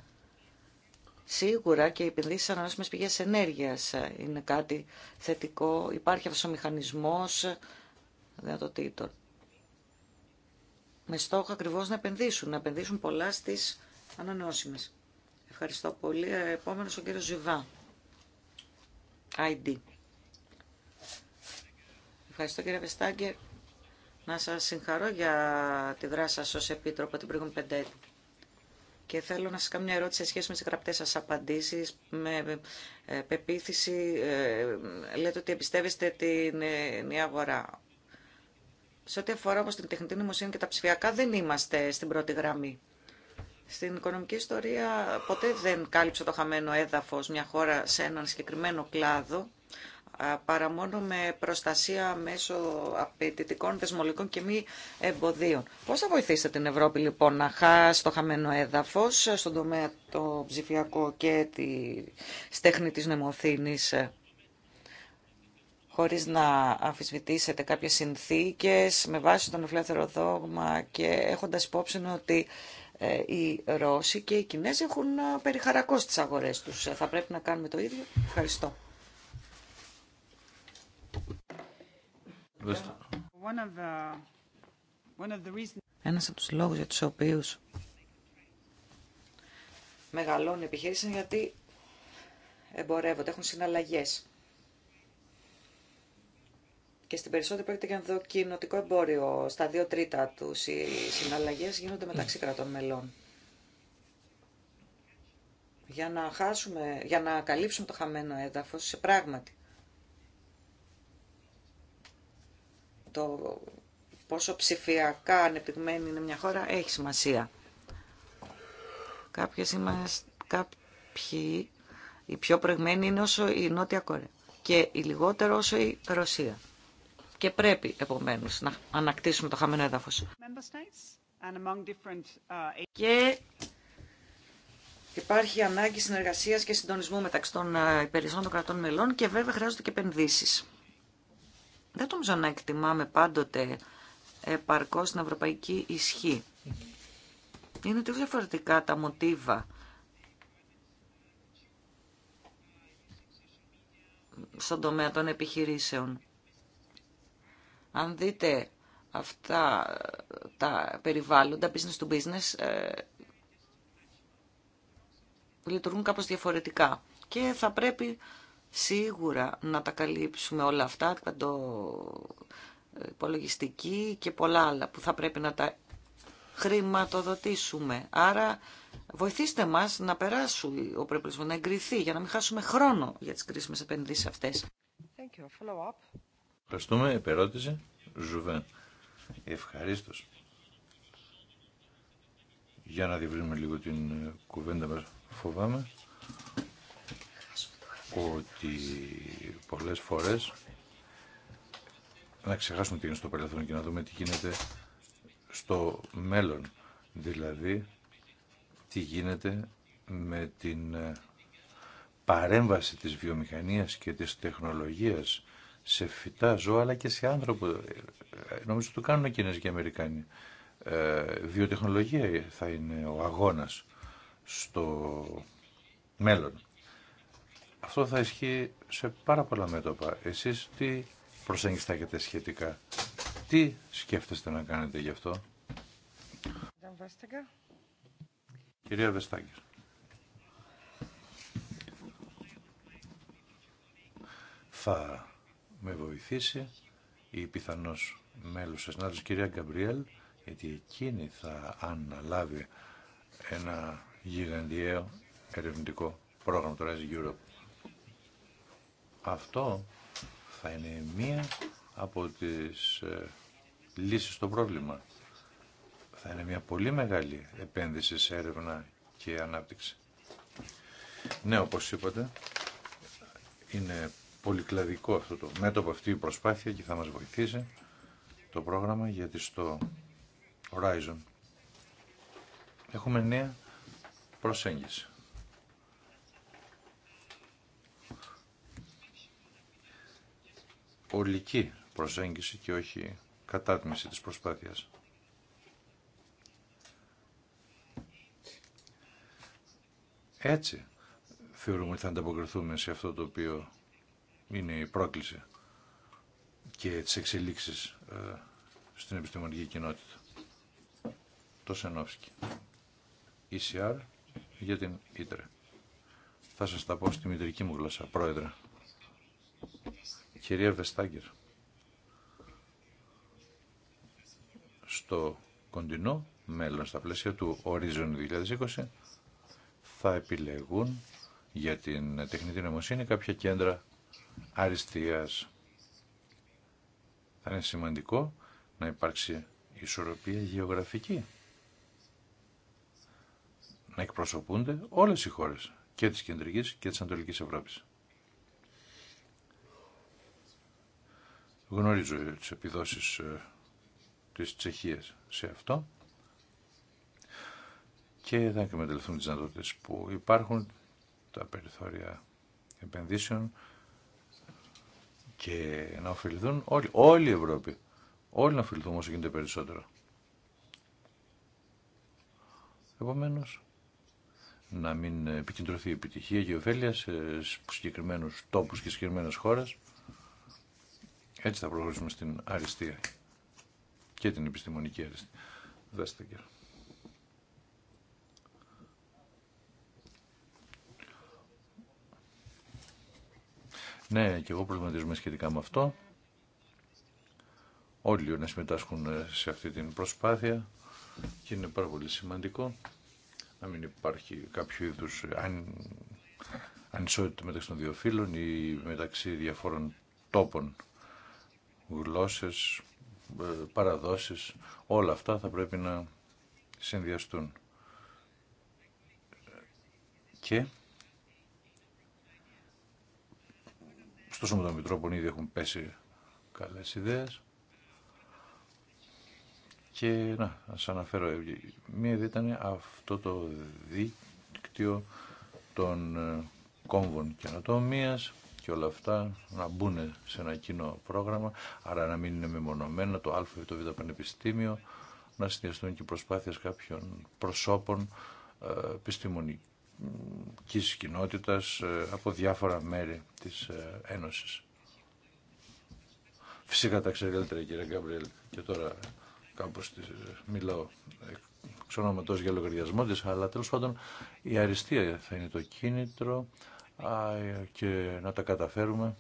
σίγουρα και οι επενδύσει ανανεώσιμε πηγέ ενέργεια ε, είναι κάτι θετικό. Υπάρχει αυτό ο μηχανισμό ε, δυνατοτήτων. Με στόχο ακριβώ να επενδύσουν, να επενδύσουν πολλά στι ανανεώσιμε. Ευχαριστώ πολύ. Ε, Επόμενο ο κύριο Ζιβά. ID. Ευχαριστώ κύριε Βεστάγκερ να σας συγχαρώ για τη δράση σας ως Επίτροπο την προηγούμενη πεντέτη. Και θέλω να σας κάνω μια ερώτηση σε σχέση με τις γραπτές σας απαντήσεις, με ε, πεποίθηση, ε, λέτε ότι εμπιστεύεστε την ε, νέα αγορά. Σε ό,τι αφορά όμως την τεχνητή νοημοσύνη και τα ψηφιακά δεν είμαστε στην πρώτη γραμμή. Στην οικονομική ιστορία ποτέ δεν κάλυψε το χαμένο έδαφος μια χώρα σε έναν συγκεκριμένο κλάδο παρά μόνο με προστασία μέσω απαιτητικών δεσμολικών και μη εμποδίων. Πώς θα βοηθήσετε την Ευρώπη λοιπόν να χάσει το χαμένο έδαφος στον τομέα το ψηφιακό και τη στέχνη της νεμοθήνης χωρίς να αμφισβητήσετε κάποιες συνθήκες με βάση τον ελεύθερο δόγμα και έχοντας υπόψη ότι ε, οι Ρώσοι και οι Κινέζοι έχουν ε, περιχαρακώσει τις αγορές τους. Ε, θα πρέπει να κάνουμε το ίδιο. Ευχαριστώ. Ένα από τους λόγους για τους οποίους μεγαλώνουν οι επιχείρηση είναι γιατί εμπορεύονται, έχουν συναλλαγές. Και στην περισσότερη πρόκειται για δοκινοτικό εμπόριο. Στα δύο τρίτα του οι συναλλαγές γίνονται μεταξύ κρατών μελών. Για να, χάσουμε, για να καλύψουμε το χαμένο έδαφος, σε πράγματι. το πόσο ψηφιακά ανεπτυγμένη είναι μια χώρα έχει σημασία. Κάποιες είμαστε, κάποιοι, οι πιο προηγμένοι είναι όσο η Νότια Κορέα και η λιγότερο όσο η Ρωσία. Και πρέπει επομένως να ανακτήσουμε το χαμένο έδαφος. Uh, και υπάρχει ανάγκη συνεργασίας και συντονισμού μεταξύ των uh, περισσότερων κρατών μελών και βέβαια χρειάζονται και επενδύσεις. Δεν νομίζω να εκτιμάμε πάντοτε επαρκώς στην ευρωπαϊκή ισχύ. Είναι τελείως διαφορετικά τα μοτίβα. στον τομέα των επιχειρήσεων. Αν δείτε αυτά τα περιβάλλοντα, business to business, ε, λειτουργούν κάπως διαφορετικά. Και θα πρέπει σίγουρα να τα καλύψουμε όλα αυτά, το ε, υπολογιστική και πολλά άλλα που θα πρέπει να τα χρηματοδοτήσουμε. Άρα βοηθήστε μας να περάσουν ο προϋπολογισμός, να εγκριθεί για να μην χάσουμε χρόνο για τις κρίσιμες επενδύσεις αυτές. Thank you. Follow Ευχαριστούμε. Επερώτηση. Ζουβέν. Ευχαρίστω. Για να διευρύνουμε λίγο την κουβέντα μας. Φοβάμαι ότι πολλές φορές να ξεχάσουμε τι είναι στο παρελθόν και να δούμε τι γίνεται στο μέλλον. Δηλαδή, τι γίνεται με την ε, παρέμβαση της βιομηχανίας και της τεχνολογίας σε φυτά ζώα αλλά και σε άνθρωπο. Ε, ε, νομίζω το κάνουν Κινέζοι και Αμερικάνοι. Ε, βιοτεχνολογία θα είναι ο αγώνας στο μέλλον. Αυτό θα ισχύει σε πάρα πολλά μέτωπα. Εσείς τι προσέγγιστα έχετε σχετικά. Τι σκέφτεστε να κάνετε γι' αυτό. Κυρία Βεστάκη. Θα με βοηθήσει η πιθανός μέλος της συνάδελφης κυρία Γκαμπριέλ, γιατί εκείνη θα αναλάβει ένα γιγαντιαίο ερευνητικό πρόγραμμα του Rise Europe. Αυτό θα είναι μία από τις ε, λύσεις στο πρόβλημα. Θα είναι μια πολύ μεγάλη επένδυση σε έρευνα και ανάπτυξη. Ναι, όπως είπατε, είναι πολυκλαδικό αυτό το μέτωπο, αυτή η προσπάθεια και θα μας βοηθήσει το πρόγραμμα γιατί στο Horizon έχουμε νέα προσέγγιση. ολική προσέγγιση και όχι κατάτμιση της προσπάθειας. Έτσι θεωρούμε ότι θα ανταποκριθούμε σε αυτό το οποίο είναι η πρόκληση και τις εξελίξεις ε, στην επιστημονική κοινότητα. Το Σενόφσκι. ECR για την Ήτρε. Θα σας τα πω στη μητρική μου γλώσσα, πρόεδρε κυρία Βεστάγκερ. Στο κοντινό μέλλον, στα πλαίσια του Horizon 2020, θα επιλεγούν για την τεχνητή νομοσύνη κάποια κέντρα αριστείας. Θα είναι σημαντικό να υπάρξει ισορροπία γεωγραφική. Να εκπροσωπούνται όλες οι χώρες και της Κεντρικής και της Ανατολικής Ευρώπης. Γνωρίζω τις επιδόσεις ε, της Τσεχίας σε αυτό και θα εκμεταλλευτούν τις δυνατότητε που υπάρχουν, τα περιθώρια επενδύσεων και να ωφεληθούν όλοι, όλη η Ευρώπη. Όλοι να ωφεληθούν όσο γίνεται περισσότερο. Επομένως, να μην επικεντρωθεί η επιτυχία και η ωφέλεια σε συγκεκριμένους τόπους και συγκεκριμένες χώρες. Έτσι θα προχωρήσουμε στην αριστεία και την επιστημονική αριστεία. Δέστε Ναι, και εγώ προβληματίζομαι σχετικά με αυτό. Όλοι να συμμετάσχουν ε, σε αυτή την προσπάθεια και είναι πάρα πολύ σημαντικό να μην υπάρχει κάποιο είδου ε, ανισότητα μεταξύ των δύο φύλων ή μεταξύ διαφόρων τόπων γλώσσες, ε, παραδόσεις, όλα αυτά θα πρέπει να συνδυαστούν. Και στο Σώμα των Μητρόπων ήδη έχουν πέσει καλές ιδέες. Και να, σας αναφέρω, μία ήταν αυτό το δίκτυο των ε, κόμβων καινοτομίας, και όλα αυτά να μπουν σε ένα κοινό πρόγραμμα, άρα να μην είναι μεμονωμένα το Α ή το Β Πανεπιστήμιο, να συνδυαστούν και προσπάθειε κάποιων προσώπων ε, επιστημονική κοινότητα ε, από διάφορα μέρη της ε, Ένωσης. Φυσικά τα ξέρει καλύτερα κύριε Γκάμπριελ και τώρα κάπως μιλάω εξ ονόματος για λογαριασμό της, αλλά τέλος πάντων η αριστεία θα είναι το κίνητρο, και να τα καταφέρουμε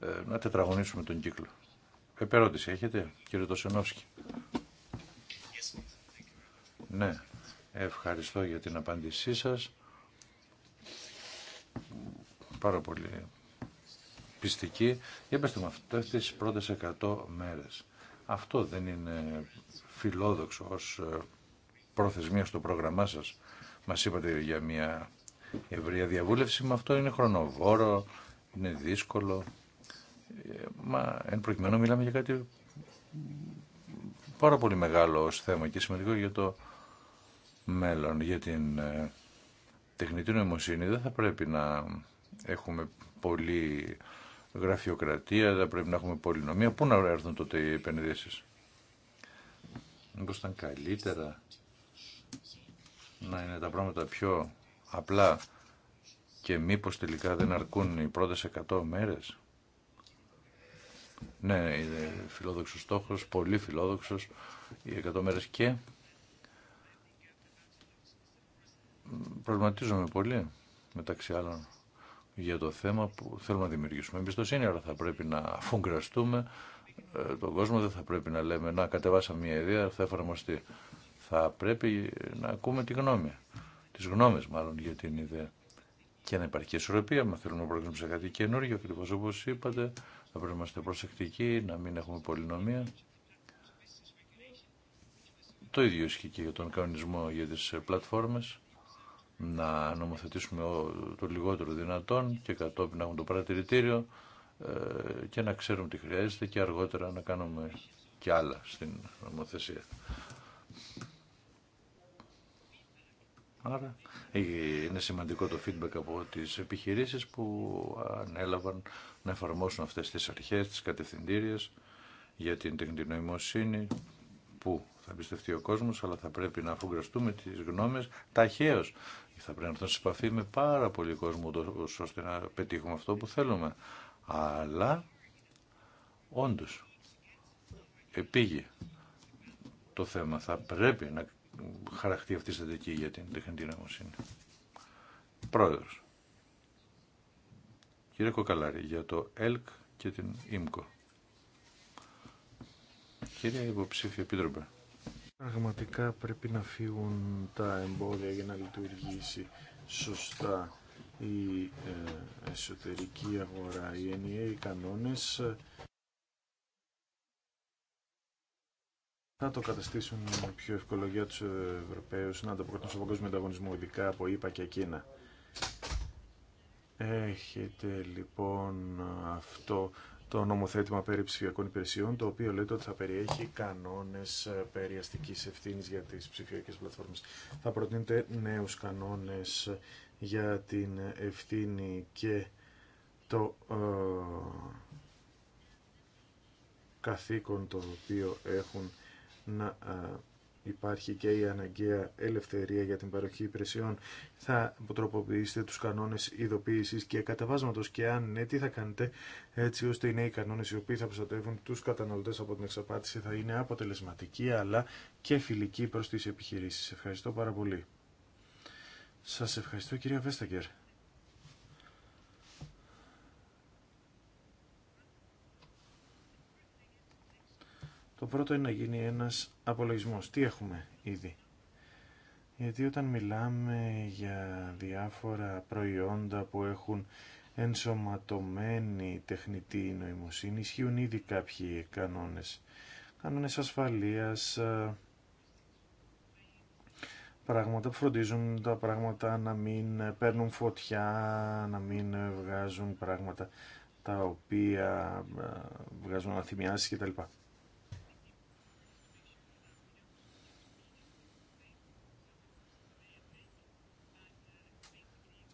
ε, να τετραγωνίσουμε τον κύκλο. Επερώτηση έχετε, κύριε Τωσενόφσκι. ναι, ευχαριστώ για την απάντησή σας. Πάρα πολύ πιστική. Για πέστε με αυτές τις πρώτες 100 μέρες. Αυτό δεν είναι φιλόδοξο ως ε, προθεσμία στο πρόγραμμά σας. Μας είπατε για μια ευρεία διαβούλευση με αυτό είναι χρονοβόρο, είναι δύσκολο. Ε, μα εν προκειμένου μιλάμε για κάτι πάρα πολύ μεγάλο ως θέμα και σημαντικό για το μέλλον, για την ε, τεχνητή νοημοσύνη. Δεν θα πρέπει να έχουμε πολύ γραφειοκρατία, δεν πρέπει να έχουμε νομία. Πού να έρθουν τότε οι επενδύσει. Μήπως ήταν καλύτερα να είναι τα πράγματα πιο απλά και μήπως τελικά δεν αρκούν οι πρώτες 100 μέρες. Ναι, είναι φιλόδοξος στόχος, πολύ φιλόδοξος, οι 100 μέρες και προβληματίζομαι πολύ μεταξύ άλλων για το θέμα που θέλουμε να δημιουργήσουμε εμπιστοσύνη, αλλά θα πρέπει να αφουγκραστούμε ε, τον κόσμο, δεν θα πρέπει να λέμε να κατεβάσαμε μια ιδέα, θα εφαρμοστεί. Θα πρέπει να ακούμε τη γνώμη τι γνώμες μάλλον για την ιδέα. Και να υπάρχει και ισορροπία, μα θέλουμε να προχωρήσουμε σε κάτι καινούργιο, ακριβώ όπω είπατε, θα πρέπει να είμαστε προσεκτικοί, να μην έχουμε πολυνομία. Το ίδιο ισχύει και για τον κανονισμό για τι πλατφόρμες, να νομοθετήσουμε το λιγότερο δυνατόν και κατόπιν να έχουν το παρατηρητήριο ε, και να ξέρουμε τι χρειάζεται και αργότερα να κάνουμε και άλλα στην νομοθεσία. Άρα ε, είναι σημαντικό το feedback από τις επιχειρήσεις που ανέλαβαν να εφαρμόσουν αυτές τις αρχές, τις κατευθυντήριες για την τεχνητή νοημοσύνη που θα εμπιστευτεί ο κόσμος, αλλά θα πρέπει να αφουγκραστούμε τις γνώμες ταχαίως. Θα πρέπει να έρθουν σε επαφή με πάρα πολύ κόσμο ώστε να πετύχουμε αυτό που θέλουμε. Αλλά όντως επήγε το θέμα. Θα πρέπει να χαραχτεί αυτή η στατική για την τεχνητή νοημοσύνη. Πρόεδρος. Κύριε Κοκαλάρη, για το ΕΛΚ και την ΙΜΚΟ. Κύριε Υποψήφια Επίτροπε. Πραγματικά πρέπει να φύγουν τα εμπόδια για να λειτουργήσει σωστά η ε, εσωτερική αγορά. E οι ενιαίοι κανόνες θα το καταστήσουν πιο εύκολο για τους Ευρωπαίους να ανταποκριθούν στον παγκόσμιο ανταγωνισμό, ειδικά από ΙΠΑ και Κίνα. Έχετε λοιπόν αυτό το νομοθέτημα περί ψηφιακών υπηρεσιών, το οποίο λέτε ότι θα περιέχει κανόνε περιαστική ευθύνη για τι ψηφιακέ πλατφόρμες. Θα προτείνετε νέου κανόνε για την ευθύνη και το ε, καθήκον το οποίο έχουν να ε, υπάρχει και η αναγκαία ελευθερία για την παροχή υπηρεσιών. Θα τροποποιήσετε τους κανόνες ειδοποίησης και καταβάσματος και αν ναι, τι θα κάνετε έτσι ώστε οι νέοι κανόνες οι οποίοι θα προστατεύουν τους καταναλωτές από την εξαπάτηση θα είναι αποτελεσματικοί αλλά και φιλικοί προς τις επιχειρήσεις. Ευχαριστώ πάρα πολύ. Σας ευχαριστώ κυρία Βέσταγκερ. Το πρώτο είναι να γίνει ένας απολογισμός. Τι έχουμε ήδη. Γιατί όταν μιλάμε για διάφορα προϊόντα που έχουν ενσωματωμένη τεχνητή νοημοσύνη, ισχύουν ήδη κάποιοι κανόνες. Κανόνες ασφαλείας, ε, πράγματα που φροντίζουν τα πράγματα να μην παίρνουν φωτιά, να μην βγάζουν πράγματα τα οποία ε, βγάζουν αθυμιάσεις κτλ.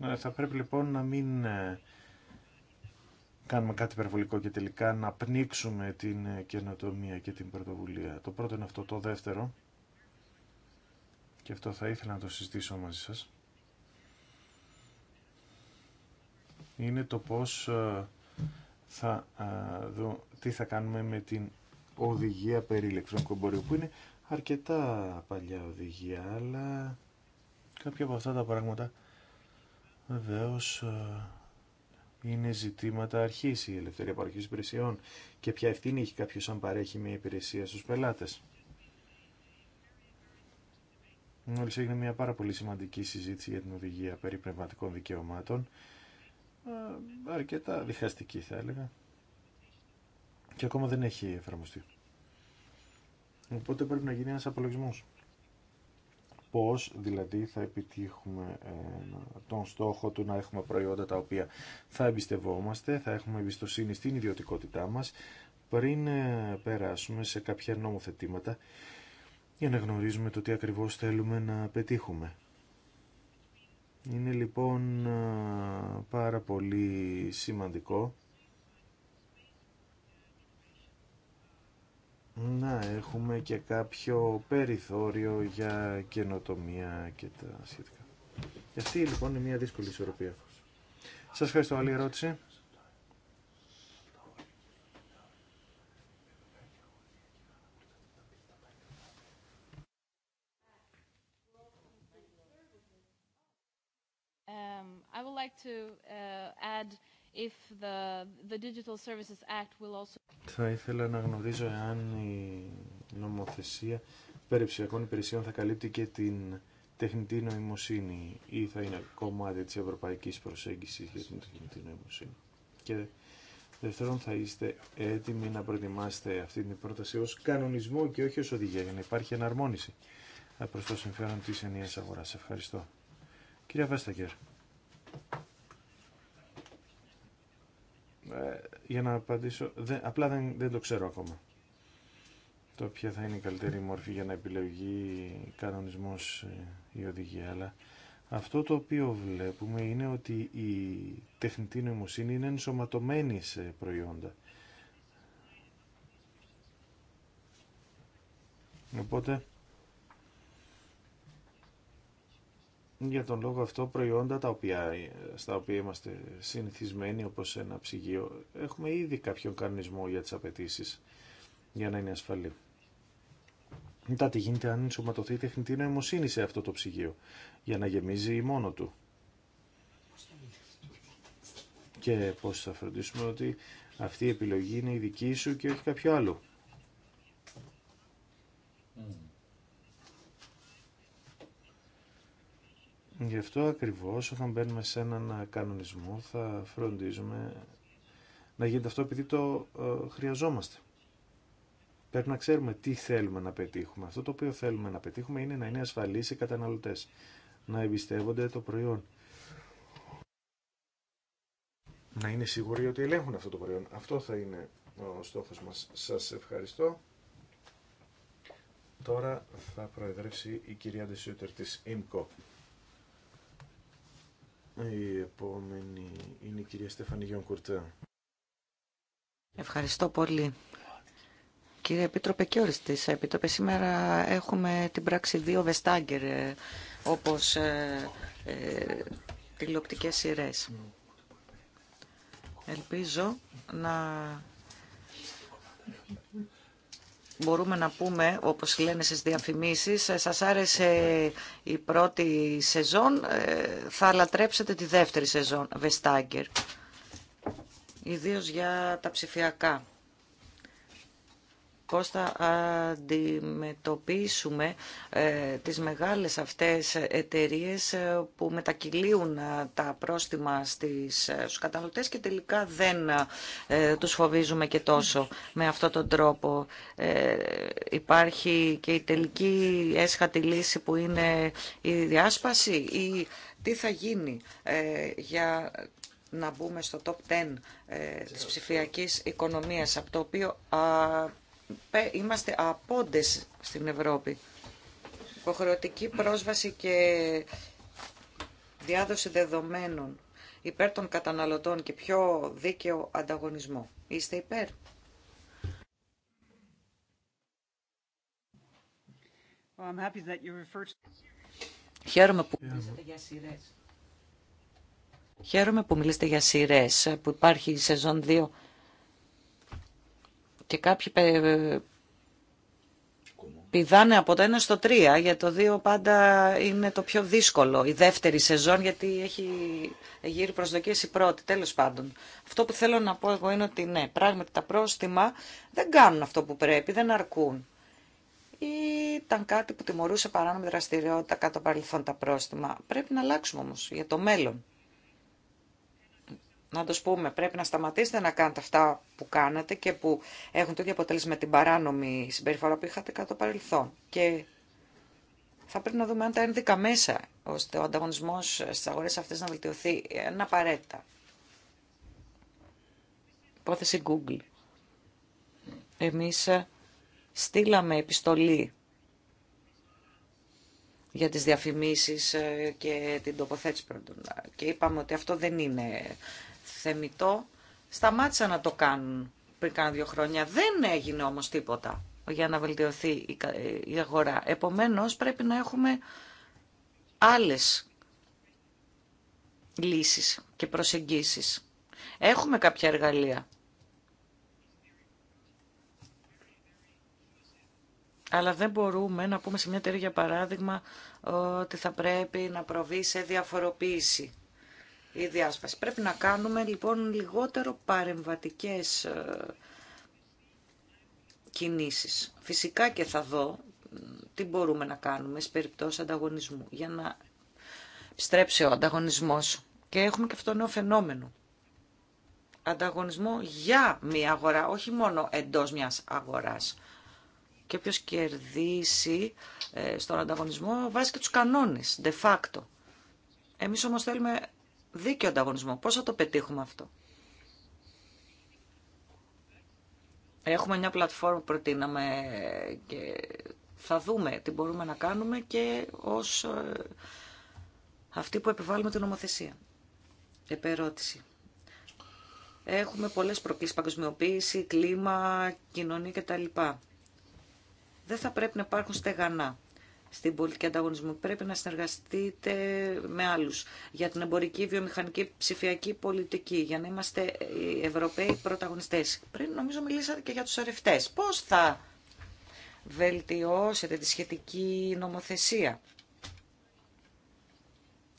Ε, θα πρέπει λοιπόν να μην ε, κάνουμε κάτι υπερβολικό και τελικά να πνίξουμε την ε, καινοτομία και την πρωτοβουλία. Το πρώτο είναι αυτό. Το δεύτερο, και αυτό θα ήθελα να το συζητήσω μαζί σας, είναι το πώς θα δω τι θα κάνουμε με την οδηγία περί ηλεκτρονικού εμπορίου, που είναι αρκετά παλιά οδηγία, αλλά κάποια από αυτά τα πράγματα Βεβαίω, ε, είναι ζητήματα αρχή, η ελευθερία παροχή υπηρεσιών και ποια ευθύνη έχει κάποιο αν παρέχει μια υπηρεσία στους πελάτες. Μόλι έγινε μια πάρα πολύ σημαντική συζήτηση για την οδηγία περί πνευματικών δικαιωμάτων, ε, αρκετά διχαστική θα έλεγα, και ακόμα δεν έχει εφαρμοστεί. Οπότε πρέπει να γίνει ένας απολογισμός πώς δηλαδή θα επιτύχουμε ε, τον στόχο του να έχουμε προϊόντα τα οποία θα εμπιστευόμαστε, θα έχουμε εμπιστοσύνη στην ιδιωτικότητά μας πριν ε, περάσουμε σε κάποια νομοθετήματα για να γνωρίζουμε το τι ακριβώς θέλουμε να πετύχουμε. Είναι λοιπόν ε, πάρα πολύ σημαντικό να έχουμε και κάποιο περιθώριο για καινοτομία και τα σχετικά. Και αυτή λοιπόν είναι μια δύσκολη ισορροπία. Σας ευχαριστώ. Άλλη ερώτηση. Um, I would like to ε, add θα ήθελα να γνωρίζω εάν η νομοθεσία περιψηφιακών υπηρεσιών θα καλύπτει και την τεχνητή νοημοσύνη ή θα είναι κομμάτι της ευρωπαϊκής προσέγγισης για την τεχνητή νοημοσύνη. Και Δεύτερον, θα είστε έτοιμοι να προετοιμάσετε αυτή την πρόταση ως κανονισμό και όχι ως οδηγία για να υπάρχει εναρμόνιση προς το συμφέρον της ενιαίας αγοράς. Ευχαριστώ. Κυρία Βέστακερ. Ε, για να απαντήσω, απλά δεν, δεν το ξέρω ακόμα. Το ποια θα είναι η καλύτερη μορφή για να επιλεγεί κανονισμός ε, η οδηγία, αλλά αυτό το οποίο βλέπουμε είναι ότι η τεχνητή νοημοσύνη είναι ενσωματωμένη σε προϊόντα. Οπότε για τον λόγο αυτό προϊόντα τα οποία, στα οποία είμαστε συνηθισμένοι όπως ένα ψυγείο. Έχουμε ήδη κάποιον κανονισμό για τις απαιτήσει για να είναι ασφαλή. Μετά τι γίνεται αν ενσωματωθεί τεχνητή νοημοσύνη σε αυτό το ψυγείο για να γεμίζει μόνο του. Και πώς θα φροντίσουμε ότι αυτή η επιλογή είναι η δική σου και όχι κάποιο άλλο. Γι' αυτό ακριβώς όταν μπαίνουμε σε έναν κανονισμό θα φροντίζουμε να γίνεται αυτό επειδή το ε, χρειαζόμαστε. Πρέπει να ξέρουμε τι θέλουμε να πετύχουμε. Αυτό το οποίο θέλουμε να πετύχουμε είναι να είναι ασφαλείς οι καταναλωτές, να εμπιστεύονται το προϊόν. Να είναι σίγουροι ότι ελέγχουν αυτό το προϊόν. Αυτό θα είναι ο στόχος μας. Σας ευχαριστώ. Τώρα θα προεδρεύσει η κυρία Ντεσιούτερ της ΙΜΚΟ. Η επόμενη είναι η κυρία Στέφανη κουρτε. Ευχαριστώ πολύ. Κύριε Επίτροπε και τις Επίτροπε, σήμερα έχουμε την πράξη δύο βεστάγκερ, ε, όπως ε, ε, τηλεοπτικές σειρές. Ελπίζω να μπορούμε να πούμε, όπως λένε στις διαφημίσεις, ε, σας άρεσε η πρώτη σεζόν, ε, θα λατρέψετε τη δεύτερη σεζόν, Βεστάγκερ. Ιδίως για τα ψηφιακά πώς θα αντιμετωπίσουμε ε, τις μεγάλες αυτές εταιρείες ε, που μετακυλίουν ε, τα πρόστιμα στις, στους και τελικά δεν τους φοβίζουμε και τόσο με αυτόν τον τρόπο. Υπάρχει και η τελική έσχατη λύση που είναι η διάσπαση ή τι θα γίνει για να μπούμε στο top 10 της ψηφιακής οικονομίας, από το οποίο α, ε, είμαστε απόντες στην Ευρώπη. Υποχρεωτική πρόσβαση και διάδοση δεδομένων υπέρ των καταναλωτών και πιο δίκαιο ανταγωνισμό. Είστε υπέρ. Χαίρομαι που μιλήσετε για σειρές. που υπάρχει για σειρές, υπάρχει σεζόν 2 και κάποιοι πηδάνε από το 1 στο 3, για το 2 πάντα είναι το πιο δύσκολο. Η δεύτερη σεζόν, γιατί έχει γύρει προσδοκίες η πρώτη, τέλος πάντων. Αυτό που θέλω να πω εγώ είναι ότι ναι, πράγματι τα πρόστιμα δεν κάνουν αυτό που πρέπει, δεν αρκούν. Ήταν κάτι που τιμωρούσε παράνομη δραστηριότητα κατά παρελθόν τα πρόστιμα. Πρέπει να αλλάξουμε όμως για το μέλλον να του πούμε πρέπει να σταματήσετε να κάνετε αυτά που κάνατε και που έχουν το ίδιο αποτέλεσμα την παράνομη συμπεριφορά που είχατε κατά το παρελθόν. Και θα πρέπει να δούμε αν τα ένδικα μέσα ώστε ο ανταγωνισμός στι αγορέ αυτές να βελτιωθεί. Ε, είναι απαραίτητα. Υπόθεση Google. Εμείς ε, στείλαμε επιστολή για τις διαφημίσεις ε, και την τοποθέτηση πρώτον. Και είπαμε ότι αυτό δεν είναι θεμητό, σταμάτησαν να το κάνουν πριν κάνα δύο χρόνια. Δεν έγινε όμως τίποτα για να βελτιωθεί η αγορά. Επομένως πρέπει να έχουμε άλλες λύσεις και προσεγγίσεις. Έχουμε κάποια εργαλεία. Αλλά δεν μπορούμε να πούμε σε μια τέτοια για παράδειγμα, ότι θα πρέπει να προβεί σε διαφοροποίηση η διάσπαση. Πρέπει να κάνουμε λοιπόν λιγότερο παρεμβατικές ε, κινήσεις. Φυσικά και θα δω τι μπορούμε να κάνουμε σε περιπτώσει ανταγωνισμού για να στρέψει ο ανταγωνισμός. Και έχουμε και αυτό το νέο φαινόμενο. Ανταγωνισμό για μία αγορά, όχι μόνο εντός μιας αγοράς. Και ποιος κερδίσει ε, στον ανταγωνισμό βάζει και τους κανόνες, de facto. Εμείς όμως θέλουμε δίκαιο ανταγωνισμό. Πώς θα το πετύχουμε αυτό. Έχουμε μια πλατφόρμα που προτείναμε και θα δούμε τι μπορούμε να κάνουμε και ως ε, αυτοί που επιβάλλουμε την νομοθεσία. Επερώτηση. Έχουμε πολλές προκλήσεις, παγκοσμιοποίηση, κλίμα, κοινωνία κτλ. Δεν θα πρέπει να υπάρχουν στεγανά στην πολιτική ανταγωνισμού. Πρέπει να συνεργαστείτε με άλλους για την εμπορική, βιομηχανική, ψηφιακή πολιτική, για να είμαστε οι Ευρωπαίοι πρωταγωνιστές. Πριν νομίζω μιλήσατε και για τους αρευτές. Πώς θα βελτιώσετε τη σχετική νομοθεσία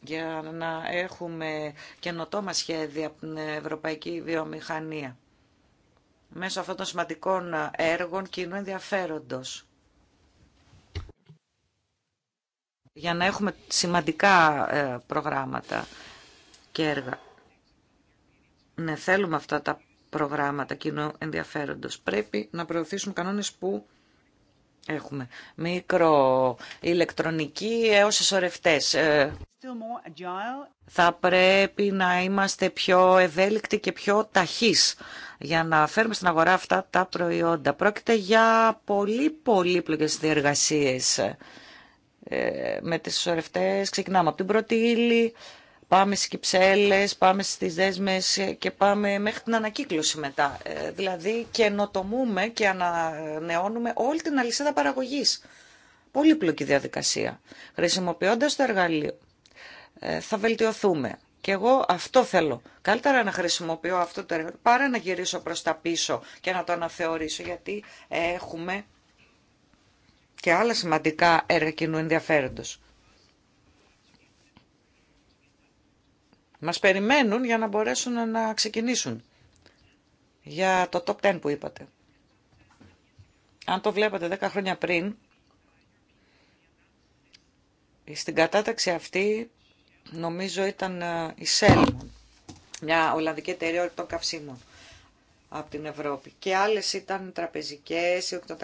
για να έχουμε καινοτόμα σχέδια από την ευρωπαϊκή βιομηχανία μέσω αυτών των σημαντικών έργων κοινού ενδιαφέροντος. για να έχουμε σημαντικά ε, προγράμματα και έργα. Ναι, θέλουμε αυτά τα προγράμματα κοινού ενδιαφέροντος. Πρέπει να προωθήσουμε κανόνες που έχουμε. Μικρο, ηλεκτρονική, έως εσωρευτές. Ε. Θα πρέπει να είμαστε πιο ευέλικτοι και πιο ταχείς για να φέρουμε στην αγορά αυτά τα προϊόντα. Πρόκειται για πολύ πολύπλοκες διεργασίες ε, με τις σωρευτές, Ξεκινάμε από την πρώτη ύλη, πάμε στις κυψέλες, πάμε στις δέσμες και πάμε μέχρι την ανακύκλωση μετά. Ε, δηλαδή καινοτομούμε και ανανεώνουμε όλη την αλυσίδα παραγωγής. Πολύπλοκη διαδικασία. Χρησιμοποιώντας το εργαλείο ε, θα βελτιωθούμε. Και εγώ αυτό θέλω. Καλύτερα να χρησιμοποιώ αυτό το εργαλείο παρά να γυρίσω προς τα πίσω και να το αναθεωρήσω γιατί έχουμε και άλλα σημαντικά έργα κοινού ενδιαφέροντος. Μας περιμένουν για να μπορέσουν να ξεκινήσουν για το top 10 που είπατε. Αν το βλέπατε 10 χρόνια πριν, στην κατάταξη αυτή νομίζω ήταν ε, η Σέλμον, μια Ολλανδική εταιρεία των καυσίμων από την Ευρώπη. Και άλλες ήταν τραπεζικές ή οκτώ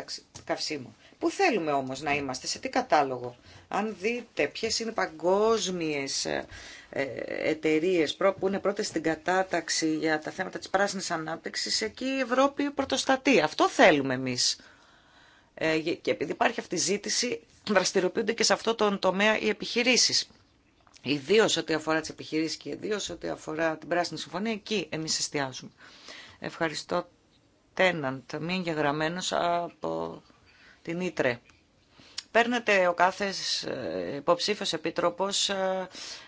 καυσίμων. Πού θέλουμε όμως να είμαστε, σε τι κατάλογο. Αν δείτε ποιες είναι οι παγκόσμιες ε, ε, εταιρείε που είναι πρώτες στην κατάταξη για τα θέματα της πράσινης ανάπτυξης, εκεί η Ευρώπη πρωτοστατεί. Αυτό θέλουμε εμείς. Ε, και επειδή υπάρχει αυτή η ζήτηση, δραστηριοποιούνται και σε αυτό τον τομέα οι επιχειρήσεις. Ιδίω ό,τι αφορά τι επιχειρήσει και ιδίω ό,τι αφορά την Πράσινη Συμφωνία, εκεί εμεί εστιάζουμε. Ευχαριστώ. Τέναντ, μη εγγεγραμμένο από την Παίρνετε ο κάθε ε, υποψήφιο επίτροπο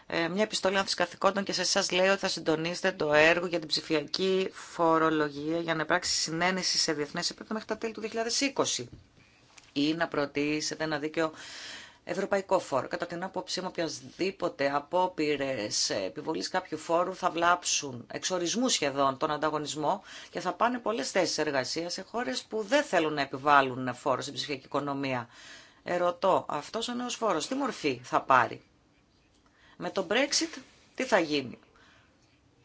ε, ε, μια επιστολή καθηκόντων και σε εσά λέει ότι θα συντονίσετε το έργο για την ψηφιακή φορολογία για να υπάρξει συνένεση σε διεθνέ επίπεδο μέχρι τα τέλη του 2020 ή να προτίσετε ένα δίκαιο ευρωπαϊκό φόρο. Κατά την άποψή μου, οποιασδήποτε απόπειρε επιβολή κάποιου φόρου θα βλάψουν εξορισμού σχεδόν τον ανταγωνισμό και θα πάνε πολλέ θέσει εργασία σε χώρε που δεν θέλουν να επιβάλλουν φόρο στην ψηφιακή οικονομία. Ερωτώ, αυτό ο νέο φόρο τι μορφή θα πάρει. Με το Brexit τι θα γίνει.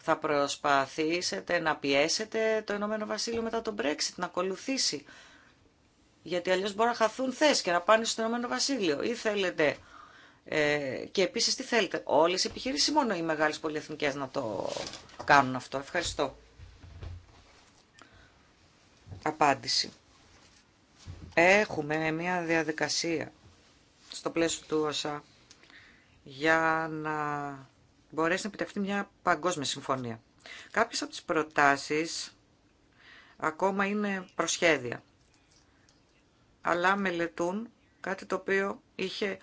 Θα προσπαθήσετε να πιέσετε το Ηνωμένο Βασίλειο μετά το Brexit να ακολουθήσει γιατί αλλιώς μπορεί να χαθούν θέσει και να πάνε στο Ηνωμένο Βασίλειο. Ή θέλετε, ε, και επίσης τι θέλετε, όλες οι επιχειρήσεις, μόνο οι μεγάλες πολυεθνικές να το κάνουν αυτό. Ευχαριστώ. Απάντηση. Έχουμε μια διαδικασία στο πλαίσιο του ΩΣΑ για να μπορέσει να επιτευχθεί μια παγκόσμια συμφωνία. Κάποιες από τις προτάσεις ακόμα είναι προσχέδια αλλά μελετούν κάτι το οποίο είχε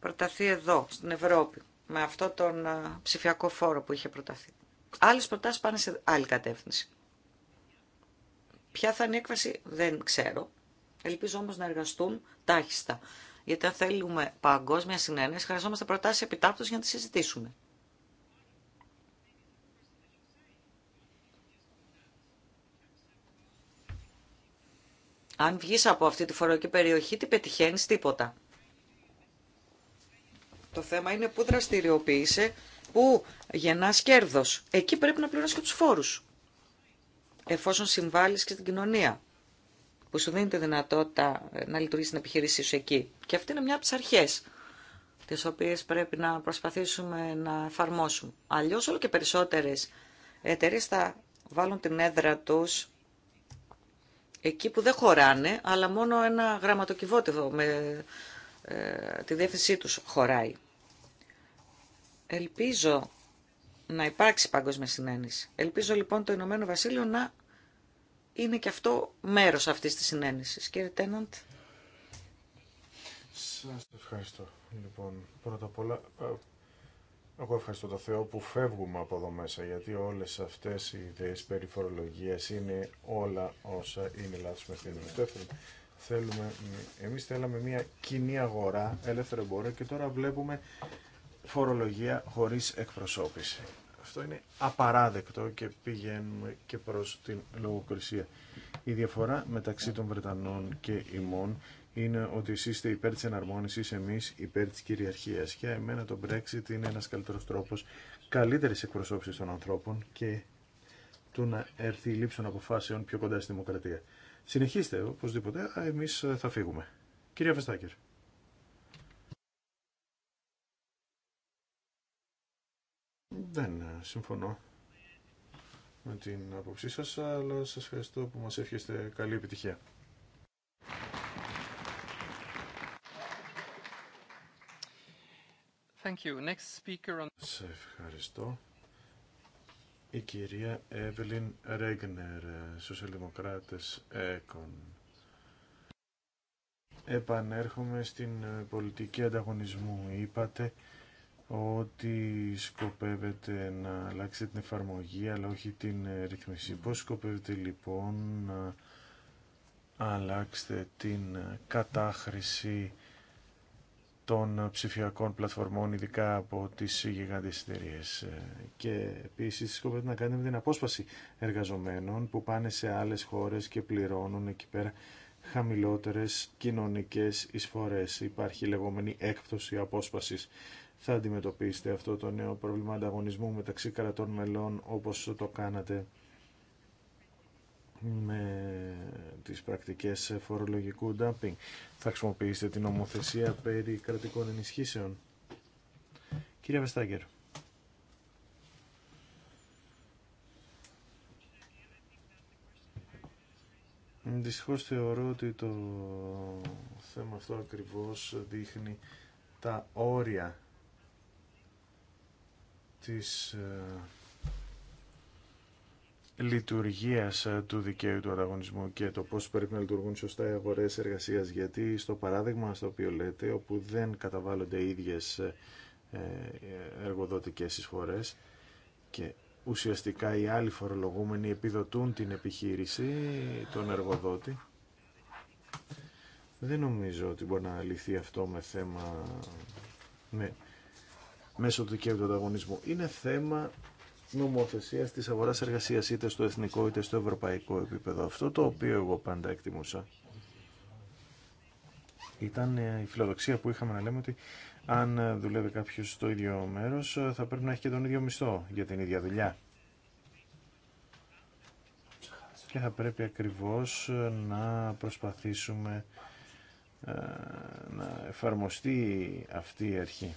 προταθεί εδώ, στην Ευρώπη, με αυτό τον ε, ψηφιακό φόρο που είχε προταθεί. Άλλες προτάσεις πάνε σε άλλη κατεύθυνση. Ποια θα είναι η έκβαση δεν ξέρω. Ελπίζω όμως να εργαστούν τάχιστα. Γιατί αν θέλουμε παγκόσμια συνένεση, χρειαζόμαστε προτάσεις επιτάπτως για να τις συζητήσουμε. Αν βγεις από αυτή τη φορολογική περιοχή, τι πετυχαίνεις, τίποτα. Το θέμα είναι πού δραστηριοποιείσαι, πού γεννάς κέρδος. Εκεί πρέπει να πληρώσεις και τους φόρους, εφόσον συμβάλλεις και στην κοινωνία που σου δίνει τη δυνατότητα να λειτουργήσει την επιχείρησή σου εκεί. Και αυτή είναι μια από τι αρχέ τι οποίε πρέπει να προσπαθήσουμε να εφαρμόσουμε. Αλλιώς, όλο και περισσότερες εταιρείε θα βάλουν την έδρα τους εκεί που δεν χωράνε, αλλά μόνο ένα γραμματοκιβώτιο με ε, τη διεύθυνσή τους χωράει. Ελπίζω να υπάρξει παγκόσμια συνένεση. Ελπίζω λοιπόν το Ηνωμένο Βασίλειο να είναι και αυτό μέρος αυτής της συνένεσης. Κύριε Τέναντ. Σας ευχαριστώ. Λοιπόν, πρώτα απ' όλα εγώ ευχαριστώ το Θεό που φεύγουμε από εδώ μέσα, γιατί όλες αυτές οι ιδέες περί είναι όλα όσα είναι λάθος με την θέλουμε, εμείς θέλαμε μια κοινή αγορά, ελεύθερο εμπόριο και τώρα βλέπουμε φορολογία χωρίς εκπροσώπηση. Αυτό είναι απαράδεκτο και πηγαίνουμε και προς την λογοκρισία. Η διαφορά μεταξύ των Βρετανών και ημών είναι ότι εσείς είστε υπέρ της εναρμόνισης, εμείς υπέρ της κυριαρχίας. Για εμένα το Brexit είναι ένας καλύτερος τρόπος καλύτερης εκπροσώπησης των ανθρώπων και του να έρθει η λήψη των αποφάσεων πιο κοντά στη δημοκρατία. Συνεχίστε, οπωσδήποτε, εμείς ε, θα φύγουμε. Κυρία Φεστάκερ. Δεν ε, συμφωνώ με την άποψή σας, αλλά σας ευχαριστώ που μας εύχεστε καλή επιτυχία. Thank Σε ευχαριστώ. Η κυρία Εύελιν Ρέγνερ, Σοσιαλδημοκράτες ΕΚΟΝ. Επανέρχομαι στην πολιτική ανταγωνισμού. Είπατε ότι σκοπεύετε να αλλάξετε την εφαρμογή αλλά όχι την ρυθμίση. Πώς σκοπεύετε λοιπόν να αλλάξετε την κατάχρηση των ψηφιακών πλατφορμών, ειδικά από τις γιγάντες εταιρείε. Ε, και επίσης σκοπεύετε να κάνετε την απόσπαση εργαζομένων που πάνε σε άλλες χώρες και πληρώνουν εκεί πέρα χαμηλότερες κοινωνικές εισφορές. Υπάρχει λεγόμενη έκπτωση απόσπασης. Θα αντιμετωπίσετε αυτό το νέο πρόβλημα ανταγωνισμού μεταξύ κρατών μελών όπως το κάνατε με τις πρακτικές φορολογικού ντάμπινγκ. Θα χρησιμοποιήσετε την ομοθεσία περί κρατικών ενισχύσεων. Κύριε Βεστάγκερ. Δυστυχώ θεωρώ ότι το θέμα αυτό ακριβώς δείχνει τα όρια της ε, Λειτουργία ε, του δικαίου του ανταγωνισμού και το πώ πρέπει να λειτουργούν σωστά οι αγορέ εργασίας. Γιατί στο παράδειγμα στο οποίο λέτε, όπου δεν καταβάλλονται οι ίδιες ε, ε, εργοδοτικές εισφορέ και ουσιαστικά οι άλλοι φορολογούμενοι επιδοτούν την επιχείρηση, τον εργοδότη, δεν νομίζω ότι μπορεί να λυθεί αυτό με θέμα με, μέσω του δικαίου του ανταγωνισμού. Είναι θέμα Νομοθεσία της αγορά εργασία είτε στο εθνικό είτε στο ευρωπαϊκό επίπεδο. Αυτό το οποίο εγώ πάντα εκτιμούσα ήταν ε, η φιλοδοξία που είχαμε να λέμε ότι αν ε, δουλεύει κάποιος στο ίδιο μέρος ε, θα πρέπει να έχει και τον ίδιο μισθό για την ίδια δουλειά. Και θα πρέπει ακριβώς να προσπαθήσουμε να εφαρμοστεί αυτή η αρχή.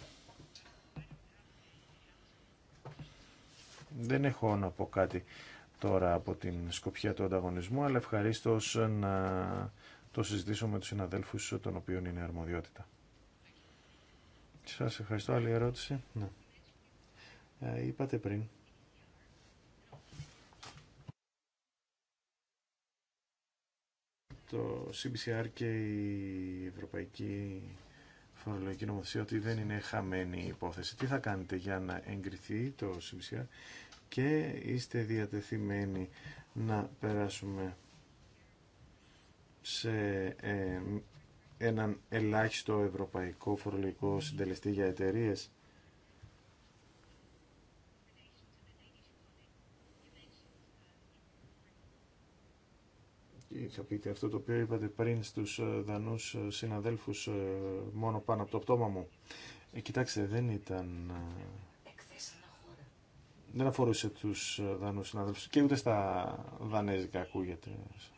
Δεν έχω να πω κάτι τώρα από την σκοπιά του ανταγωνισμού, αλλά ευχαρίστω να το συζητήσω με τους συναδέλφους των οποίων είναι αρμοδιότητα. Σας ευχαριστώ. Άλλη ερώτηση. Ναι. Ε, είπατε πριν. Το CBCR και η Ευρωπαϊκή Φορολογική Νομοθεσία ότι δεν είναι χαμένη η υπόθεση. Τι θα κάνετε για να εγκριθεί το CBCR και είστε διατεθειμένοι να περάσουμε σε ε, έναν ελάχιστο ευρωπαϊκό φορολογικό συντελεστή για εταιρείε. Θα πείτε αυτό το οποίο είπατε πριν στους ε, δανούς ε, συναδέλφους μόνο πάνω από το πτώμα μου. κοιτάξτε, δεν ήταν δεν αφορούσε του ε, Δανούς συνάδελφου και ούτε στα Δανέζικα ακούγεται.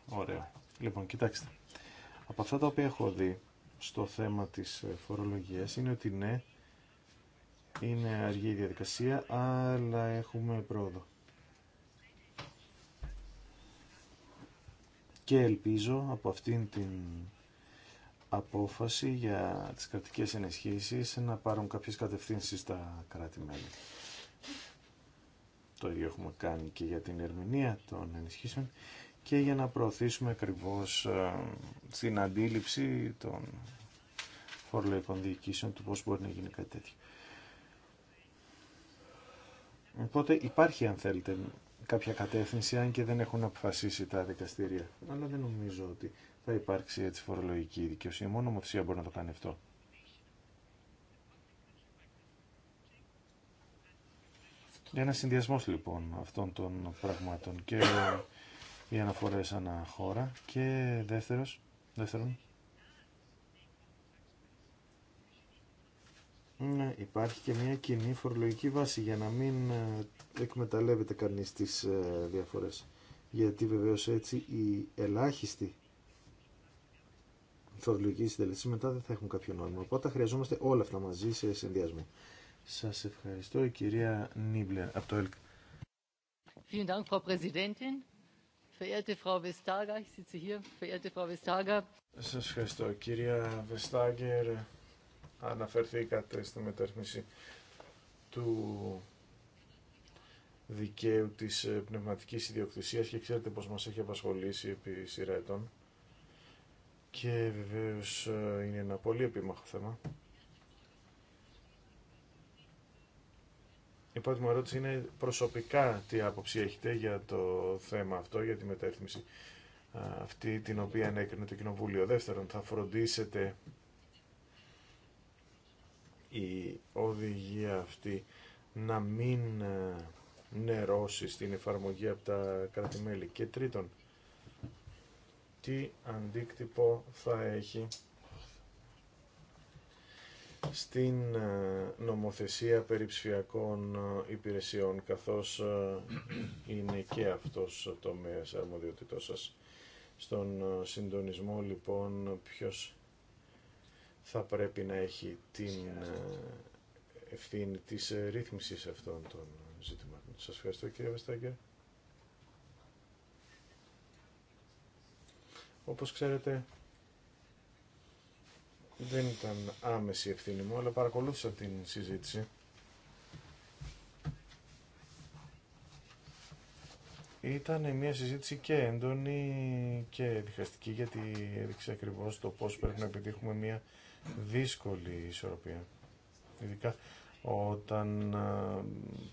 Ωραία. Λοιπόν, κοιτάξτε. Από αυτά τα οποία έχω δει στο θέμα της ε, φορολογία είναι ότι ναι, είναι αργή η διαδικασία, αλλά έχουμε πρόοδο. Και ελπίζω από αυτήν την απόφαση για τις κρατικές ενισχύσεις να πάρουν κάποιες κατευθύνσεις στα κράτη-μέλη. Το ίδιο έχουμε κάνει και για την ερμηνεία των ενισχύσεων και για να προωθήσουμε ακριβώ ε, στην αντίληψη των φορολογικών διοικήσεων του πώς μπορεί να γίνει κάτι τέτοιο. Οπότε υπάρχει, αν θέλετε, κάποια κατεύθυνση, αν και δεν έχουν αποφασίσει τα δικαστήρια. Αλλά δεν νομίζω ότι θα υπάρξει έτσι φορολογική δικαιοσύνη. Μόνο ομοθεσία μπορεί να το κάνει αυτό. Ένα συνδυασμός λοιπόν αυτών των πραγμάτων και οι αναφορές ανά χώρα και δεύτερος, δεύτερον ναι, υπάρχει και μια κοινή φορολογική βάση για να μην ε, εκμεταλλεύεται κανείς τις ε, διαφορές. Γιατί βεβαίως έτσι οι ελάχιστοι φορολογικοί συντελεστές μετά δεν θα έχουν κάποιο νόημα. Οπότε χρειαζόμαστε όλα αυτά μαζί σε συνδυασμό. Σας ευχαριστώ η κυρία Νίμπλερ από το ΕΛΚ. Σα ευχαριστώ. Κυρία Βεστάγκερ, αναφερθήκατε στη μεταρρύθμιση του δικαίου της ε, πνευματικής ιδιοκτησίας και ξέρετε πως μας έχει απασχολήσει επί σειρά ετών. Και βεβαίως ε, είναι ένα πολύ επίμαχο θέμα. Η πρώτη μου ερώτηση είναι προσωπικά τι άποψη έχετε για το θέμα αυτό, για τη μεταρρύθμιση αυτή την οποία ανέκρινε το Κοινοβούλιο. Δεύτερον, θα φροντίσετε η οδηγία αυτή να μην νερώσει στην εφαρμογή από τα κράτη-μέλη. Και τρίτον, τι αντίκτυπο θα έχει στην ε, νομοθεσία περί ψηφιακών ε, υπηρεσιών, καθώς ε, είναι και αυτός το τομέας αρμοδιότητός σας. Στον συντονισμό, λοιπόν, ποιος θα πρέπει να έχει την ευθύνη της ρύθμισης αυτών των ζητημάτων. Σας ευχαριστώ, κύριε Βεστάγκερ. Όπως ξέρετε, δεν ήταν άμεση ευθύνη μου, αλλά παρακολούθησα την συζήτηση. Ήταν μια συζήτηση και έντονη και διχαστική, γιατί έδειξε ακριβώς το πώς πρέπει να επιτύχουμε μια δύσκολη ισορροπία. Ειδικά όταν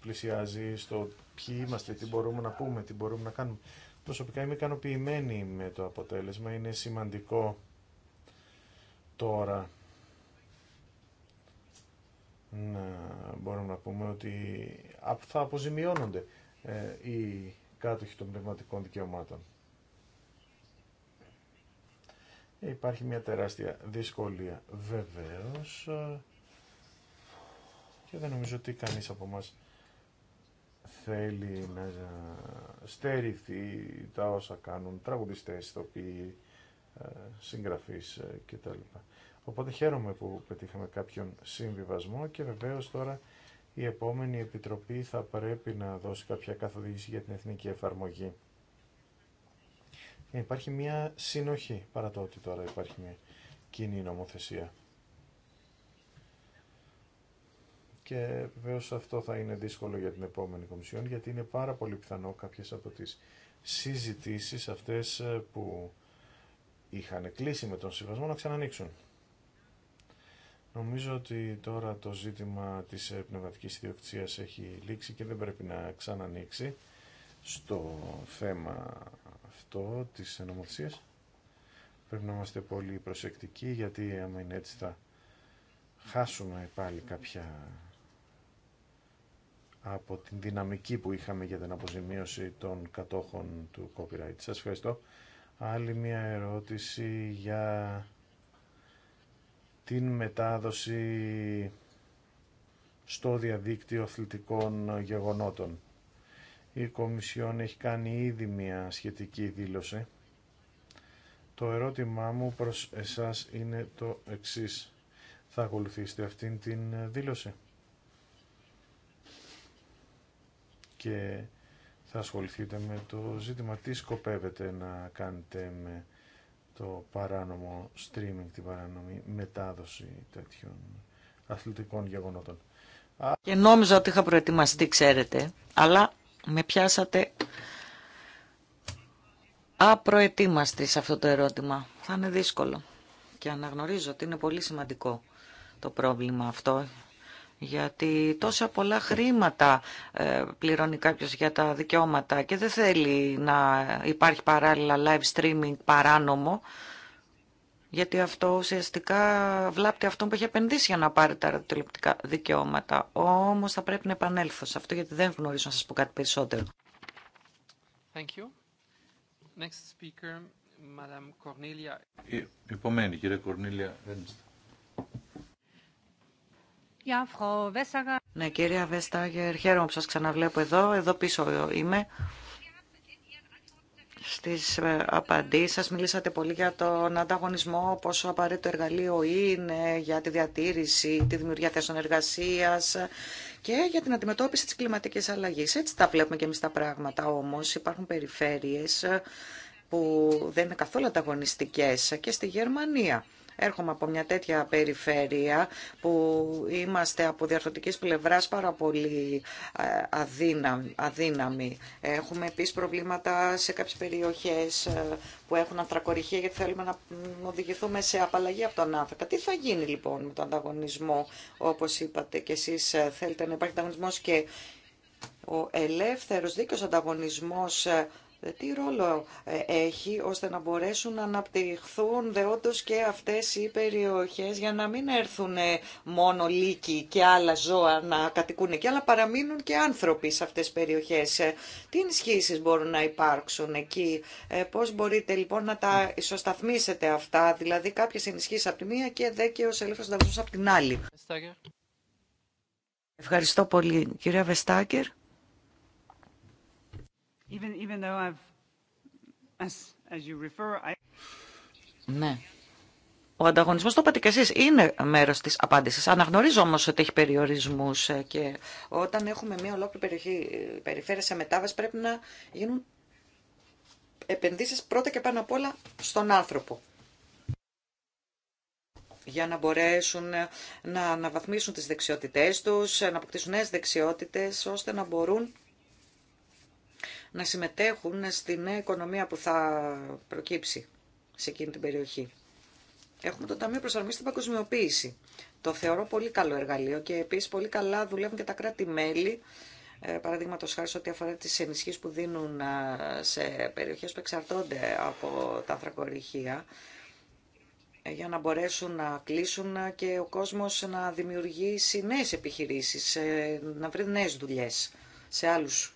πλησιάζει στο ποιοι είμαστε, τι μπορούμε να πούμε, τι μπορούμε να κάνουμε. Προσωπικά είμαι ικανοποιημένη με το αποτέλεσμα. Είναι σημαντικό τώρα να μπορούμε να πούμε ότι θα αποζημιώνονται ε, οι κάτοχοι των πνευματικών δικαιωμάτων. Ε, υπάρχει μια τεράστια δυσκολία βεβαίως ε, και δεν νομίζω ότι κανείς από μας θέλει να στερηθεί τα όσα κάνουν τραγουδιστές, ηθοποιοί, συγγραφής ε, κτλ. Οπότε χαίρομαι που πετύχαμε κάποιον συμβιβασμό και βεβαίως τώρα η επόμενη επιτροπή θα πρέπει να δώσει κάποια καθοδήγηση για την εθνική εφαρμογή. Ε, υπάρχει μια συνοχή παρά το ότι τώρα υπάρχει μια κοινή νομοθεσία. Και βεβαίω αυτό θα είναι δύσκολο για την επόμενη Κομισιόν γιατί είναι πάρα πολύ πιθανό κάποιες από τις συζητήσεις αυτές ε, που είχαν κλείσει με τον συμβασμό να ξανανοίξουν. Νομίζω ότι τώρα το ζήτημα της ε, πνευματικής ιδιοκτησίας έχει λήξει και δεν πρέπει να ξανανοίξει στο θέμα αυτό της νομοθεσίας. Πρέπει να είμαστε πολύ προσεκτικοί γιατί άμα είναι έτσι θα χάσουμε πάλι κάποια από την δυναμική που είχαμε για την αποζημίωση των κατόχων του copyright. Σας ευχαριστώ άλλη μια ερώτηση για την μετάδοση στο διαδίκτυο αθλητικών γεγονότων. Η Κομισιόν έχει κάνει ήδη μια σχετική δήλωση. Το ερώτημά μου προς εσάς είναι το εξής. Θα ακολουθήσετε αυτήν την δήλωση. Και θα ασχοληθείτε με το ζήτημα τι σκοπεύετε να κάνετε με το παράνομο streaming, την παράνομη μετάδοση τέτοιων αθλητικών γεγονότων. Και νόμιζα ότι είχα προετοιμαστεί, ξέρετε, αλλά με πιάσατε απροετοίμαστη σε αυτό το ερώτημα. Θα είναι δύσκολο και αναγνωρίζω ότι είναι πολύ σημαντικό το πρόβλημα αυτό γιατί τόσα πολλά χρήματα ε, πληρώνει κάποιος για τα δικαιώματα και δεν θέλει να υπάρχει παράλληλα live streaming παράνομο, γιατί αυτό ουσιαστικά βλάπτει αυτόν που έχει επενδύσει για να πάρει τα ραδιοτηλεπτικά δικαιώματα. Όμως θα πρέπει να επανέλθω σε αυτό, γιατί δεν γνωρίζω να σας πω κάτι περισσότερο. Thank you. Next speaker, Madame Cornelia. Η, ε, επομένη, κύριε Κορνίλια ναι, κυρία Βέσταγερ, χαίρομαι που σας ξαναβλέπω εδώ. Εδώ πίσω είμαι. Στις ε, απαντήσεις σας μιλήσατε πολύ για τον ανταγωνισμό, πόσο απαραίτητο εργαλείο είναι για τη διατήρηση, τη δημιουργία θέσεων εργασίας και για την αντιμετώπιση της κλιματικής αλλαγής. Έτσι τα βλέπουμε και εμείς τα πράγματα όμως. Υπάρχουν περιφέρειες που δεν είναι καθόλου ανταγωνιστικές και στη Γερμανία Έρχομαι από μια τέτοια περιφέρεια που είμαστε από διαρθρωτικής πλευράς πάρα πολύ ε, αδύναμοι. Έχουμε επίσης προβλήματα σε κάποιες περιοχές ε, που έχουν ανθρακοριχεία γιατί θέλουμε να οδηγηθούμε σε απαλλαγή από τον άνθρακα. Τι θα γίνει λοιπόν με τον ανταγωνισμό όπως είπατε και εσείς ε, θέλετε να υπάρχει ανταγωνισμός και ο ελεύθερος δίκαιος ανταγωνισμός τι ρόλο ε, έχει ώστε να μπορέσουν να αναπτυχθούν δεόντως και αυτές οι περιοχές για να μην έρθουν ε, μόνο λύκοι και άλλα ζώα να κατοικούν εκεί, αλλά παραμείνουν και άνθρωποι σε αυτές τις περιοχές. Ε, τι ενισχύσεις μπορούν να υπάρξουν εκεί, πώς μπορείτε λοιπόν να τα ισοσταθμίσετε αυτά, δηλαδή κάποιες ενισχύσεις από τη μία και ως ελεύθερος δαυσός από την άλλη. Ευχαριστώ πολύ. Κυρία Βεστάκερ. Ναι. Ο ανταγωνισμό, το είπατε και εσεί, είναι μέρο τη απάντηση. Αναγνωρίζω όμω ότι έχει περιορισμού ε, και όταν έχουμε μια ολόκληρη περιοχή ε, περιφέρεια σε μετάβαση, πρέπει να γίνουν επενδύσει πρώτα και πάνω απ' όλα στον άνθρωπο για να μπορέσουν ε, να αναβαθμίσουν τις δεξιότητές τους, να αποκτήσουν νέες δεξιότητες, ώστε να μπορούν να συμμετέχουν στη νέα οικονομία που θα προκύψει σε εκείνη την περιοχή. Έχουμε το Ταμείο Προσαρμογή στην Παγκοσμιοποίηση. Το θεωρώ πολύ καλό εργαλείο και επίση πολύ καλά δουλεύουν και τα κράτη-μέλη. Ε, Παραδείγματο χάρη σε ό,τι αφορά τι ενισχύσει που δίνουν ε, σε περιοχέ που εξαρτώνται από τα ανθρακοριχεία ε, για να μπορέσουν να κλείσουν και ο κόσμος να δημιουργήσει νέες επιχειρήσεις, να βρει νέες δουλειές σε άλλους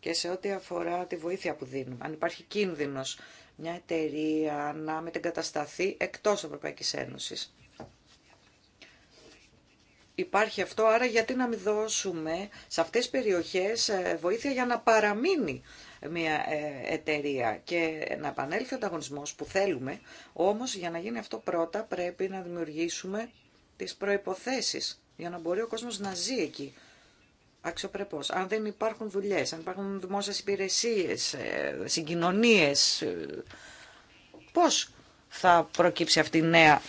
και σε ό,τι αφορά τη βοήθεια που δίνουμε. Αν υπάρχει κίνδυνος μια εταιρεία να μετεγκατασταθεί εκτός Ευρωπαϊκής Ένωσης. Υπάρχει αυτό, άρα γιατί να μην δώσουμε σε αυτές τις περιοχές ε, βοήθεια για να παραμείνει μια ε, εταιρεία και να επανέλθει ο ανταγωνισμός που θέλουμε, όμως για να γίνει αυτό πρώτα πρέπει να δημιουργήσουμε τις προϋποθέσεις για να μπορεί ο κόσμος να ζει εκεί αξιοπρεπώς. Αν δεν υπάρχουν δουλειές, αν υπάρχουν δημόσιες υπηρεσίες, ε, συγκοινωνίες, ε, πώς θα προκύψει αυτή η νέα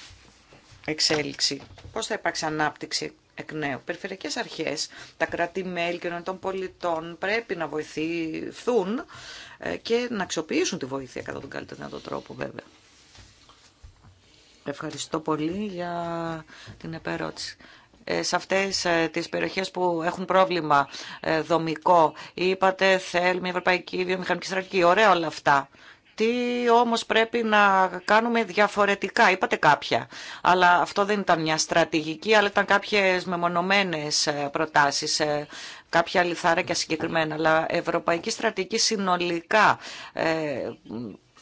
εξέλιξη, πώς θα υπάρξει ανάπτυξη εκ νέου. Περιφερειακές αρχές, τα κράτη-μέλη και των πολιτών πρέπει να βοηθηθούν ε, και να αξιοποιήσουν τη βοήθεια κατά τον καλύτερο δυνατό τρόπο βέβαια. Ευχαριστώ πολύ για την επερώτηση. Ε, σε αυτές ε, τις περιοχές που έχουν πρόβλημα ε, δομικό. Είπατε θέλουμε Ευρωπαϊκή Βιομηχανική Στρατηγική. Ωραία όλα αυτά. Τι όμως πρέπει να κάνουμε διαφορετικά, είπατε κάποια. Αλλά αυτό δεν ήταν μια στρατηγική, αλλά ήταν κάποιες μεμονωμένες προτάσεις κάποια λιθάρα και συγκεκριμένα, αλλά ευρωπαϊκή στρατηγική συνολικά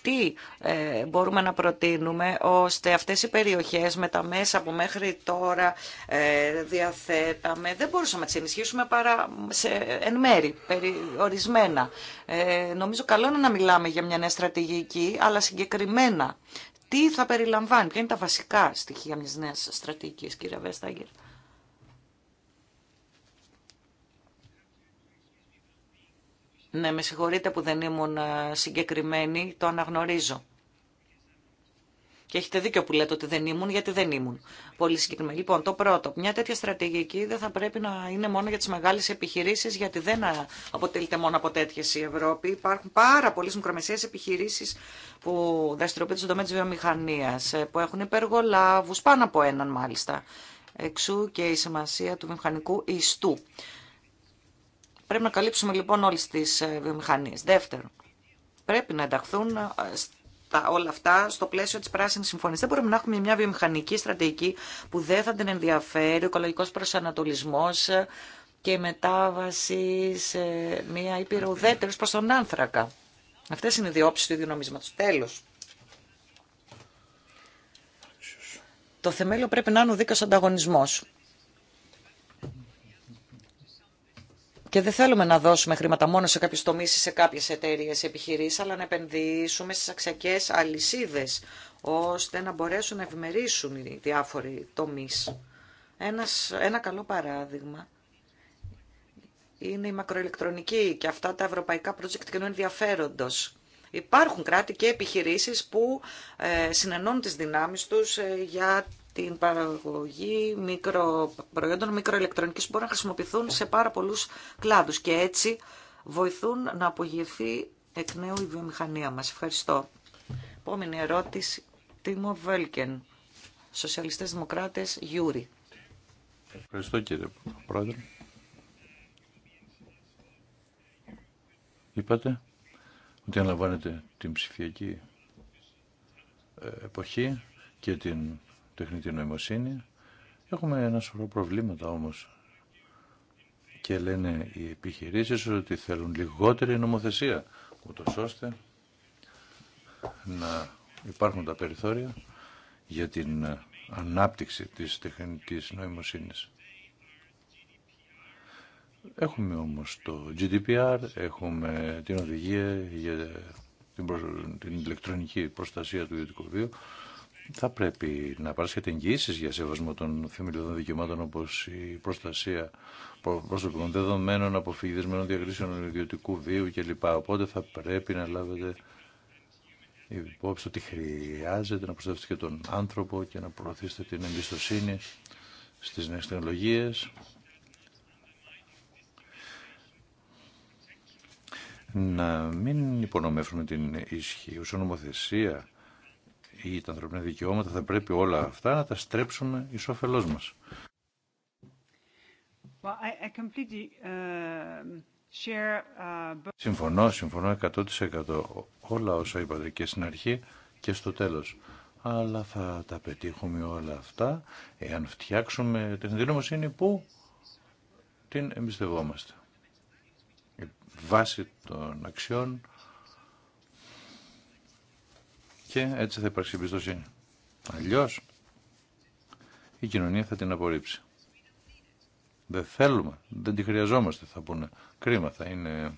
τι ε, μπορούμε να προτείνουμε ώστε αυτές οι περιοχές με τα μέσα που μέχρι τώρα ε, διαθέταμε δεν μπορούσαμε να τις ενισχύσουμε παρά σε, εν μέρη, περιορισμένα. Ε, νομίζω καλό είναι να μιλάμε για μια νέα στρατηγική, αλλά συγκεκριμένα. Τι θα περιλαμβάνει, ποια είναι τα βασικά στοιχεία μιας νέας στρατηγικής, κύριε Βέσταγκερ. Ναι, με συγχωρείτε που δεν ήμουν ε, συγκεκριμένη, το αναγνωρίζω. Και έχετε δίκιο που λέτε ότι δεν ήμουν, γιατί δεν ήμουν πολύ συγκεκριμένη. Λοιπόν, το πρώτο, μια τέτοια στρατηγική δεν θα πρέπει να είναι μόνο για τι μεγάλε επιχειρήσει, γιατί δεν αποτελείται μόνο από τέτοιε η Ευρώπη. Υπάρχουν πάρα πολλέ μικρομεσαίε επιχειρήσει που δραστηριοποιούνται στον τομέα τη βιομηχανία, ε, που έχουν υπεργολάβου, πάνω από έναν μάλιστα. Εξού και η σημασία του μηχανικού ιστού Πρέπει να καλύψουμε λοιπόν όλες τις ε, βιομηχανίες. Δεύτερο, πρέπει να ενταχθούν ε, τα, όλα αυτά στο πλαίσιο της Πράσινης Συμφωνίας. Δεν μπορούμε να έχουμε μια βιομηχανική στρατηγική που δεν θα την ενδιαφέρει ο οικολογικός προσανατολισμός ε, και η μετάβαση σε μια ήπειρο ουδέτερη προ τον άνθρακα. Αυτές είναι οι διόψεις του ίδιου νομίσματος. Τέλο. Το θεμέλιο πρέπει να είναι ο δίκαιος ανταγωνισμό. Και δεν θέλουμε να δώσουμε χρήματα μόνο σε κάποιες τομείς ή σε κάποιες εταιρείες ή επιχειρήσεις, αλλά να επενδύσουμε στις αξιακές αλυσίδε, ώστε να μπορέσουν να ευημερίσουν οι διάφοροι τομεί. Ένα καλό παράδειγμα είναι η μακροηλεκτρονική και αυτά τα ευρωπαϊκά project κοινού ενδιαφέροντο. Υπάρχουν κράτη και επιχειρήσεις που ε, συνενώνουν τις δυνάμεις τους ε, για την παραγωγή προϊόντων μικροελεκτρονικής που μπορούν να χρησιμοποιηθούν σε πάρα πολλούς κλάδους και έτσι βοηθούν να απογευθεί εκ νέου η βιομηχανία μας. Ευχαριστώ. Επόμενη ερώτηση, Τίμο Βέλκεν, Σοσιαλιστές Δημοκράτες, Γιούρι. Ευχαριστώ κύριε Πρόεδρε. Είπατε ότι αναλαμβάνετε την ψηφιακή ε, εποχή και την τεχνητή νοημοσύνη. Έχουμε ένα σωρό προβλήματα όμως και λένε οι επιχειρήσεις ότι θέλουν λιγότερη νομοθεσία ούτως ώστε να υπάρχουν τα περιθώρια για την ανάπτυξη της τεχνητής νοημοσύνης. Έχουμε όμως το GDPR, έχουμε την οδηγία για την, ηλεκτρονική προστασία του ιδιωτικού βίου, θα πρέπει να παράσχεται εγγύησει για σεβασμό των θεμελιωδών δικαιωμάτων όπω η προστασία προσωπικών δεδομένων, αποφυγή δεσμένων διακρίσεων ιδιωτικού βίου κλπ. Οπότε θα πρέπει να λάβετε υπόψη ότι χρειάζεται να προστατεύσετε και τον άνθρωπο και να προωθήσετε την εμπιστοσύνη στις νέε τεχνολογίε. Να μην υπονομεύσουμε την ισχύουσα νομοθεσία ή τα ανθρωπινά δικαιώματα θα πρέπει όλα αυτά να τα στρέψουμε εις όφελός μας. Uh, uh, συμφωνώ, συμφωνώ 100% όλα όσα είπατε και στην αρχή και στο τέλος. Αλλά θα τα πετύχουμε όλα αυτά εάν φτιάξουμε την νομοσύνη που την εμπιστευόμαστε. Βάσει βάση των αξιών και έτσι θα υπάρξει εμπιστοσύνη. Αλλιώ η κοινωνία θα την απορρίψει. Δεν θέλουμε, δεν τη χρειαζόμαστε, θα πούνε. Κρίμα θα είναι.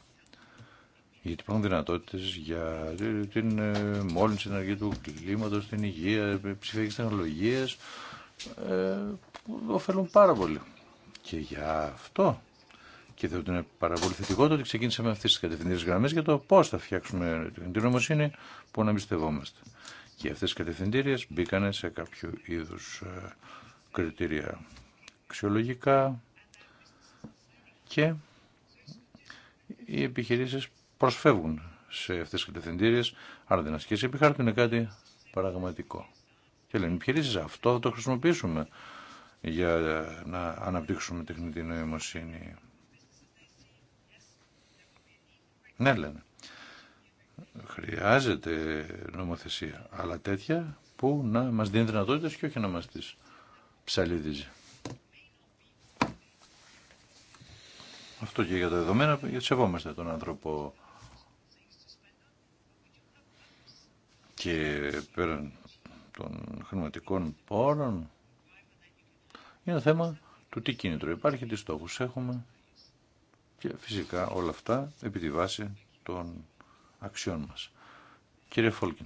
Γιατί υπάρχουν δυνατότητε για την ε, μόλυνση αργή του κλίματο, την υγεία, ψηφιακέ τεχνολογίε ε, που ωφελούν πάρα πολύ. Και για αυτό και θεωρώ ότι είναι πάρα πολύ θετικό το ότι ξεκίνησαμε αυτέ τι κατευθυντήριε γραμμέ για το πώ θα φτιάξουμε την νομοσύνη που να εμπιστευόμαστε. Και αυτέ οι κατευθυντήριε μπήκανε σε κάποιο είδου ε, κριτήρια αξιολογικά και οι επιχειρήσει προσφεύγουν σε αυτέ τι κατευθυντήριε. Άρα δεν ασκήσει επιχάρτου είναι κάτι πραγματικό. Και λένε επιχειρήσει αυτό θα το χρησιμοποιήσουμε για να αναπτύξουμε τεχνητή νοημοσύνη. Ναι, λένε. Χρειάζεται νομοθεσία, αλλά τέτοια που να μας δίνει δυνατότητες και όχι να μας τις ψαλίδίζει. Αυτό και για τα δεδομένα, γιατί σεβόμαστε τον άνθρωπο και πέραν των χρηματικών πόρων είναι θέμα του τι κίνητρο υπάρχει, τι στόχους έχουμε και φυσικά όλα αυτά επί τη βάση των αξιών μας. Κύριε Φόλκιν,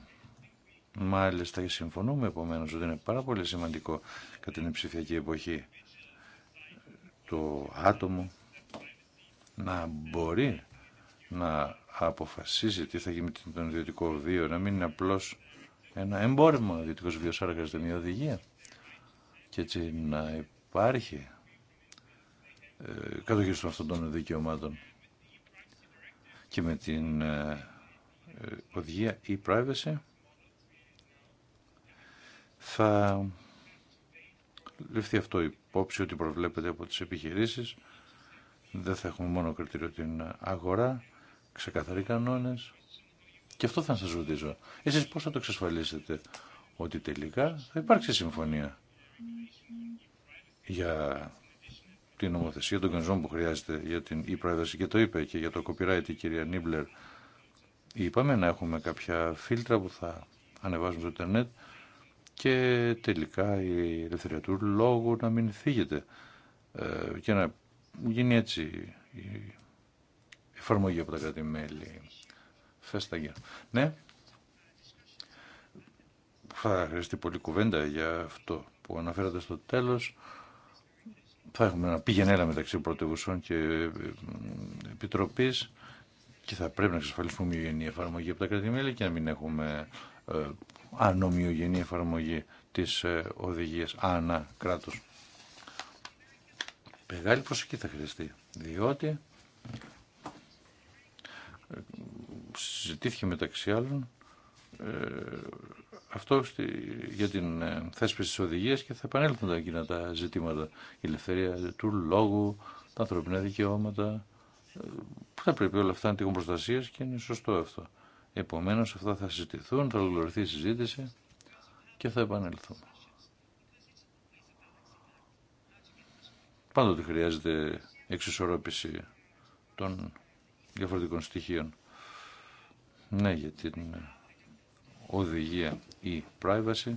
μάλιστα συμφωνούμε επομένω ότι είναι πάρα πολύ σημαντικό κατά την ψηφιακή εποχή το άτομο να μπορεί να αποφασίζει τι θα γίνει με τον ιδιωτικό βίο, να μην είναι απλώ ένα εμπόρευμα ο ιδιωτικό βίο, άρα μια οδηγία και έτσι να υπάρχει ε, κατοχής των αυτών των δικαιωμάτων και με την ε, ε, οδηγία e-privacy θα ληφθεί αυτό υπόψη ότι προβλέπεται από τις επιχειρήσεις δεν θα έχουμε μόνο κριτήριο την αγορά ξεκαθαροί κανόνες και αυτό θα σας ρωτήσω εσείς πώς θα το εξασφαλίσετε ότι τελικά θα υπάρξει συμφωνία για την νομοθεσία των κανονισμών που χρειάζεται για την e και το είπε και για το copyright η κυρία Νίμπλερ. Είπαμε να έχουμε κάποια φίλτρα που θα ανεβάζουμε στο Ιντερνετ και τελικά η ελευθερία του λόγου να μην θίγεται ε, και να γίνει έτσι η εφαρμογή από τα κράτη-μέλη. Φέσταγγε. Ναι, θα χρειαστεί πολλή κουβέντα για αυτό που αναφέρατε στο τέλος θα έχουμε ένα πηγενέλα μεταξύ πρωτεύουσων και ε, επίτροπή και θα πρέπει να εξασφαλίσουμε ομοιογενή εφαρμογή από τα κρατημέλη και να μην έχουμε ε, ανομοιογενή εφαρμογή της ε, οδηγίας ανά κράτο. Μεγάλη προσοχή θα χρειαστεί, διότι ε, συζητήθηκε μεταξύ άλλων ε, αυτό για την ε, θέσπιση της οδηγίας και θα επανέλθουν τα εκείνα τα ζητήματα. Η ελευθερία του λόγου, τα ανθρωπινά δικαιώματα, ε, που θα πρέπει όλα αυτά να τύχουν προστασία και είναι σωστό αυτό. Επομένως αυτά θα συζητηθούν, θα ολοκληρωθεί η συζήτηση και θα επανέλθουν. Πάντοτε χρειάζεται εξισορρόπηση των διαφορετικών στοιχείων. Ναι, γιατί είναι οδηγία ή privacy.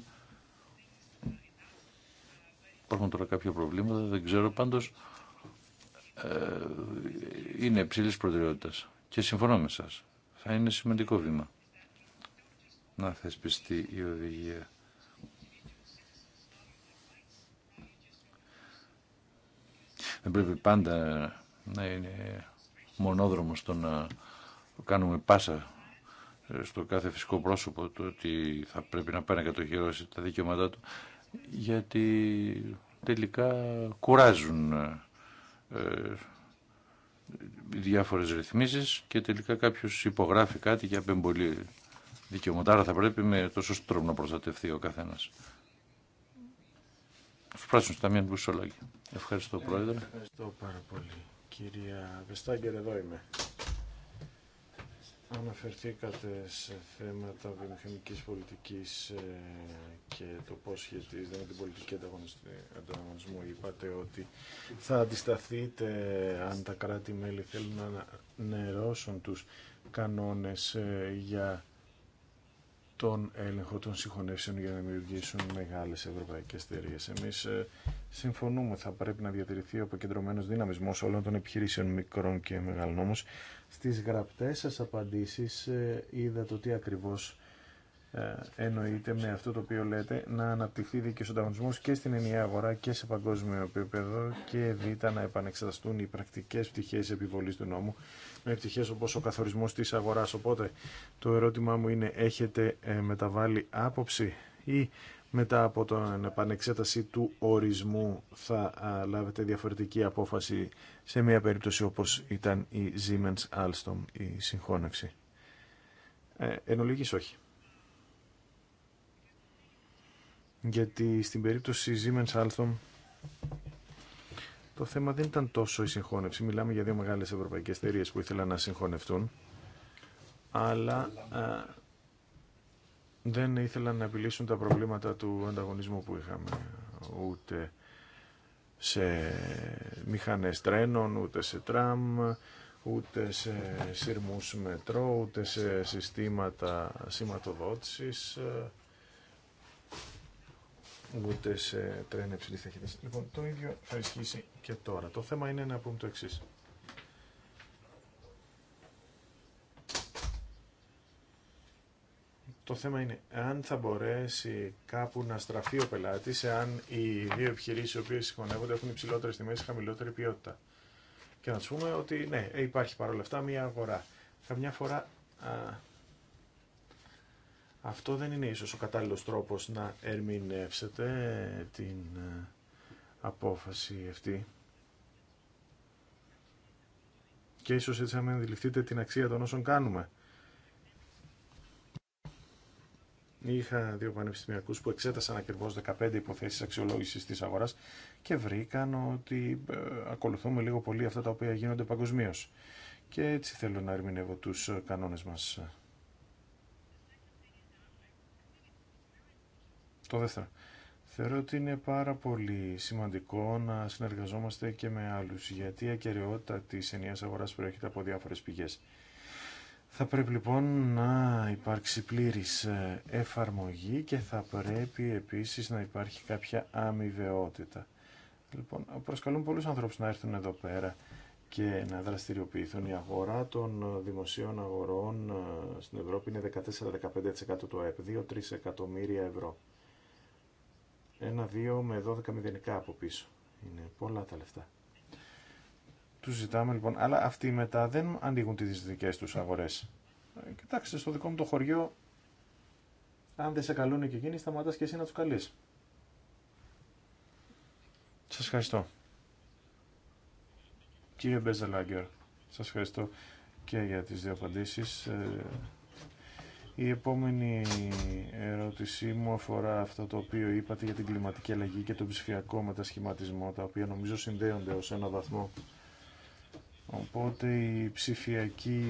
Υπάρχουν τώρα κάποια προβλήματα, δεν ξέρω πάντως ε, είναι υψηλής προτεραιότητας και συμφωνώ με σας. Θα είναι σημαντικό βήμα να θεσπιστεί η οδηγία. Δεν πρέπει πάντα να είναι μονοδρομος το να κάνουμε πάσα στο κάθε φυσικό πρόσωπο το ότι θα πρέπει να πάνε να κατοχυρώσει τα δικαιώματά του γιατί τελικά κουράζουν ε, ε, διάφορες ρυθμίσεις και τελικά κάποιος υπογράφει κάτι και απεμπολεί δικαιώματα. Άρα θα πρέπει με το σωστό τρόπο να προστατευτεί ο καθένας. Στους πράσινους ταμείων Μπουσολάκη. Ευχαριστώ Πρόεδρε. Ευχαριστώ πάρα πολύ. Κυρία Βεστάγκερ, εδώ είμαι. Αναφερθήκατε σε θέματα βιομηχανικής πολιτικής ε, και το πώς σχετίζεται με την πολιτική ανταγωνισμού. Είπατε ότι θα αντισταθείτε αν τα κράτη-μέλη θέλουν να νερώσουν τους κανόνες ε, για τον έλεγχο των συγχωνεύσεων για να δημιουργήσουν μεγάλες ευρωπαϊκές εταιρείε. Εμείς ε, συμφωνούμε. Θα πρέπει να διατηρηθεί ο αποκεντρωμένο δυναμισμό όλων των επιχειρήσεων μικρών και μεγάλων. στι στις γραπτές σας απαντήσεις ε, είδα το τι ακριβώς ε, εννοείται με αυτό το οποίο λέτε να αναπτυχθεί ο ανταγωνισμό και στην ενιαία αγορά και σε παγκόσμιο επίπεδο και β να επανεξεταστούν οι πρακτικέ πτυχέ επιβολή του νόμου με πτυχέ όπω ο καθορισμό τη αγορά. Οπότε το ερώτημά μου είναι έχετε ε, μεταβάλει άποψη ή μετά από την επανεξέταση του ορισμού θα λάβετε διαφορετική απόφαση σε μια περίπτωση όπως ήταν η Siemens Alstom η συγχώνευση. Ε, εν ολίγης, όχι. Γιατί στην περίπτωση Siemens Alstom το θέμα δεν ήταν τόσο η συγχώνευση. Μιλάμε για δύο μεγάλες ευρωπαϊκές εταιρείε που ήθελαν να συγχωνευτούν αλλά δεν ήθελαν να επιλύσουν τα προβλήματα του ανταγωνισμού που είχαμε ούτε σε μηχανές τρένων, ούτε σε τραμ, ούτε σε σειρμούς μετρό, ούτε σε συστήματα σηματοδότησης, ούτε σε τρένα υψηλής ταχύτητας. Λοιπόν, το ίδιο θα ισχύσει και τώρα. Το θέμα είναι να πούμε το εξής. Το θέμα είναι αν θα μπορέσει κάπου να στραφεί ο πελάτη, εάν οι δύο επιχειρήσει οι οποίε συγχωνεύονται έχουν υψηλότερε τιμέ και χαμηλότερη ποιότητα. Και να του πούμε ότι ναι, υπάρχει παρόλα αυτά μια αγορά. Καμιά φορά α, αυτό δεν είναι ίσως ο κατάλληλος τρόπος να ερμηνεύσετε την απόφαση αυτή. Και ίσως έτσι να με αντιληφθείτε την αξία των όσων κάνουμε. Είχα δύο πανεπιστημιακού που εξέτασαν ακριβώ 15 υποθέσεις αξιολόγηση τη αγορά και βρήκαν ότι ε, ακολουθούμε λίγο πολύ αυτά τα οποία γίνονται παγκοσμίω. Και έτσι θέλω να ερμηνεύω τους ε, κανόνες μας. Το δεύτερο. Θεωρώ ότι είναι πάρα πολύ σημαντικό να συνεργαζόμαστε και με άλλους, γιατί η ακεραιότητα της ενιαίας αγοράς προέρχεται από διάφορες πηγές. Θα πρέπει λοιπόν να υπάρξει πλήρης ε, εφαρμογή και θα πρέπει επίσης να υπάρχει κάποια αμοιβαιότητα. Λοιπόν, προσκαλούν πολλούς ανθρώπους να έρθουν εδώ πέρα και να δραστηριοποιηθούν. Η αγορά των ε, δημοσίων αγορών ε, στην Ευρώπη είναι 14-15% του ΑΕΠ, 2-3 εκατομμύρια ευρώ. Ένα 2 με 12 μηδενικά από πίσω. Είναι πολλά τα λεφτά. Τους ζητάμε λοιπόν, αλλά αυτοί μετά δεν ανοίγουν τι δικέ τους αγορέ. Ε, κοιτάξτε, στο δικό μου το χωριό, αν δεν σε καλούν και εκείνοι, σταματάς και εσύ να του καλείς. Σα ευχαριστώ. Κύριε Μπέζελάγκερ, σας ευχαριστώ και για τις δύο απαντήσεις. Ε, η επόμενη ερώτησή μου αφορά αυτό το οποίο είπατε για την κλιματική αλλαγή και τον ψηφιακό μετασχηματισμό, τα οποία νομίζω συνδέονται ως ένα βαθμό. Οπότε η ψηφιακή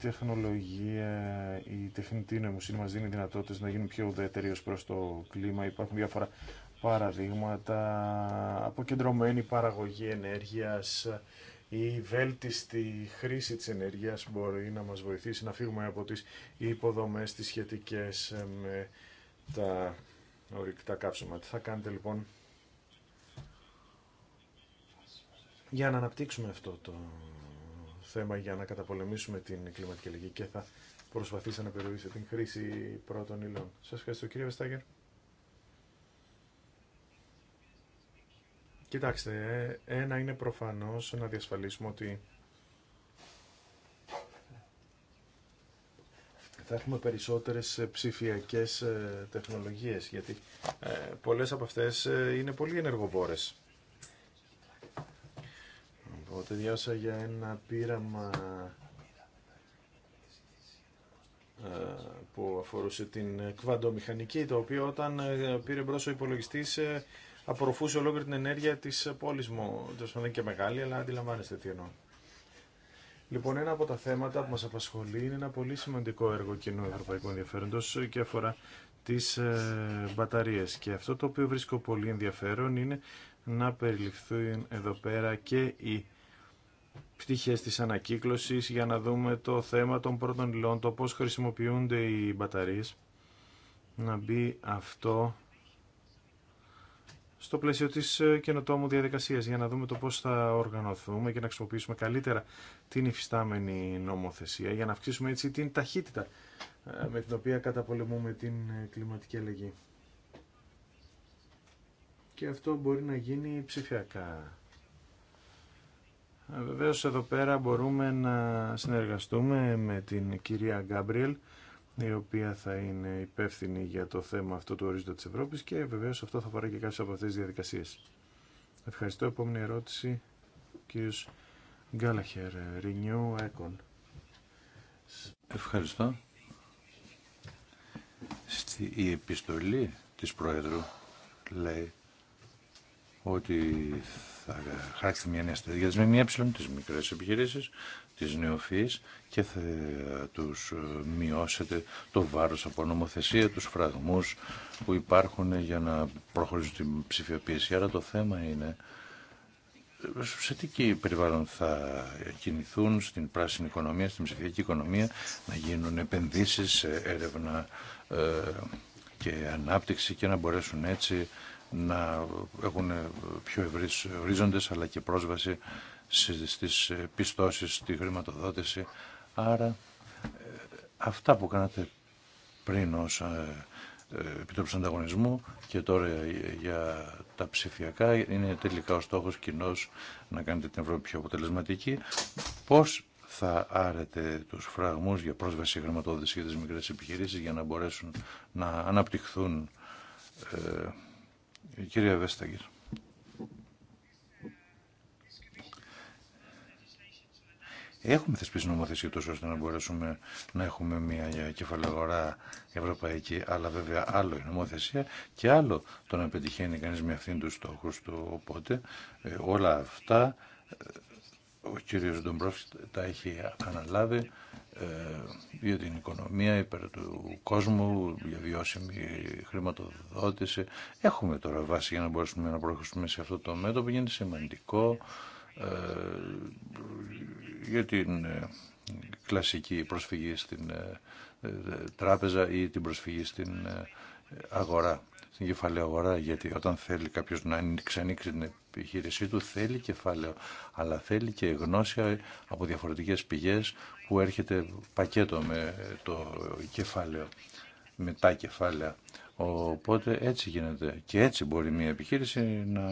τεχνολογία, η τεχνητή νοημοσύνη μας δίνει δυνατότητες να γίνουν πιο ουδέτεροι ως προς το κλίμα. Υπάρχουν διάφορα παραδείγματα, αποκεντρωμένη παραγωγή ενέργειας, η βέλτιστη χρήση της ενέργειας μπορεί να μας βοηθήσει να φύγουμε από τις υποδομές τις σχετικές με τα ορυκτά κάψιμα θα κάνετε λοιπόν για να αναπτύξουμε αυτό το θέμα για να καταπολεμήσουμε την κλιματική αλλαγή και θα προσπαθήσω να περιορίσω την χρήση πρώτων υλών. Σας ευχαριστώ κύριε Βεστάγερ. Κοιτάξτε, ε, ένα είναι προφανώς να διασφαλίσουμε ότι θα έχουμε περισσότερες ψηφιακές ε, τεχνολογίες, γιατί ε, πολλές από αυτές είναι πολύ ενεργοβόρες. Οπότε διάβασα για ένα πείραμα ε, που αφορούσε την κβαντομηχανική, το οποίο όταν ε, πήρε μπρος ο υπολογιστής ε, απορροφούσε ολόκληρη την ενέργεια της πόλης μου. δεν είναι και μεγάλη, αλλά αντιλαμβάνεστε τι εννοώ. Λοιπόν, ένα από τα θέματα που μας απασχολεί είναι ένα πολύ σημαντικό έργο κοινού ευρωπαϊκού ενδιαφέροντος και αφορά τις μπαταρίες. Και αυτό το οποίο βρίσκω πολύ ενδιαφέρον είναι να περιληφθούν εδώ πέρα και οι πτυχές της ανακύκλωσης για να δούμε το θέμα των πρώτων υλών, το πώς χρησιμοποιούνται οι μπαταρίες. Να μπει αυτό στο πλαίσιο της ε, καινοτόμου διαδικασίας για να δούμε το πώς θα οργανωθούμε και να χρησιμοποιήσουμε καλύτερα την υφιστάμενη νομοθεσία για να αυξήσουμε έτσι την ταχύτητα ε, με την οποία καταπολεμούμε την ε, κλιματική αλλαγή. Και αυτό μπορεί να γίνει ψηφιακά ε, βεβαίω εδώ πέρα μπορούμε να συνεργαστούμε με την κυρία Γκάμπριελ η οποία θα είναι υπεύθυνη για το θέμα αυτό του ορίζοντα τη Ευρώπης και βεβαίω αυτό θα αφορά και κάποιες από αυτέ τι διαδικασίε. Ευχαριστώ. Επόμενη ερώτηση, κύριο Γκάλαχερ, Renew Econ. Ευχαριστώ. Στη, η επιστολή της Πρόεδρου λέει ότι θα χάξει μια νέα στρατηγία μια ΜΜΕ, της μικρές επιχειρήσεις, τις νεοφυής και θα τους ε, μειώσετε το βάρος από νομοθεσία, τους φραγμούς που υπάρχουν για να προχωρήσουν την ψηφιοποίηση. Άρα το θέμα είναι σε τι περιβάλλον θα κινηθούν στην πράσινη οικονομία, στην ψηφιακή οικονομία, να γίνουν επενδύσεις, έρευνα ε, και ανάπτυξη και να μπορέσουν έτσι να έχουν πιο ευρύς ορίζοντες αλλά και πρόσβαση στις πιστώσεις, στη χρηματοδότηση. Άρα ε, αυτά που κάνατε πριν ως ε, ε, Επιτροπής Ανταγωνισμού και τώρα για τα ψηφιακά είναι τελικά ο στόχος κοινό να κάνετε την Ευρώπη πιο αποτελεσματική. Πώς θα άρετε τους φραγμούς για πρόσβαση χρηματοδότηση για τις μικρές επιχειρήσεις για να μπορέσουν να αναπτυχθούν η κυρία Βέσταγκερ. Έχουμε θεσπίσει νομοθεσία τόσο ώστε να μπορέσουμε να έχουμε μια κεφαλαγορά ευρωπαϊκή, αλλά βέβαια άλλο η νομοθεσία και άλλο το να πετυχαίνει κανείς με αυτήν τους στόχους του. Οπότε ε, όλα αυτά ε, ο κύριος Ντομπρόφης τα έχει αναλάβει ε, για την οικονομία υπέρ του κόσμου, για βιώσιμη χρηματοδότηση. Έχουμε τώρα βάση για να μπορέσουμε να προχωρήσουμε σε αυτό το μέτωπο, είναι σημαντικό ε, για την ε, κλασική προσφυγή στην τράπεζα ή την προσφυγή στην αγορά, στην κεφαλαία αγορά, γιατί όταν θέλει κάποιος να ξανοίξει την επιχείρησή του θέλει κεφάλαιο, αλλά θέλει και γνώση από διαφορετικές πηγές που έρχεται πακέτο με το κεφάλαιο, με τα κεφάλαια. Οπότε έτσι γίνεται και έτσι μπορεί μια επιχείρηση να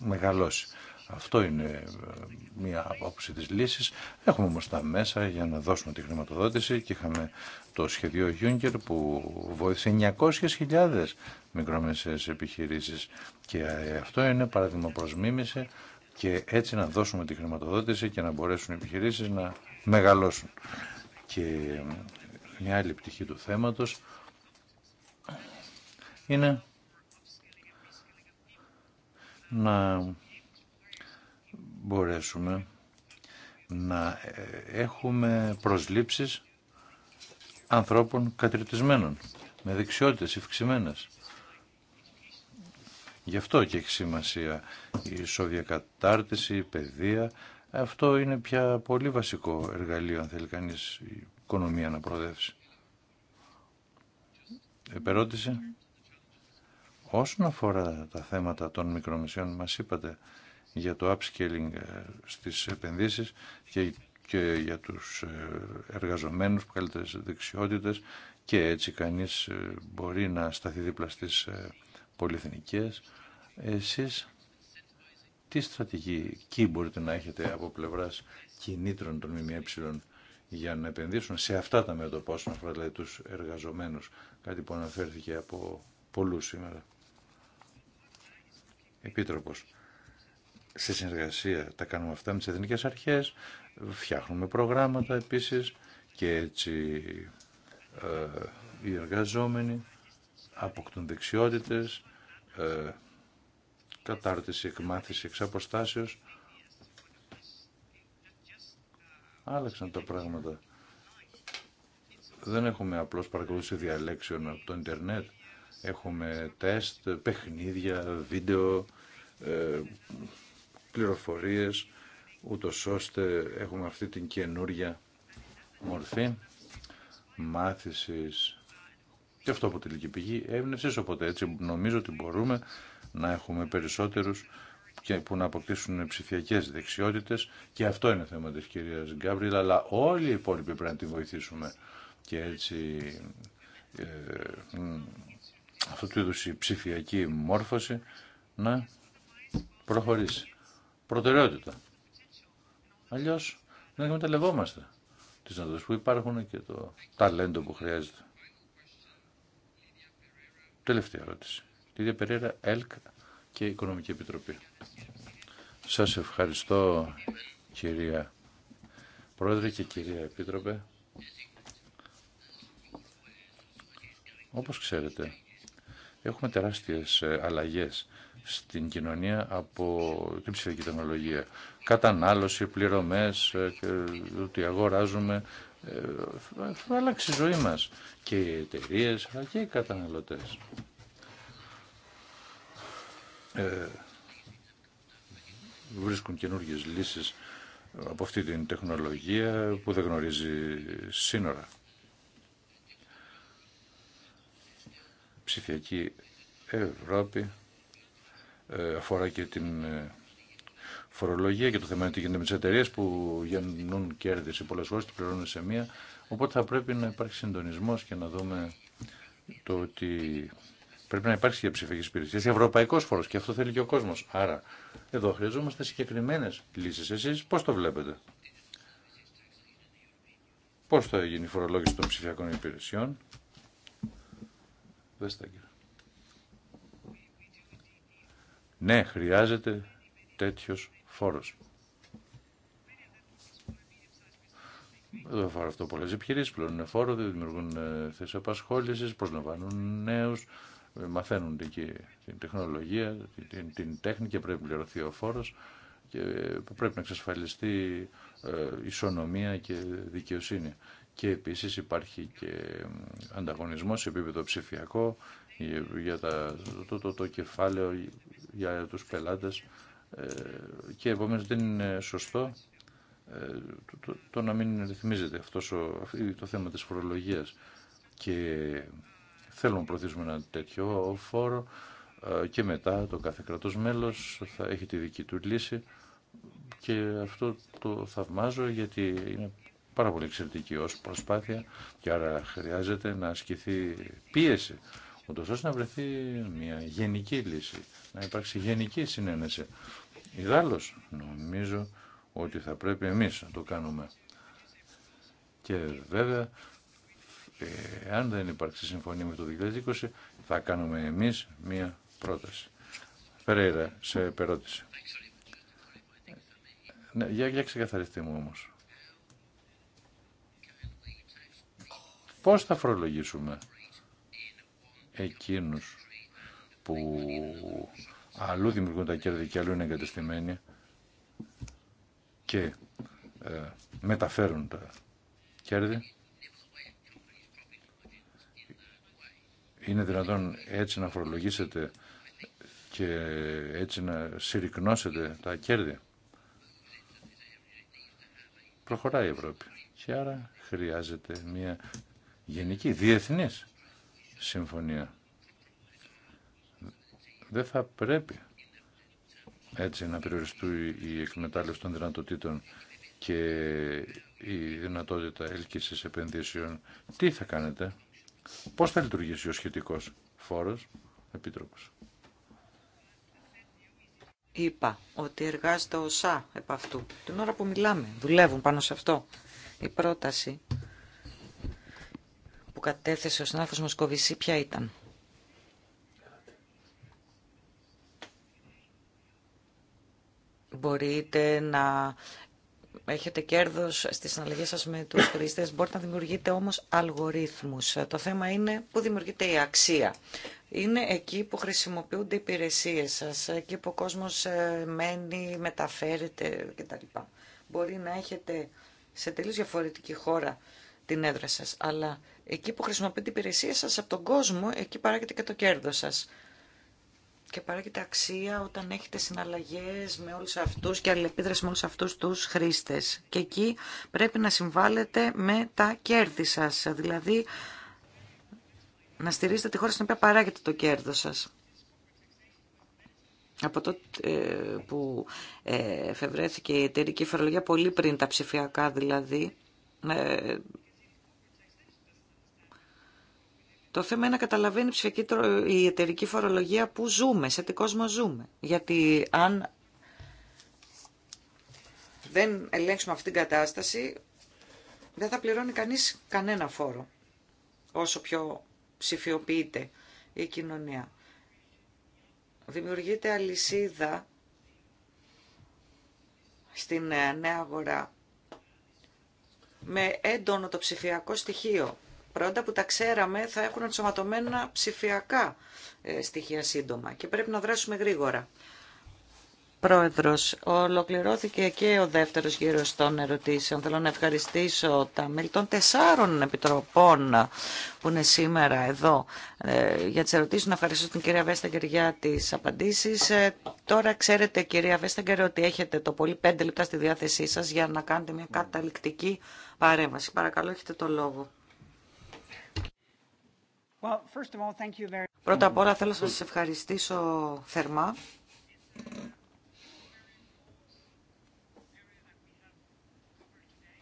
μεγαλώσει. Αυτό είναι ε, μία απόψη της λύσης. Έχουμε όμως τα μέσα για να δώσουμε τη χρηματοδότηση και είχαμε το σχεδίο Juncker που βοήθησε 900.000 μικρομεσαίες επιχειρήσεις και ε, αυτό είναι παράδειγμα προς και έτσι να δώσουμε τη χρηματοδότηση και να μπορέσουν οι επιχειρήσεις να μεγαλώσουν. Και ε, μια άλλη πτυχή του θέματος είναι να μπορέσουμε να ε, έχουμε προσλήψεις ανθρώπων κατριτισμένων, με δεξιότητες ευξημένες. Γι' αυτό και έχει σημασία η σοβιακατάρτιση, η παιδεία. Αυτό είναι πια πολύ βασικό εργαλείο, αν θέλει κανείς η οικονομία να προδέψει. Επερώτηση. Ναι. Όσον αφορά τα θέματα των μικρομεσιών, μας είπατε για το upscaling ε, στις επενδύσεις και, και για τους ε, εργαζομένους που καλύτερες δεξιότητες και έτσι κανείς ε, μπορεί να σταθεί δίπλα στις πολυεθνικές. Εσείς τι στρατηγική μπορείτε να έχετε από πλευράς κινήτρων των ΜΜΕ για να επενδύσουν σε αυτά τα μέτωπα όσον αφορά δηλαδή, τους εργαζομένους, κάτι που αναφέρθηκε από πολλούς σήμερα. Επίτροπος, σε συνεργασία τα κάνουμε αυτά με τις εθνικές αρχές, φτιάχνουμε προγράμματα επίσης και έτσι ε, οι εργαζόμενοι αποκτούν δεξιότητες, ε, κατάρτιση, εκμάθηση, εξαποστάσεως. Άλλαξαν τα πράγματα. Δεν έχουμε απλώς παρακολούθηση διαλέξεων από το ίντερνετ. Έχουμε τεστ, παιχνίδια, βίντεο, ε, πληροφορίες, ούτω ώστε έχουμε αυτή την καινούρια μορφή μάθησης και αυτό αποτελεί και πηγή έμπνευσης. οπότε έτσι νομίζω ότι μπορούμε να έχουμε περισσότερους και που να αποκτήσουν ψηφιακέ δεξιότητες και αυτό είναι θέμα της κυρίας Γκάβριλ, αλλά όλοι οι υπόλοιποι πρέπει να τη βοηθήσουμε και έτσι ε, αυτού του είδους η ψηφιακή μόρφωση να προχωρήσει προτεραιότητα. Αλλιώ δεν εκμεταλλευόμαστε τι νοτές που υπάρχουν και το ταλέντο που χρειάζεται. Τελευταία ερώτηση. ίδια Περέρα, ΕΛΚ και Οικονομική Επιτροπή. Σας ευχαριστώ κυρία Πρόεδρε και κυρία Επίτροπε. Όπως ξέρετε, έχουμε τεράστιες ε, αλλαγές στην κοινωνία από την ψηφιακή τεχνολογία. Κατανάλωση, πληρωμές, ε, ότι αγοράζουμε, θα ε, ε, αλλάξει η ζωή μας και οι εταιρείε αλλά και οι καταναλωτές. βρίσκουν καινούργιες λύσεις από αυτή την τεχνολογία που δεν γνωρίζει σύνορα. Ψηφιακή Ευρώπη ε, αφορά και την ε, φορολογία και το θέμα είναι ότι γίνεται με τι εταιρείε που γεννούν κέρδη σε πολλέ χώρε, τι πληρώνουν σε μία. Οπότε θα πρέπει να υπάρχει συντονισμό και να δούμε το ότι πρέπει να υπάρξει για ψηφιακή υπηρεσία. Ευρωπαϊκό φόρο και αυτό θέλει και ο κόσμο. Άρα εδώ χρειαζόμαστε συγκεκριμένε λύσει. Εσεί πώ το βλέπετε. Πώ θα γίνει η φορολόγηση των ψηφιακών υπηρεσιών. κύριε. Ναι, χρειάζεται τέτοιος φόρος. Εδώ αφορά αυτό πολλές επιχειρήσεις, πληρώνουν φόρο, δημιουργούν ε, θέσεις απασχόλησης, προσλαμβάνουν νέους, ε, μαθαίνουν την τεχνολογία, την, την τέχνη και πρέπει να πληρωθεί ο φόρος και ε, πρέπει να εξασφαλιστεί ισονομία και δικαιοσύνη. Και επίσης υπάρχει και ανταγωνισμός σε επίπεδο ψηφιακό για τα, το, το, το κεφάλαιο για τους πελάτες ε, και επομένως δεν είναι σωστό ε, το, το, να μην ρυθμίζεται ο, το θέμα της φορολογίας και θέλουμε να προωθήσουμε ένα τέτοιο φόρο ε, και μετά το κάθε κρατός μέλος θα έχει τη δική του λύση και αυτό το θαυμάζω γιατί είναι πάρα πολύ εξαιρετική ως προσπάθεια και άρα χρειάζεται να ασκηθεί πίεση ούτως ώστε να βρεθεί μια γενική λύση, να υπάρξει γενική συνένεση. Ιδάλλως νομίζω ότι θα πρέπει εμείς να το κάνουμε. Και βέβαια, αν δεν υπάρξει συμφωνία με το 2020, θα κάνουμε εμείς μια πρόταση. Περέιρα, σε περώτηση. Ναι, για, για ξεκαθαριστή μου όμως. Πώς θα φορολογήσουμε εκείνους που αλλού δημιουργούν τα κέρδη και αλλού είναι εγκατεστημένοι και ε, μεταφέρουν τα κέρδη. Είναι δυνατόν έτσι να φορολογήσετε και έτσι να συρρυκνώσετε τα κέρδη. Προχωράει η Ευρώπη και άρα χρειάζεται μια γενική διεθνής συμφωνία. Δεν θα πρέπει έτσι να περιοριστούν η εκμετάλλευση των δυνατοτήτων και η δυνατότητα έλκυσης επενδύσεων. Τι θα κάνετε, πώς θα λειτουργήσει ο σχετικός φόρος, επίτροπος. Είπα ότι εργάζεται ο ΣΑ επ' αυτού. Την ώρα που μιλάμε, δουλεύουν πάνω σε αυτό. Η πρόταση κατέθεσε ο συνάδελφος Μοσκοβισή ποια ήταν. Μπορείτε να έχετε κέρδος στις συναλλαγές σας με τους χρήστες, μπορείτε να δημιουργείτε όμως αλγορίθμους. Το θέμα είναι πού δημιουργείται η αξία. Είναι εκεί που χρησιμοποιούνται οι υπηρεσίες σας, εκεί που ο κόσμος ε, μένει, μεταφέρεται κτλ. Μπορεί να έχετε σε τελείως διαφορετική χώρα την έδρα σας, αλλά εκεί που χρησιμοποιείτε την υπηρεσία σας από τον κόσμο, εκεί παράγεται και το κέρδος σας. Και παράγεται αξία όταν έχετε συναλλαγές με όλους αυτούς και αλληλεπίδραση με όλους αυτούς τους χρήστες. Και εκεί πρέπει να συμβάλλετε με τα κέρδη σας, δηλαδή να στηρίζετε τη χώρα στην οποία παράγεται το κέρδο σας. Από τότε ε, που ε, εφευρέθηκε η εταιρική φορολογία, πολύ πριν τα ψηφιακά δηλαδή, ε, Το θέμα είναι να καταλαβαίνει η ψηφιακή η εταιρική φορολογία που ζούμε, σε τι κόσμο ζούμε. Γιατί αν δεν ελέγξουμε αυτή την κατάσταση, δεν θα πληρώνει κανείς κανένα φόρο, όσο πιο ψηφιοποιείται η κοινωνία. Δημιουργείται αλυσίδα στην ε, νέα αγορά με έντονο το ψηφιακό στοιχείο προϊόντα που τα ξέραμε θα έχουν ενσωματωμένα ψηφιακά ε, στοιχεία σύντομα και πρέπει να δράσουμε γρήγορα. Πρόεδρος, ολοκληρώθηκε και ο δεύτερος γύρος των ερωτήσεων. Θέλω να ευχαριστήσω τα μέλη των τεσσάρων επιτροπών που είναι σήμερα εδώ ε, για τις ερωτήσεις. Να ευχαριστήσω την κυρία Βέσταγκερ για τις απαντήσεις. Ε, τώρα ξέρετε κυρία Βέσταγκερ ότι έχετε το πολύ πέντε λεπτά στη διάθεσή σας για να κάνετε μια καταληκτική παρέμβαση. Παρακαλώ έχετε το λόγο. Πρώτα απ' όλα θέλω να σας ευχαριστήσω θερμά.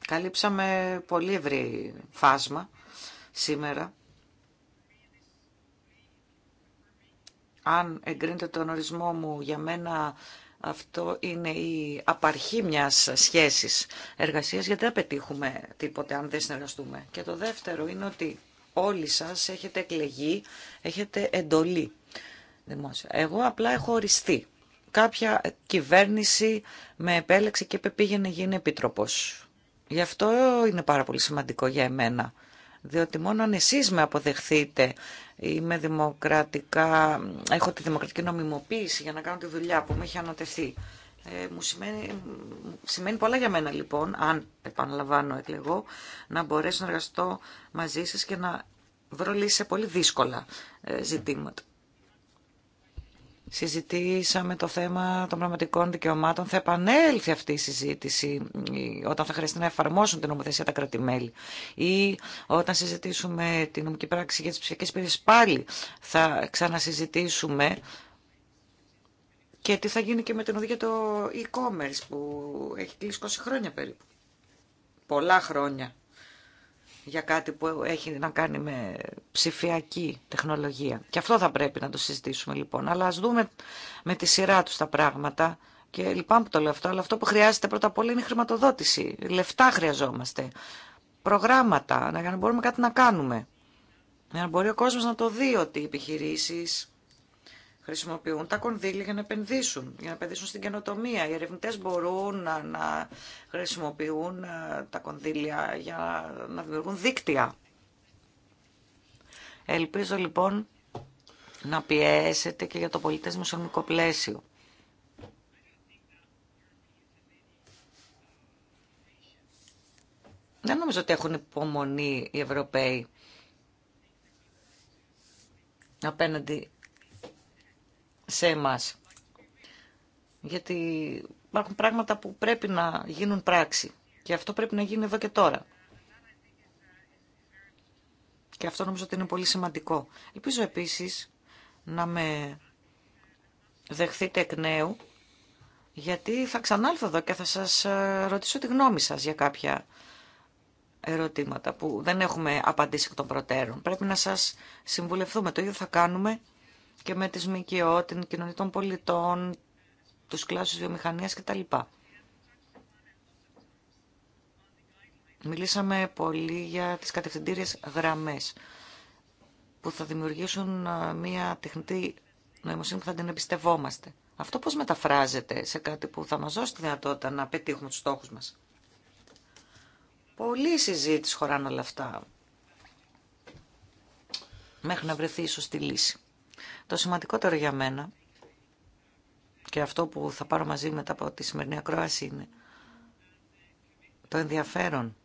Καλύψαμε πολύ ευρύ φάσμα σήμερα. Αν εγκρίνετε τον ορισμό μου, για μένα αυτό είναι η απαρχή μιας σχέσης εργασίας, γιατί δεν πετύχουμε τίποτε αν δεν συνεργαστούμε. Και το δεύτερο είναι ότι όλοι σας έχετε εκλεγεί, έχετε εντολή δημόσια. Εγώ απλά έχω οριστεί. Κάποια κυβέρνηση με επέλεξε και είπε να γίνει επίτροπος. Γι' αυτό είναι πάρα πολύ σημαντικό για εμένα. Διότι μόνο αν εσείς με αποδεχθείτε, είμαι δημοκρατικά, έχω τη δημοκρατική νομιμοποίηση για να κάνω τη δουλειά που με έχει ανατεθεί. Ε, μου σημαίνει, σημαίνει πολλά για μένα λοιπόν, αν επαναλαμβάνω εκλεγώ, να μπορέσω να εργαστώ μαζί σας και να βρω λύσεις σε πολύ δύσκολα ε, ζητήματα. Συζητήσαμε το θέμα των πραγματικών δικαιωμάτων. Θα επανέλθει αυτή η συζήτηση ε, όταν θα χρειαστεί να εφαρμόσουν την νομοθεσία τα κρατημέλη. Ή όταν συζητήσουμε την νομική πράξη για τις ψηφιακές υπηρεσίες πάλι θα ξανασυζητήσουμε και τι θα γίνει και με την οδηγία το e-commerce που έχει κλείσει 20 χρόνια περίπου. Πολλά χρόνια για κάτι που έχει να κάνει με ψηφιακή τεχνολογία. Και αυτό θα πρέπει να το συζητήσουμε λοιπόν. Αλλά ας δούμε με τη σειρά τους τα πράγματα. Και λυπάμαι που το λέω αυτό, αλλά αυτό που χρειάζεται πρώτα απ' όλα είναι η χρηματοδότηση. Λεφτά χρειαζόμαστε. Προγράμματα, για να μπορούμε κάτι να κάνουμε. Για να μπορεί ο κόσμος να το δει ότι οι επιχειρήσεις χρησιμοποιούν τα κονδύλια για να επενδύσουν, για να επενδύσουν στην καινοτομία. Οι ερευνητέ μπορούν να, να χρησιμοποιούν ε, τα κονδύλια για να, δημιουργούν δίκτυα. Ελπίζω λοιπόν να πιέσετε και για το πολιτές μουσουλμικό πλαίσιο. Δεν νομίζω ότι έχουν υπομονή οι Ευρωπαίοι απέναντι σε εμάς. Γιατί υπάρχουν πράγματα που πρέπει να γίνουν πράξη και αυτό πρέπει να γίνει εδώ και τώρα. Και αυτό νομίζω ότι είναι πολύ σημαντικό. Ελπίζω επίσης να με δεχθείτε εκ νέου, γιατί θα ξανάλθω εδώ και θα σας ε, ρωτήσω τη γνώμη σας για κάποια ερωτήματα που δεν έχουμε απαντήσει εκ των προτέρων. Πρέπει να σας συμβουλευτούμε. Το ίδιο θα κάνουμε και με τις ΜΚΟ, την κοινωνία των πολιτών, τους κλάσους βιομηχανίας κτλ. Μιλήσαμε πολύ για τις κατευθυντήριες γραμμές που θα δημιουργήσουν ε, μια τεχνητή νοημοσύνη που θα την εμπιστευόμαστε. Αυτό πώς μεταφράζεται σε κάτι που θα μας δώσει τη δυνατότητα να πετύχουμε τους στόχους μας. Πολύ συζήτηση χωράνε όλα αυτά. Μέχρι να βρεθεί η σωστή λύση. Το σημαντικότερο για μένα και αυτό που θα πάρω μαζί μετά από τη σημερινή ακρόαση είναι το ενδιαφέρον,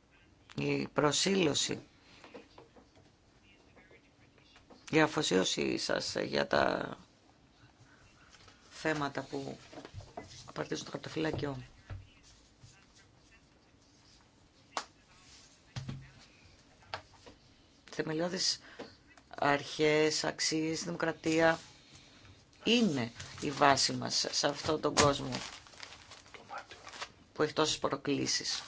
η προσήλωση, η αφοσίωση σας για τα θέματα που απαρτίζουν το καρτοφυλάκιό Θεμελιώδης αρχές, αξίες, δημοκρατία είναι η βάση μας σε αυτόν τον κόσμο που έχει τόσες προκλήσεις.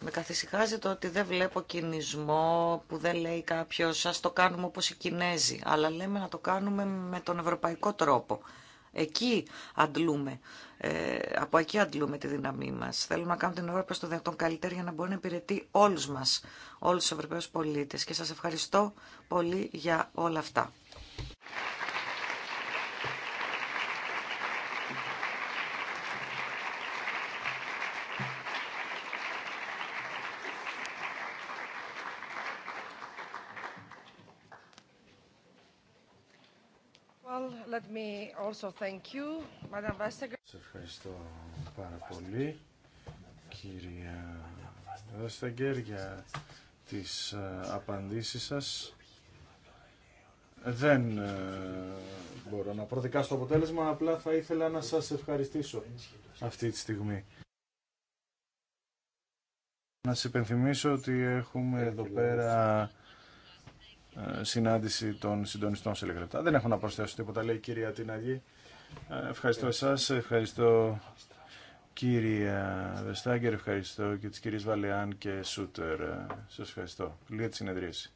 Με καθησυχάζει το ότι δεν βλέπω κινησμό που δεν λέει κάποιος ας το κάνουμε όπως οι Κινέζοι, αλλά λέμε να το κάνουμε με τον ευρωπαϊκό τρόπο. Εκεί αντλούμε. Ε, από εκεί αντλούμε τη δύναμή μα. Θέλουμε να κάνουμε την Ευρώπη στο δυνατόν καλύτερη για να μπορεί να υπηρετεί όλου μα, όλου του Ευρωπαίου πολίτε. Και σα ευχαριστώ πολύ για όλα αυτά. me ευχαριστώ πάρα πολύ, κυρία Βάσταγκερ, για τις ε, απαντήσεις σας. Δεν ε, μπορώ να προδικάσω το αποτέλεσμα, απλά θα ήθελα να σας ευχαριστήσω αυτή τη στιγμή. Να σας υπενθυμίσω ότι έχουμε εδώ πέρα ε, συνάντηση των συντονιστών σε λίγα λεπτά. Δεν έχω να προσθέσω τίποτα, λέει η κυρία Τιναγή. Ε, ευχαριστώ εσά, ευχαριστώ κύριε Βεστάγκερ, ευχαριστώ και τι κύριε Βαλεάν και Σούτερ. Ε, σας ευχαριστώ. Λίγα τη συνεδρίαση.